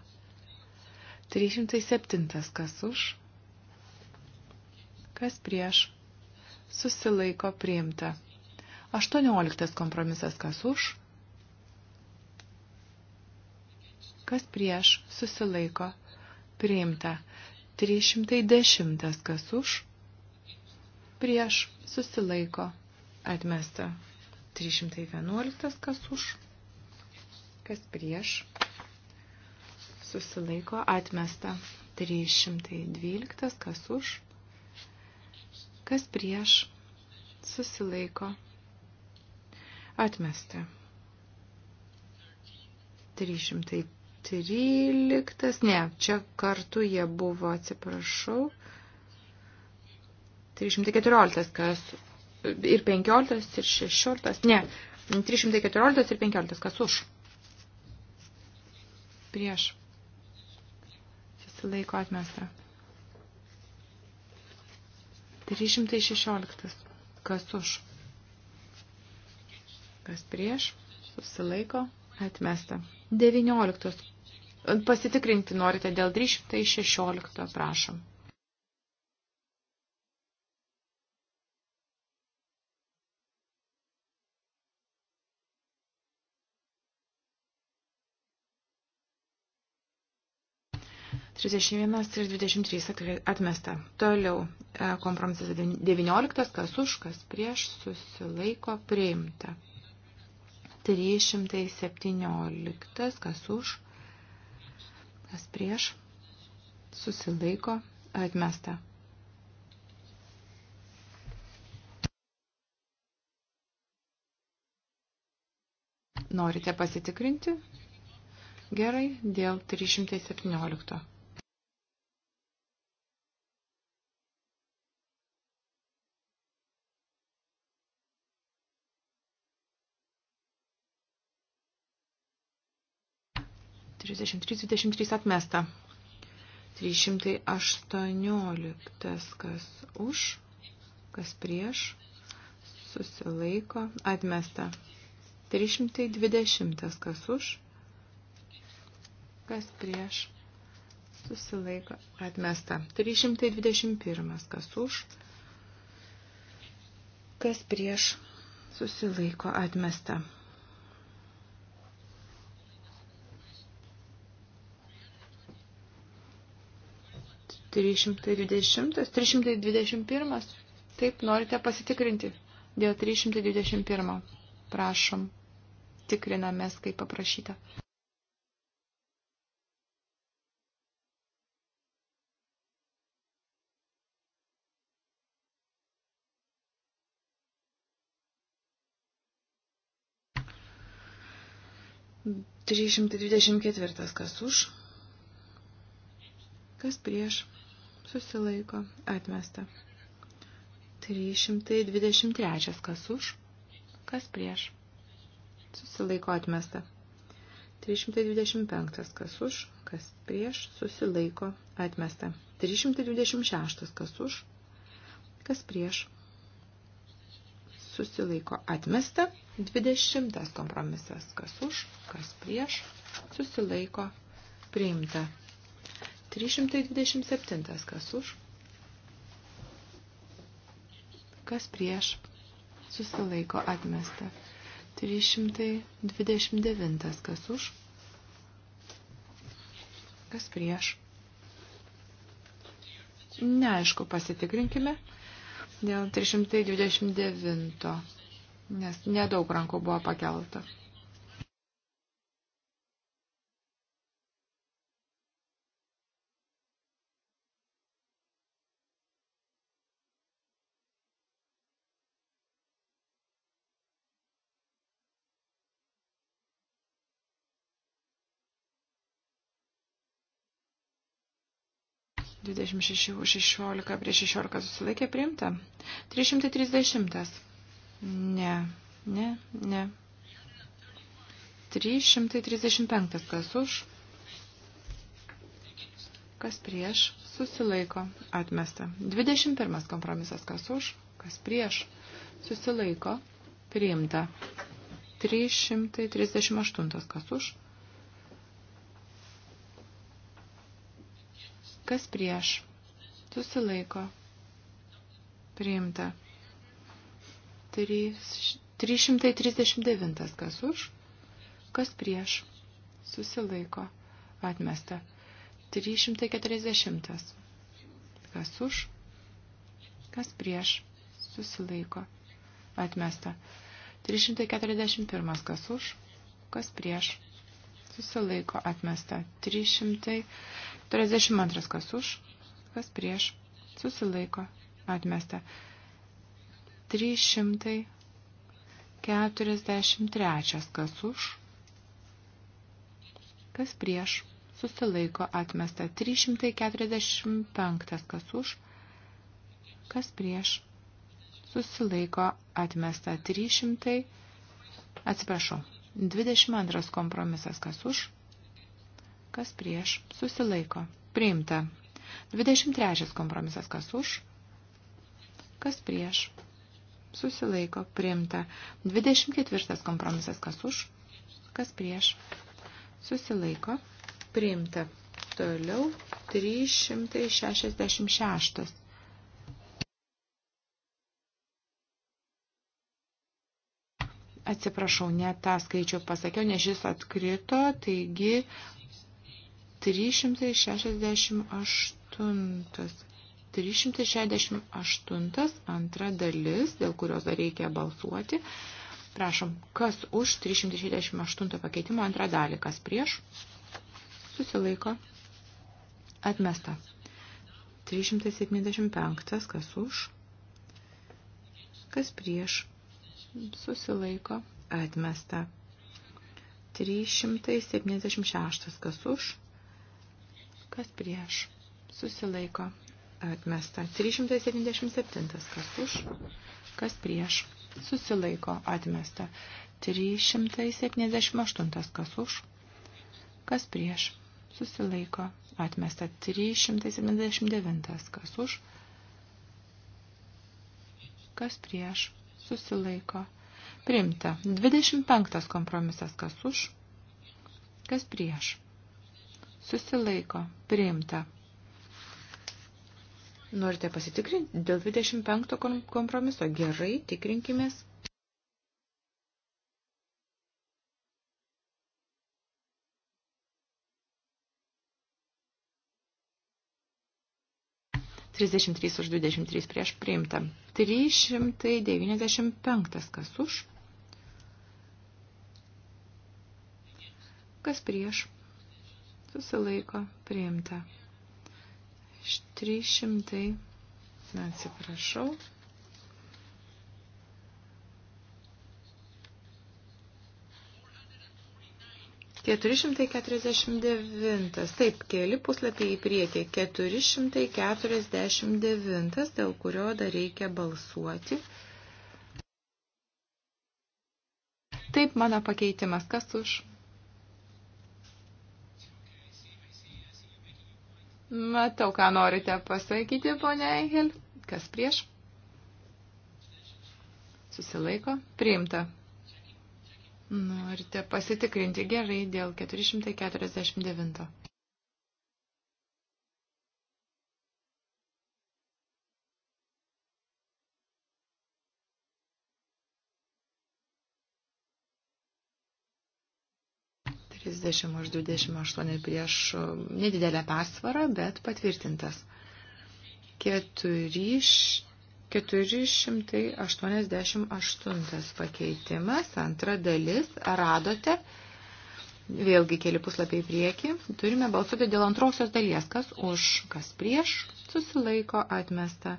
307. Kas už? Kas prieš? Susilaiko priimta. 18. Kompromisas. Kas už? Kas prieš? Susilaiko priimta. 310. Kas už? Prieš. Susilaiko. Atmesta. 311. Kas už? Kas prieš? susilaiko atmesta. 312, kas už, kas prieš, susilaiko atmesta. 313, ne, čia kartu jie buvo, atsiprašau. 314, kas ir 15, ir 16, ne, 314 ir 15, kas už. Prieš susilaiko atmesta. 316. Kas už? Kas prieš? Susilaiko atmesta. 19. Pasitikrinti norite dėl 316, prašom. 31 ir 23 atmesta. Toliau e, kompromisas 19, kas už, kas prieš, susilaiko priimta. 317, kas už, kas prieš, susilaiko atmesta. Norite pasitikrinti? Gerai, dėl 317. 33, 23 atmesta. 318, kas už, kas prieš, susilaiko, atmesta. 320, kas už, kas prieš, susilaiko, atmesta. 321, kas už, kas prieš, susilaiko, atmesta. 320, 321. Taip, norite pasitikrinti. Dėl 321. Prašom. Tikrinamės, kaip paprašyta. Trys šimtai dvidešimt ketvirtas kas už, kas prieš susilaiko atmesta. 323 kas už, kas prieš, susilaiko atmesta. 325 kas už, kas prieš, susilaiko atmesta. 326 kas už, kas prieš, susilaiko atmesta. 20 kompromisas kas už, kas prieš, susilaiko priimta. 327. Kas už? Kas prieš? Susilaiko atmesta. 329. Kas už? Kas prieš? Neaišku, pasitikrinkime dėl 329, nes nedaug rankų buvo pakelta. 26 už 16 prieš 16 susilaikė priimta. 330. Ne, ne, ne. 335. Kas už? Kas prieš? Susilaiko. Atmesta. 21. Kompromisas. Kas už? Kas prieš? Susilaiko. Priimta. 338. Kas už? Kas prieš? Susilaiko. Priimta. 339. Kas už? Kas prieš? Susilaiko. Atmesta. 340. Kas už? Kas prieš? Susilaiko. Atmesta. 341. Kas už? Kas prieš? Susilaiko. Atmesta. 342. 42 kas už, kas prieš, susilaiko, atmesta. 343 kas už, kas prieš, susilaiko, atmesta. 345 kas už, kas prieš, susilaiko, atmesta. 300, atsiprašau, 22 kompromisas kas už, kas prieš, susilaiko, priimta. 23 kompromisas, kas už, kas prieš, susilaiko, priimta. 24 kompromisas, kas už, kas prieš, susilaiko, priimta. Toliau 366. Atsiprašau, ne tą skaičių pasakiau, nes jis atkrito, taigi 368. 368 antra dalis, dėl kurios dar reikia balsuoti. Prašom, kas už 368 pakeitimo antrą dalį, kas prieš? Susilaiko. Atmesta. 375, kas už? Kas prieš? Susilaiko. Atmesta. 376, kas už? Kas prieš? Susilaiko. Atmesta. 377. Kas už? Kas prieš? Susilaiko. Atmesta. 378. Kas už? Kas prieš? Susilaiko. Atmesta. 379. Kas už? Kas prieš? Susilaiko. Primta. 25. Kompromisas. Kas už? Kas prieš? susilaiko, priimta. Norite pasitikrinti dėl 25 kompromiso? Gerai, tikrinkimės. Trisdešimt trys už dvidešimt trys prieš priimtą. Trys šimtai devyniasdešimt penktas kas už? Kas prieš? susilaiko priimta. 300, na, atsiprašau. Keturi šimtai keturiasdešimt devintas, taip, keli puslapiai į priekį, keturi šimtai keturiasdešimt devintas, dėl kurio dar reikia balsuoti. Taip, mano pakeitimas, kas už? Matau, ką norite pasakyti, ponia Eihel. Kas prieš? Susilaiko. Priimta. Norite pasitikrinti gerai dėl 449. 20 už 28 prieš e, nedidelę persvarą, bet patvirtintas. 4, 488 pakeitimas, antra dalis, radote, vėlgi keli puslapiai prieki, turime balsuoti dėl antrosios dalies, kas už, kas prieš, susilaiko atmesta.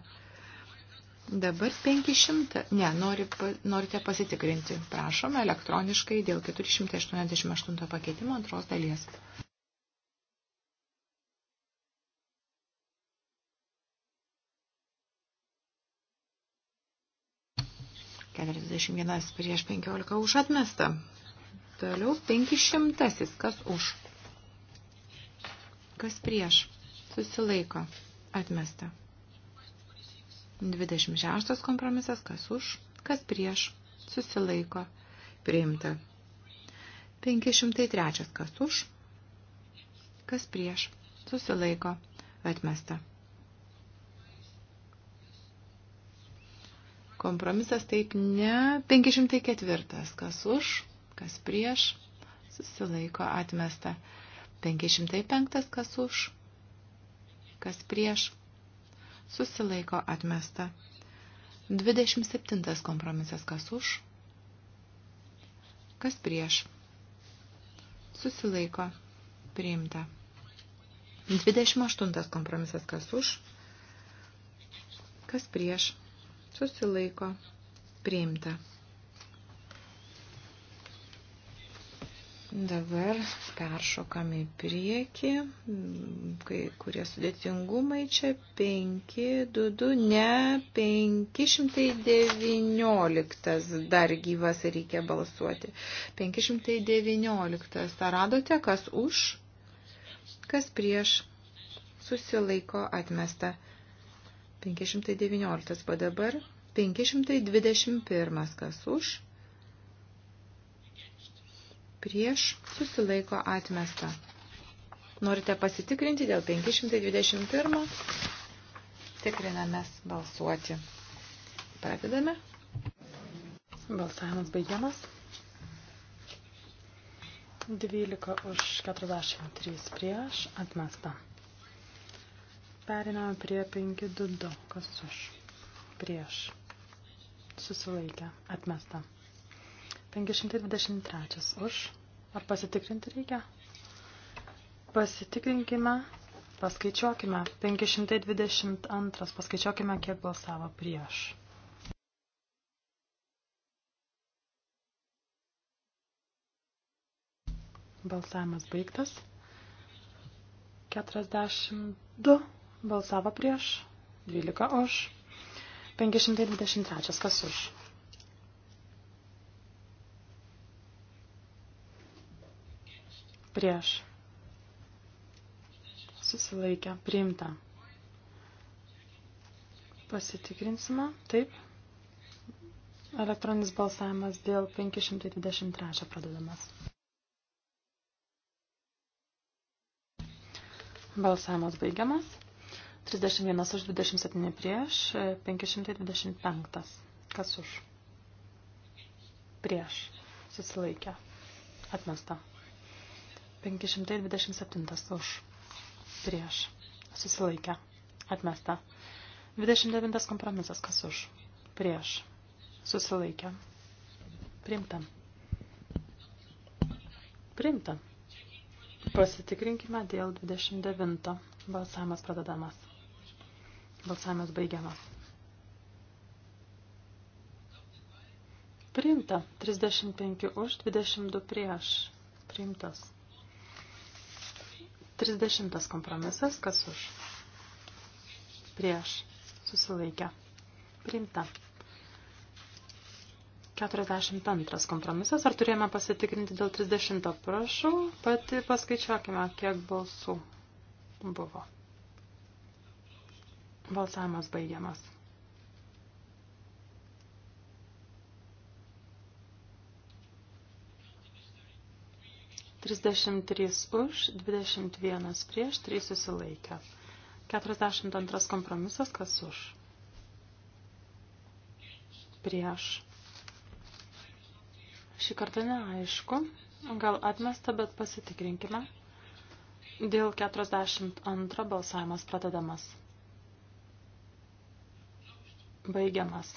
Dabar 500. Ne, nori, norite pasitikrinti. Prašome elektroniškai dėl 488 pakeitimo antros dalies. Keturiasdešimt vienas prieš penkiolika už atmestą. Toliau penkišimtasis. Kas už? Kas prieš? Susilaiko. Atmesta. 26 kompromisas, kas už, kas prieš, susilaiko, priimta. 503 kas už, kas prieš, susilaiko, atmesta. Kompromisas taip ne. 504 kas už, kas prieš, susilaiko, atmesta. 505 kas už, kas prieš, susilaiko atmesta. 27 kompromisas kas už, kas prieš, susilaiko priimta. 28 kompromisas kas už, kas prieš, susilaiko priimta. Dabar peršokam į priekį, kai kurie sudėtingumai čia 5, 2, 2, ne 519 dar gyvas reikia balsuoti. 519, ar radote, kas už, kas prieš, susilaiko atmesta. 519, o dabar 521, kas už, prieš susilaiko atmesta. Norite pasitikrinti dėl 521? Tikrinamės balsuoti. Pradedame. Balsavimas baigiamas. 12 už 43 prieš atmesta. Periname prie 522. Kas už? Prieš. Susilaikę. Atmesta. 523 už. Ar pasitikrinti reikia? Pasitikrinkime, paskaičiuokime. 522, paskaičiuokime, kiek balsavo prieš. Balsavimas baigtas. 42 balsavo prieš, 12 už, 523 kas už. prieš susilaikę priimta. Pasitikrinsime, taip. Elektroninis balsavimas dėl 523 pradedamas. Balsavimas baigiamas. 31 už 27 prieš, 525. Kas už? Prieš. Susilaikę. Atmesta. 527 už. Prieš. Susilaikę. Atmesta. 29 kompromisas. Kas už? Prieš. Susilaikę. Priimta. Priimta. Pasitikrinkime dėl 29. Balsavimas pradedamas. Balsavimas baigiamas. Priimta. 35 už, 22 prieš. Priimtas. 30 kompromisas, kas už, prieš, susilaikę, priimta. 42 kompromisas, ar turėjome pasitikrinti dėl 30, prašau, pati paskaičiuokime, kiek balsų buvo. Balsavimas baigiamas. 33 už, 21 prieš, 3 susilaikę. 42 kompromisas, kas už? Prieš. Šį kartą neaišku, gal atmesta, bet pasitikrinkime. Dėl 42 balsavimas pradedamas. Baigiamas.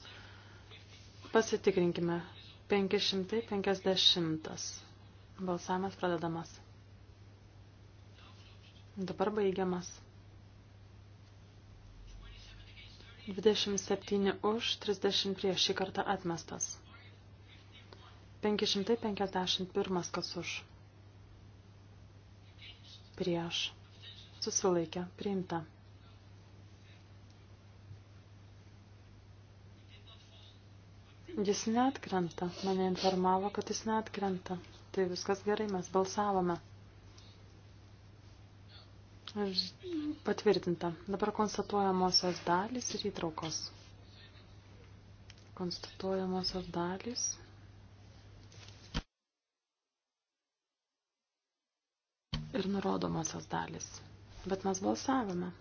Pasitikrinkime. 550. Balsavimas pradedamas. Dabar baigiamas. 27 už, 30 prieš šį kartą atmestas. 551 kas už. Prieš. Susilaikė. Priimta. Jis neatkrenta. Mane informavo, kad jis neatkrenta. Tai viskas gerai, mes balsavome. Ir patvirtinta. Dabar konstatuojamosios dalys ir įtraukos. Konstatuojamosios dalys. Ir nurodomosios dalys. Bet mes balsavome.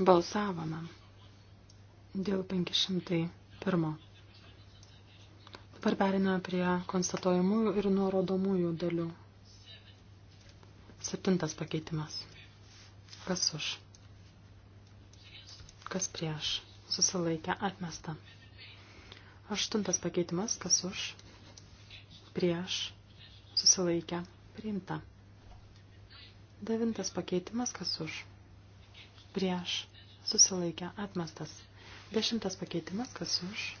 Balsavome dėl 501. Dabar periname prie konstatuojamųjų ir nurodomųjų dalių. Septintas pakeitimas. Kas už? Kas prieš? Susilaikę atmesta. Aštuntas pakeitimas. Kas už? Prieš? Susilaikę priimta. Devintas pakeitimas. Kas už? Prieš? Susilaikę atmestas. Dešimtas pakeitimas, kas už.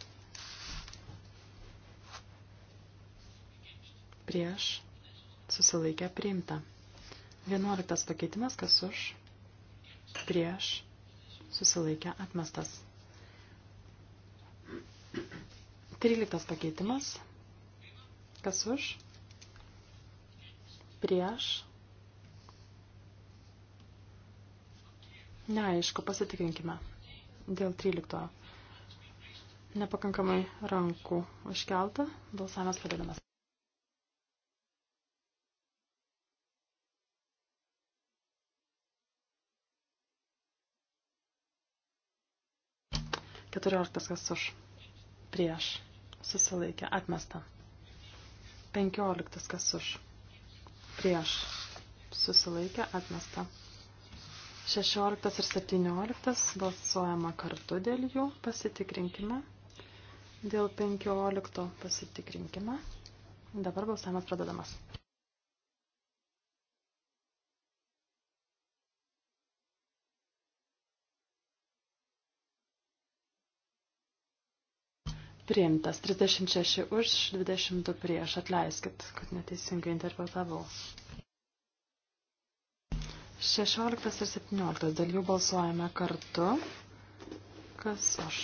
Prieš susilaikę priimta. Vienuoliktas pakeitimas, kas už. Prieš susilaikę atmestas. Tryliktas pakeitimas, kas už. Prieš Neaišku, pasitikrinkime dėl 13. Nepakankamai rankų užkelta, balsavimas padedamas. Keturioliktas kas už. Prieš. Susilaikė. Atmesta. Penkioliktas kas už. Prieš. Susilaikė. Atmesta. 16 ir 17 balsuojama kartu dėl jų. Pasitikrinkime. Dėl 15 pasitikrinkime. Dabar balsavimas pradedamas. Priimtas 36 už 22 prieš. Atleiskit, kad neteisingai interpretavau. 16 ir 17 dėl jų balsuojame kartu. Kas už?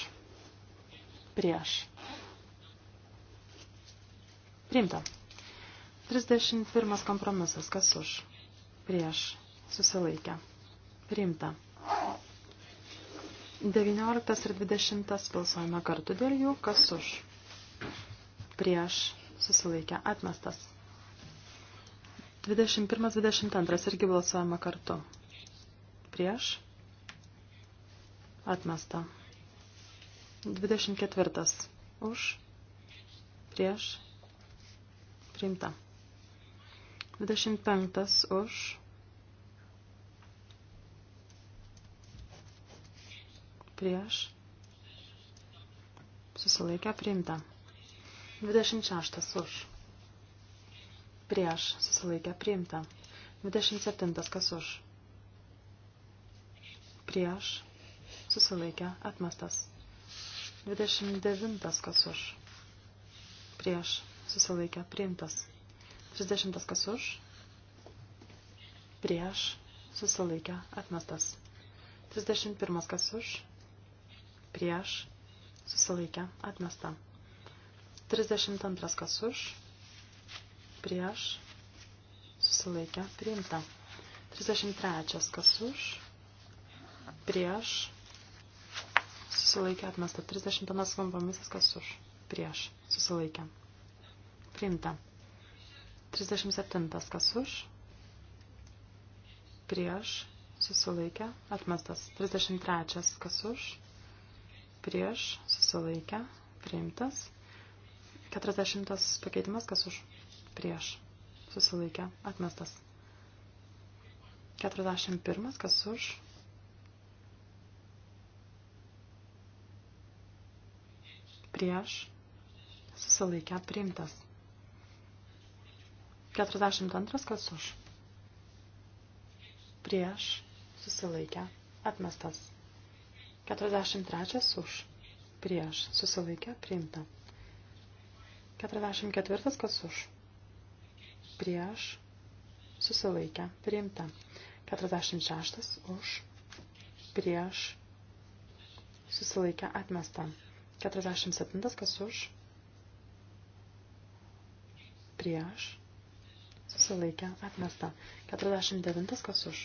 Prieš. Priimta. 31 kompromisas. Kas už? Prieš. Susilaikę. Priimta. 19 ir 20 balsuojame kartu dėl jų. Kas už? Prieš. Susilaikę. Atmestas. 21-22 irgi balsuojama kartu. Prieš. Atmesta. 24. Už. Prieš. Priimta. 25. Už. Prieš. Susilaikę priimta. 26. Už prieš susilaikę priimta. 27. Kas už? Prieš susilaikę atmestas. 29. Kas už? Prieš susilaikę priimtas. 30. Kas už? Prieš susilaikę atmestas. 31. Kas už? Prieš susilaikę atmestą. 32. Kas už? prieš, susilaikę, priimta. 33. Kas už, prieš, susilaikę, atmesta. 31. Kompromisas. Kas už, prieš, susilaikę, priimta. 37. Kas už, prieš, susilaikę, atmestas. 33. Kas už, prieš, susilaikę, priimtas. 40. Pakeitimas. Kas už, prieš susilaikę atmestas. 41 kas už prieš susilaikę priimtas. 42 kas už prieš susilaikę atmestas. 43 už prieš susilaikę priimta. 44 kas už prieš, susilaikę, priimta. 46 už, prieš, susilaikę, atmesta. 47 kas už, prieš, susilaikę, atmesta. 49 kas už,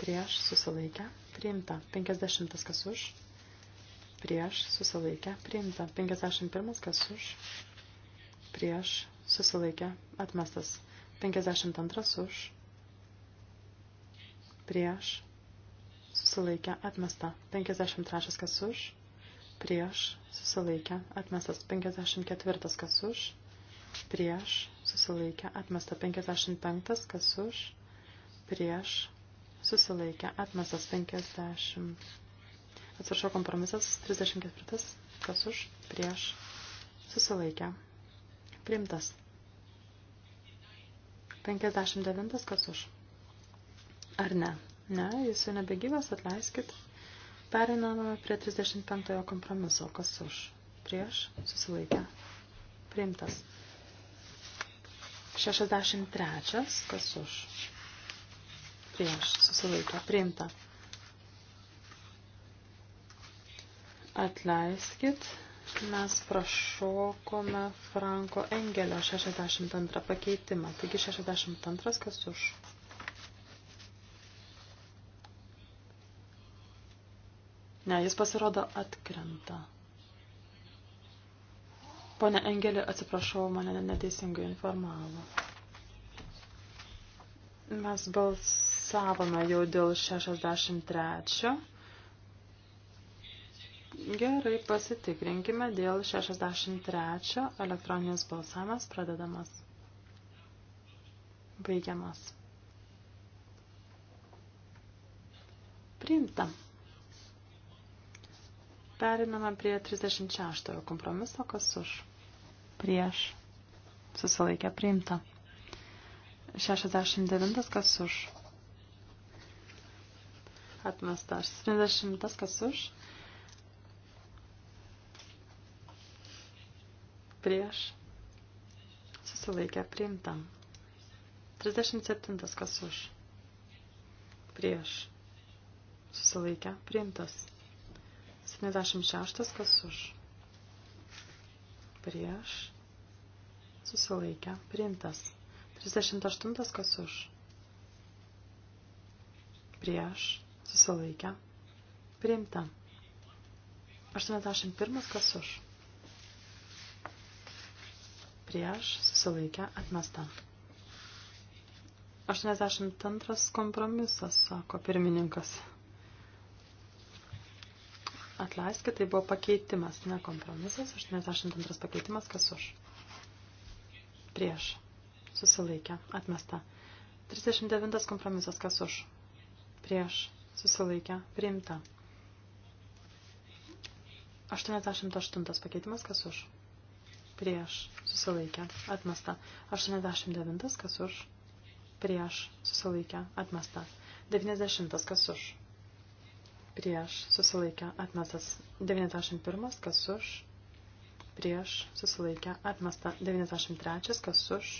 prieš, susilaikę, priimta. 50 kas už, prieš, susilaikę, priimta. 51 kas už, prieš, susilaikė, atmestas. 52 už, prieš, susilaikė, atmesta. 53 kas už, prieš, susilaikė, atmestas. 54 kas už, prieš, susilaikė, atmesta. 55 kas už, prieš, susilaikė, atmestas. 50. Atsiprašau, kompromisas 34 kas už, prieš, susilaikė. Primtas. 59 kas už. Ar ne? Ne, jis jau nebegyvas, atleiskit. Periname prie 35 kompromiso. Kas už? Prieš? Susilaikę. Primtas. 63. Kas už? Prieš. Susilaikę. Primta. Atleiskit mes prašokome Franko Engelio 62 pakeitimą. Taigi 62 kas už. Ne, jis pasirodo atkrenta. Pone Engelį, atsiprašau, mane neteisingai informavo. Mes balsavome jau dėl 63. Gerai, pasitikrinkime dėl 63 elektroninis balsavimas pradedamas. Baigiamas. Priimta. Periname prie 36 kompromiso, kas už. Prieš. Susilaikė priimta. 69 kas už. Atmestas. 70 kas už prieš, susilaikę priimta. 37 kas už, prieš, susilaikę priimtas. 76 kas už, prieš, susilaikę priimtas. 38 kas už, prieš, susilaikę priimta. 81 kas už prieš susilaikę atmesta. 82 kompromisas, sako pirmininkas. Atleiskit, tai buvo pakeitimas, ne kompromisas, 82 pakeitimas, kas už. Prieš. Susilaikė. Atmesta. 39 kompromisas, kas už. Prieš. Susilaikė. Priimta. 88 pakeitimas, kas už. Prieš susilaikė, atmesta. 89, kas už, prieš, susilaikė, atmesta. 90, kas už, prieš, susilaikė, atmestas. 91, kas už, prieš, susilaikė, atmesta. 93, kas už,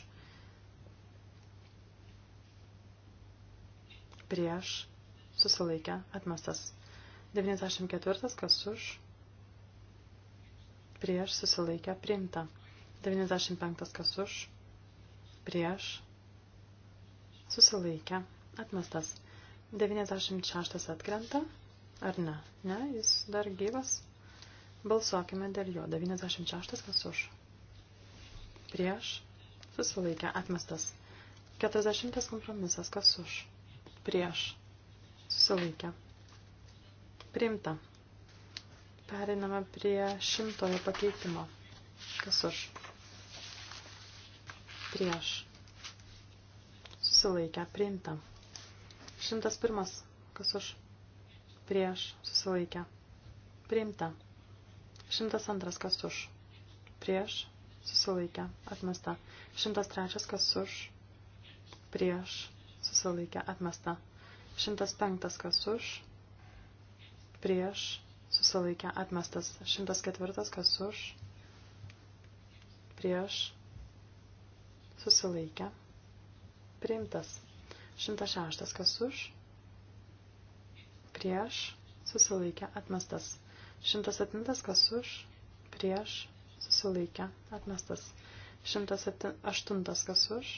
prieš, susilaikė, atmestas. 94, kas už, prieš, susilaikė, priimta. 95 kas už, prieš, susilaikę, atmestas. 96 atkrenta, ar ne? Ne, jis dar gyvas. Balsuokime dėl jo. 96 kas už, prieš, susilaikę, atmestas. 40 kompromisas kas už, prieš, susilaikę. Priimta. Periname prie šimtojo pakeitimo. Kas už? prieš susilaikę priimta. 101. Kas už prieš susilaikę priimta. 102. Kas už prieš susilaikę atmesta. 103. Kas už prieš susilaikę atmesta. 105. Kas už prieš susilaikę atmestas. 104. Kas už prieš susilaikę, priimtas. 106. Kas už, prieš, susilaikę, atmestas. 107. Kas už, prieš, susilaikę, atmestas. 108. Kas už,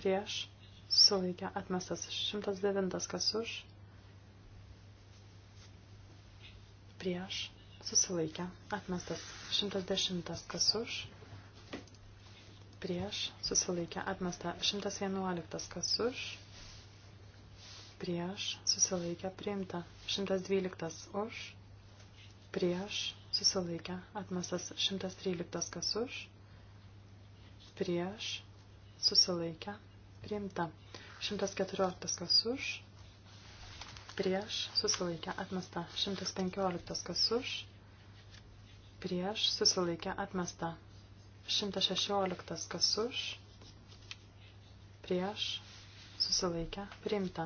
prieš, susilaikę, atmestas. 109. Kas už, prieš, susilaikę, atmestas. 110. Kas už, prieš, prieš, susilaikė, atmesta 111, kas už, prieš, susilaikė, priimta 112, už, prieš, susilaikė, atmestas 113, kas už, prieš, susilaikė, priimta 114, kas už, prieš, susilaikė, atmesta 115, kas už, prieš, susilaikė, atmesta 116 kas už, prieš, susilaikę, priimta.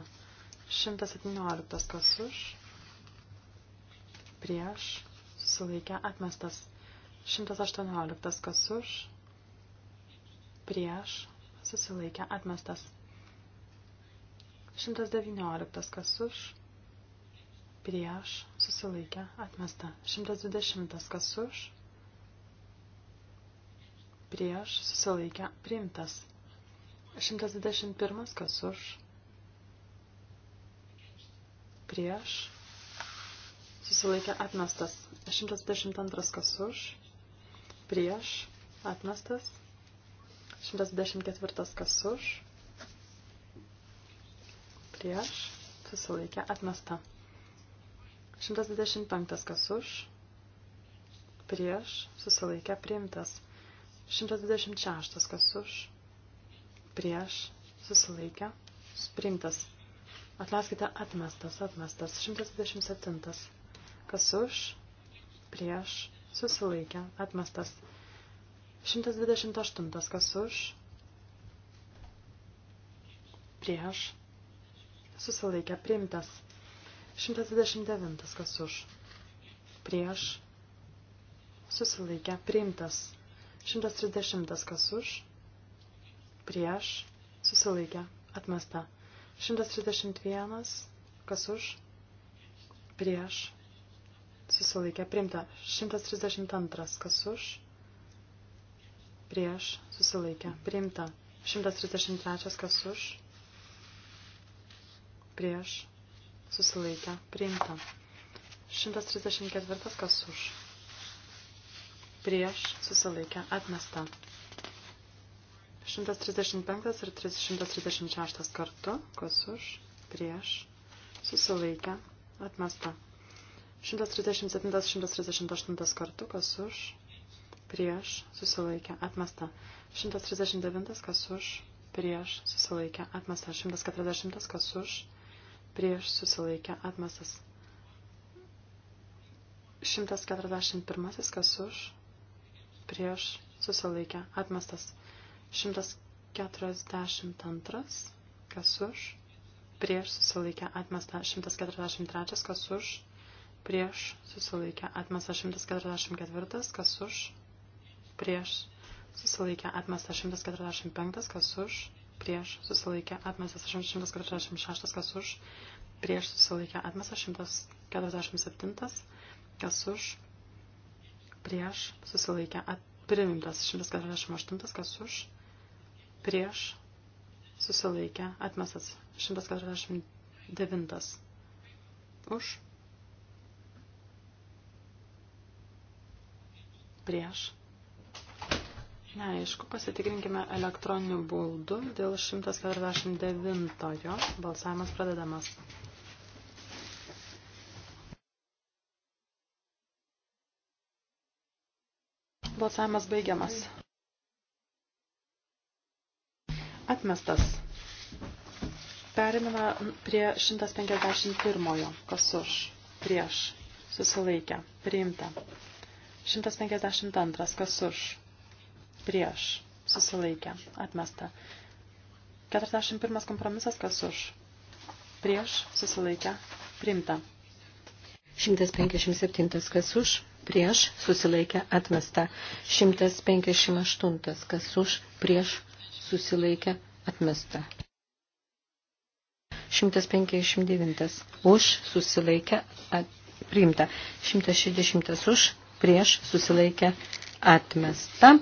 117 kas už, prieš, susilaikę, atmestas. 118 kas už, prieš, susilaikę, atmestas. 119 kas už, prieš, susilaikę, atmesta. 120 kas už, prieš susilaikę priimtas. 121 kas už, prieš susilaikę atmestas. 122 kas už, prieš atmestas. 124 kas už, prieš susilaikę atmestą. 125 kas už, prieš susilaikę priimtas. 126. Kas už? Prieš. Susilaikę. Sprimtas. Atleiskite, atmestas, atmestas. 127. Kas už? Prieš. Susilaikę. Atmestas. 128. Kas už? Prieš. Susilaikę. Primtas. 129. Kas už? Prieš. Susilaikę. Primtas. 130 kas už, prieš, susilaikė, atmesta. 131 kas už, prieš, susilaikė, priimta. 132 kas už, prieš, susilaikė, priimta. 133 kas už, prieš, susilaikę, priimta. 134 kas už, prieš susilaikę atmesta. 135 ir 336 kartu, kas už, prieš susilaikę atmesta. 137-138 kartu, kas už, prieš susilaikę atmesta. 139 kas už, prieš susilaikę atmesta. 140 kas už, prieš susilaikę atmestas. 141 kas už, prieš susilaikę atmestas. 142, kas už, prieš susilaikę atmestą. 143, kas už, prieš susilaikę atmestą. 144, kas už, prieš susilaikę atmestą. 145, kas už, prieš susilaikę atmestą. 146, kas už, prieš susilaikę atmestą. 147, kas už, prieš susilaikę priimtas 148, kas už, prieš susilaikę atmestas 149, už, prieš. Neaišku, pasitikrinkime elektroniniu būdu dėl 149 balsavimas pradedamas. Balsavimas baigiamas. Atmestas. Perimame prie 151. Kas už? Prieš. Susilaikę. Priimta. 152. Kas už? Prieš. Susilaikę. Atmesta. 41. Kompromisas. Kas už? Prieš. Susilaikę. Priimta. 157 kas už, prieš, susilaikė atmesta. 158 kas už, prieš, susilaikė atmesta. 159 už, susilaikė at, priimta. 160 už, prieš, susilaikė atmesta.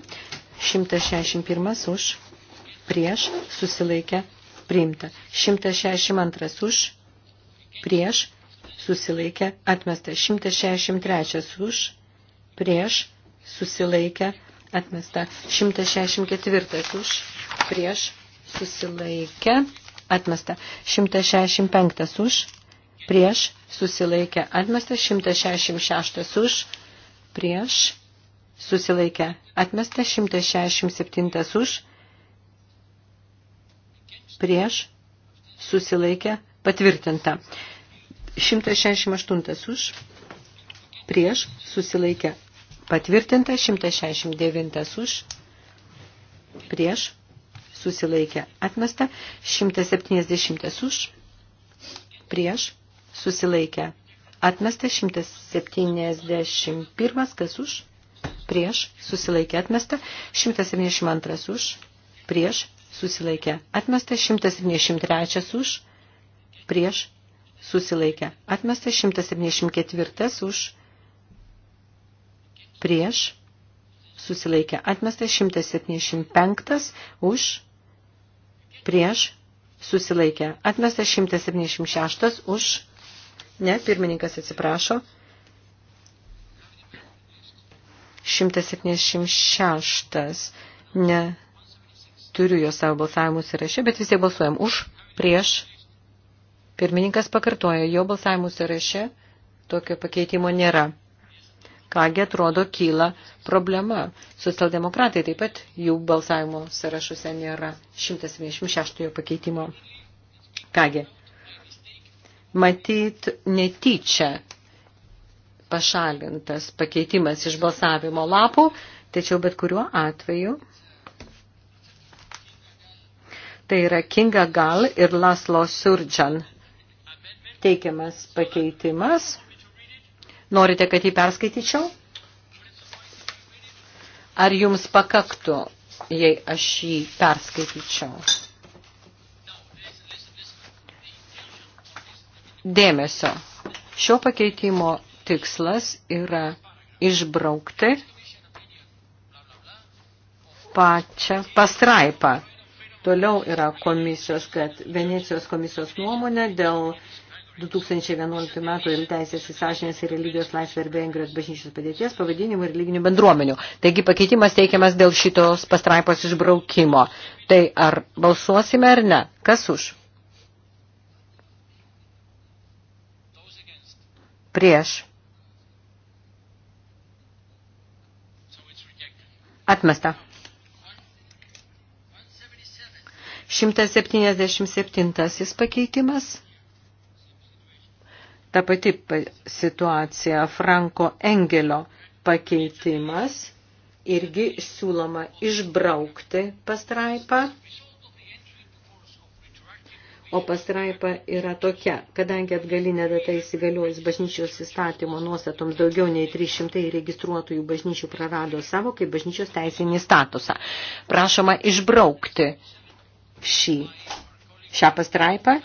161 už, prieš, susilaikė priimta. 162 už, prieš, susilaikė atmesta. 163 už, prieš, susilaikė atmesta. 164 už, prieš, susilaikė atmesta. 165 už, prieš, susilaikė atmesta. 166 už, prieš, susilaikė atmesta. 167 už, prieš, susilaikė patvirtinta. 168 už, prieš, susilaikę, patvirtinta, 169 už, prieš, susilaikę, atmesta, 170 už, prieš, susilaikę, atmesta, 171, kas už, prieš, susilaikę, atmesta, 172 už, prieš, susilaikę, atmesta, 173 už, prieš, susilaikė. Atmestas 174 už prieš susilaikė. Atmestas 175 už prieš susilaikė. Atmestas 176 už ne, pirmininkas atsiprašo. 176 ne turiu jo savo balsavimų sąraše, bet vis tiek balsuojam už, prieš, Pirmininkas pakartoja, jo balsavimų sąraše tokio pakeitimo nėra. Kągi atrodo kyla problema. Socialdemokratai taip pat jų balsavimo sąrašuose nėra 176 pakeitimo. Kągi, matyt netyčia pašalintas pakeitimas iš balsavimo lapų, tačiau bet kuriuo atveju tai yra Kinga Gal ir Laslo Surjan teikiamas pakeitimas. Norite, kad jį perskaityčiau? Ar jums pakaktų, jei aš jį perskaityčiau? Dėmesio. Šio pakeitimo tikslas yra išbraukti pačią pastraipą. Toliau yra komisijos, kad Venecijos komisijos nuomonė dėl 2011 metų ir teisės į sąžinės ir religijos laisvę ir Vengrijos bažnyčios padėties pavadinimų ir lyginių bendruomenių. Taigi pakeitimas teikiamas dėl šitos pastraipos išbraukimo. Tai ar balsuosime ar ne? Kas už? Prieš. Atmesta. 177 pakeitimas ta pati situacija Franko Engelio pakeitimas irgi siūloma išbraukti pastraipą. O pastraipa yra tokia, kadangi atgalinė data įsigaliojus bažnyčios įstatymo nuostatoms daugiau nei 300 registruotųjų bažnyčių prarado savo kaip bažnyčios teisinį statusą. Prašoma išbraukti šį, šią pastraipą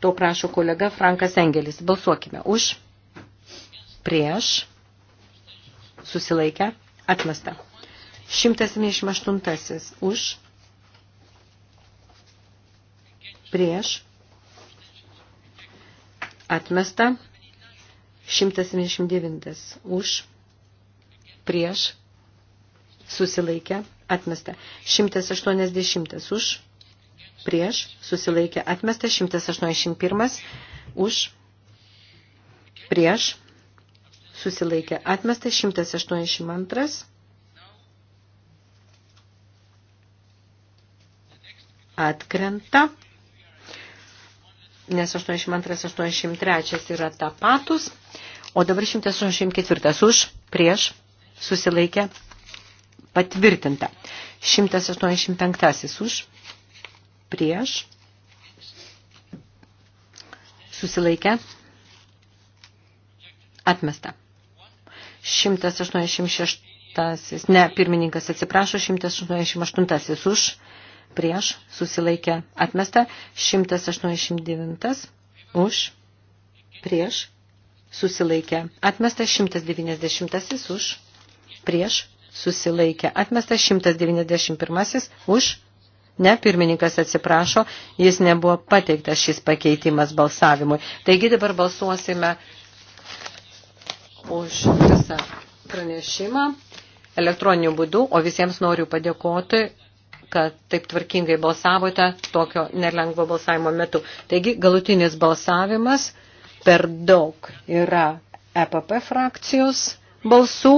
To prašo kolega Frankas Engelis. Balsuokime už, prieš, susilaikę, atmesta. 178 už, prieš, atmesta. 179 už, prieš, susilaikę, atmesta. 180 už, prieš, susilaikė atmestas, 181 už, prieš, susilaikė atmestas, 182. Atkrenta, nes 82-83 yra tapatus, o dabar 184 už, prieš, susilaikė patvirtinta. 185 už, prieš, susilaikę, atmesta. 186, ne, pirmininkas atsiprašo, 188 už, prieš, susilaikę, atmesta, 189 už, prieš, susilaikė. Atmestas 190 už, prieš, susilaikė. Atmestas 191 už, Ne, pirmininkas atsiprašo, jis nebuvo pateiktas šis pakeitimas balsavimui. Taigi dabar balsuosime už visą pranešimą elektroniniu būdu, o visiems noriu padėkoti kad taip tvarkingai balsavote tokio nelengvo balsavimo metu. Taigi galutinis balsavimas per daug yra EPP frakcijos balsų,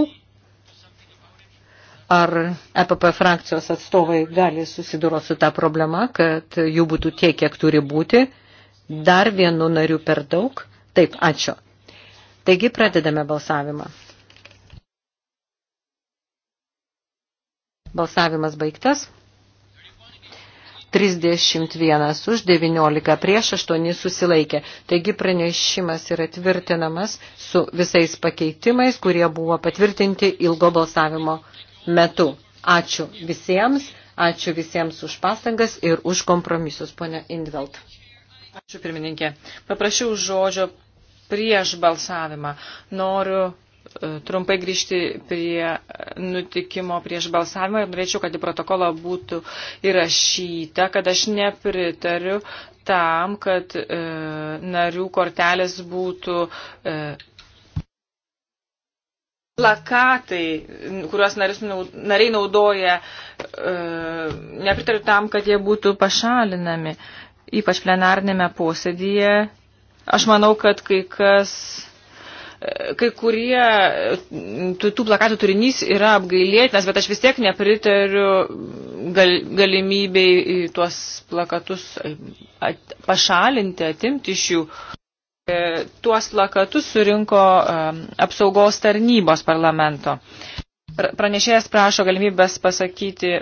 Ar EPP frakcijos atstovai gali susiduroti su tą problema, kad jų būtų tiek, kiek turi būti? Dar vienu nariu per daug? Taip, ačiū. Taigi pradedame balsavimą. Balsavimas baigtas. 31 už 19 prieš 8 susilaikė. Taigi pranešimas yra tvirtinamas su visais pakeitimais, kurie buvo patvirtinti ilgo balsavimo metu. Ačiū visiems, ačiū visiems už pastangas ir už kompromisus, ponia Indvelt. Ačiū pirmininkė. Paprašiau žodžio prieš balsavimą. Noriu e, trumpai grįžti prie nutikimo prieš balsavimą ir norėčiau, kad į protokolą būtų įrašyta, kad aš nepritariu tam, kad e, narių kortelės būtų e, plakatai, kuriuos narius, nariai naudoja, e, nepritariu tam, kad jie būtų pašalinami, ypač plenarnėme posėdyje. Aš manau, kad kai kas, e, kai kurie e, tų, tų plakatų turinys yra apgailėtinas, bet aš vis tiek nepritariu gal, galimybei tuos plakatus e, at, pašalinti, atimti iš jų. E, tuos plakatus surinko e, apsaugos tarnybos parlamento. Pranešėjas prašo galimybės pasakyti e,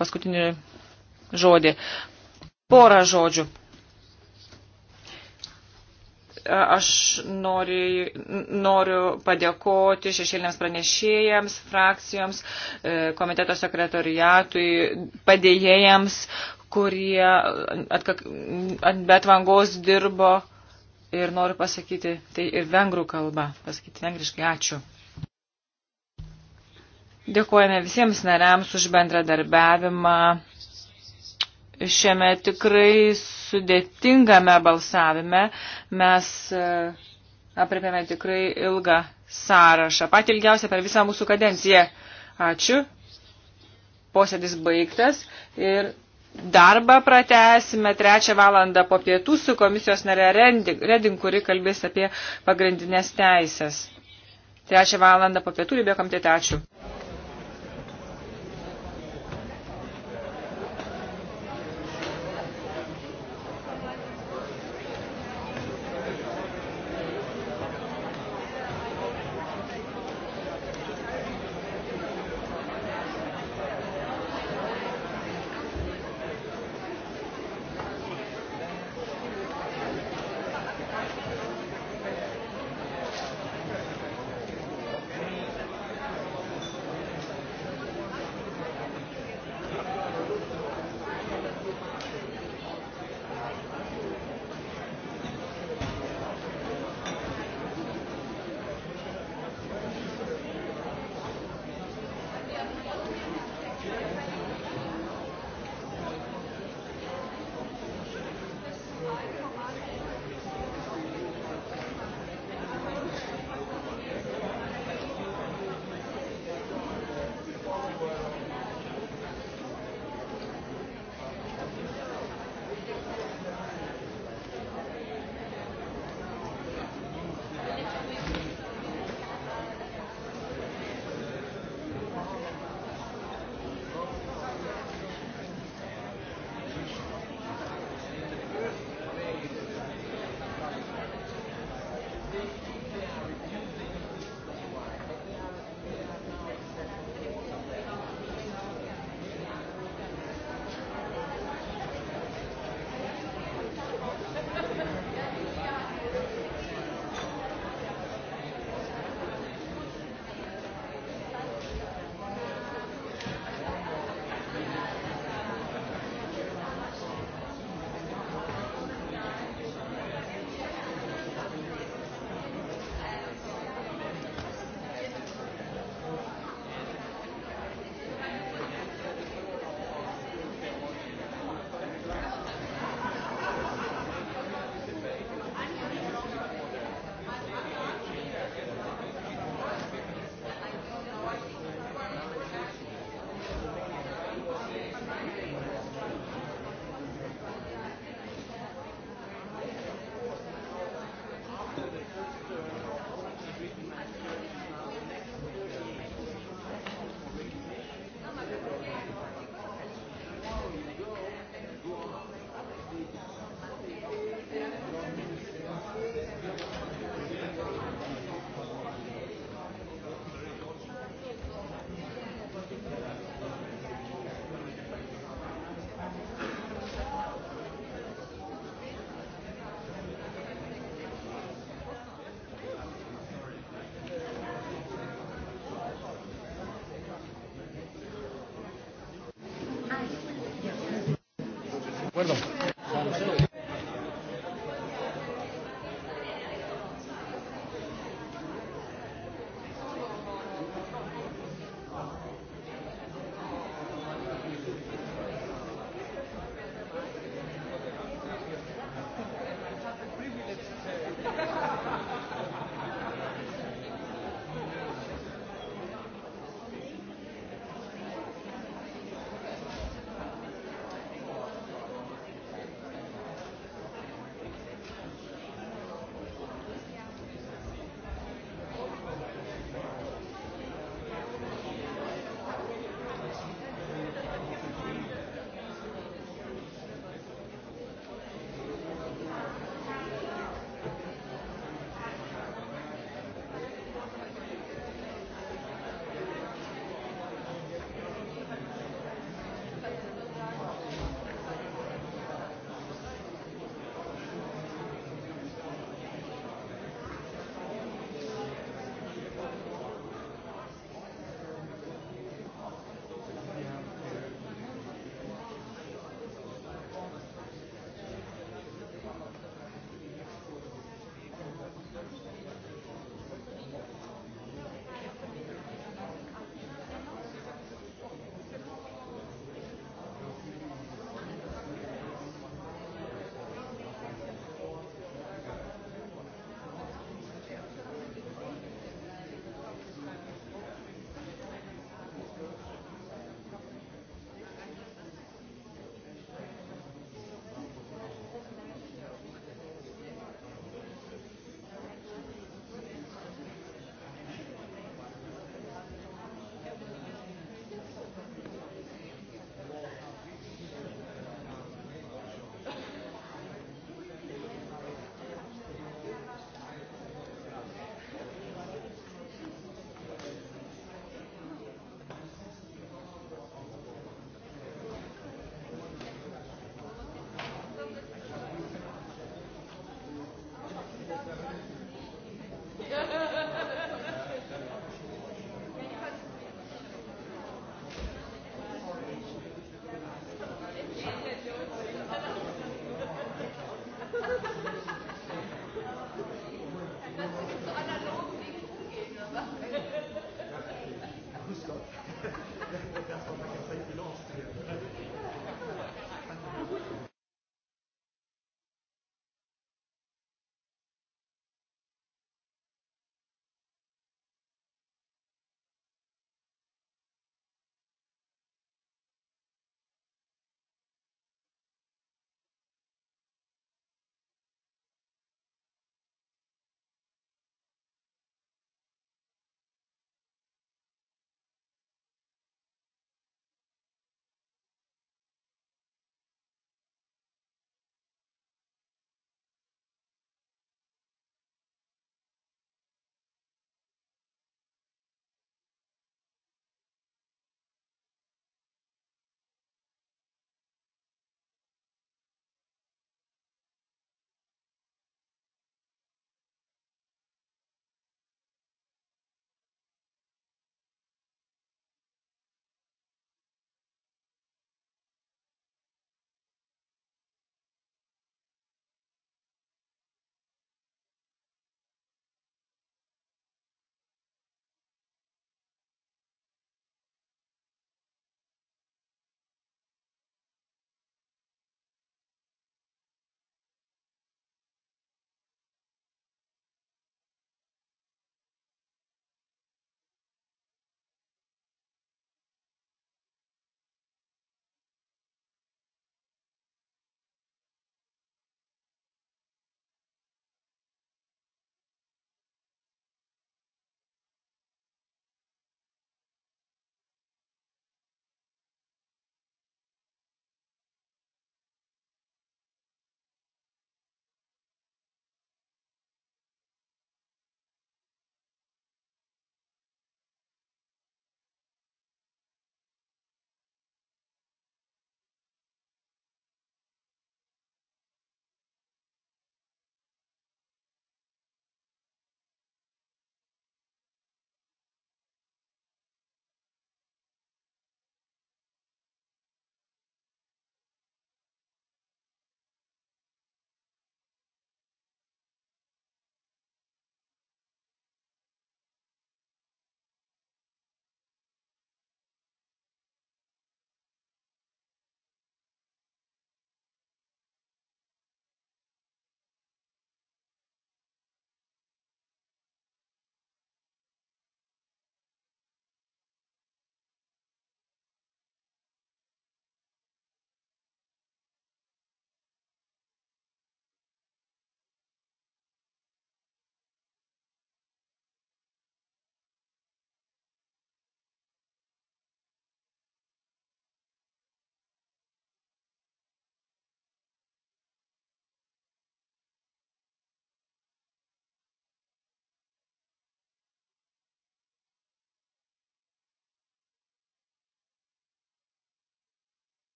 paskutinį žodį. Porą žodžių. Aš noriu, noriu padėkoti šešėlėms pranešėjams, frakcijoms, komiteto sekretoriatui, padėjėjams, kurie ant betvangos dirbo ir noriu pasakyti tai ir vengrų kalba, pasakyti vengriškai ačiū. Dėkojame visiems nariams už bendradarbiavimą šiame tikrai sudėtingame balsavime. Mes e, aprėpėme tikrai ilgą sąrašą, pat ilgiausią per visą mūsų kadenciją. Ačiū. Posėdis baigtas ir Darbą pratesime trečią valandą po pietų su komisijos narė Redin, kuri kalbės apie pagrindinės teisės. Trečią valandą po pietų, Libė komitete, ačiū.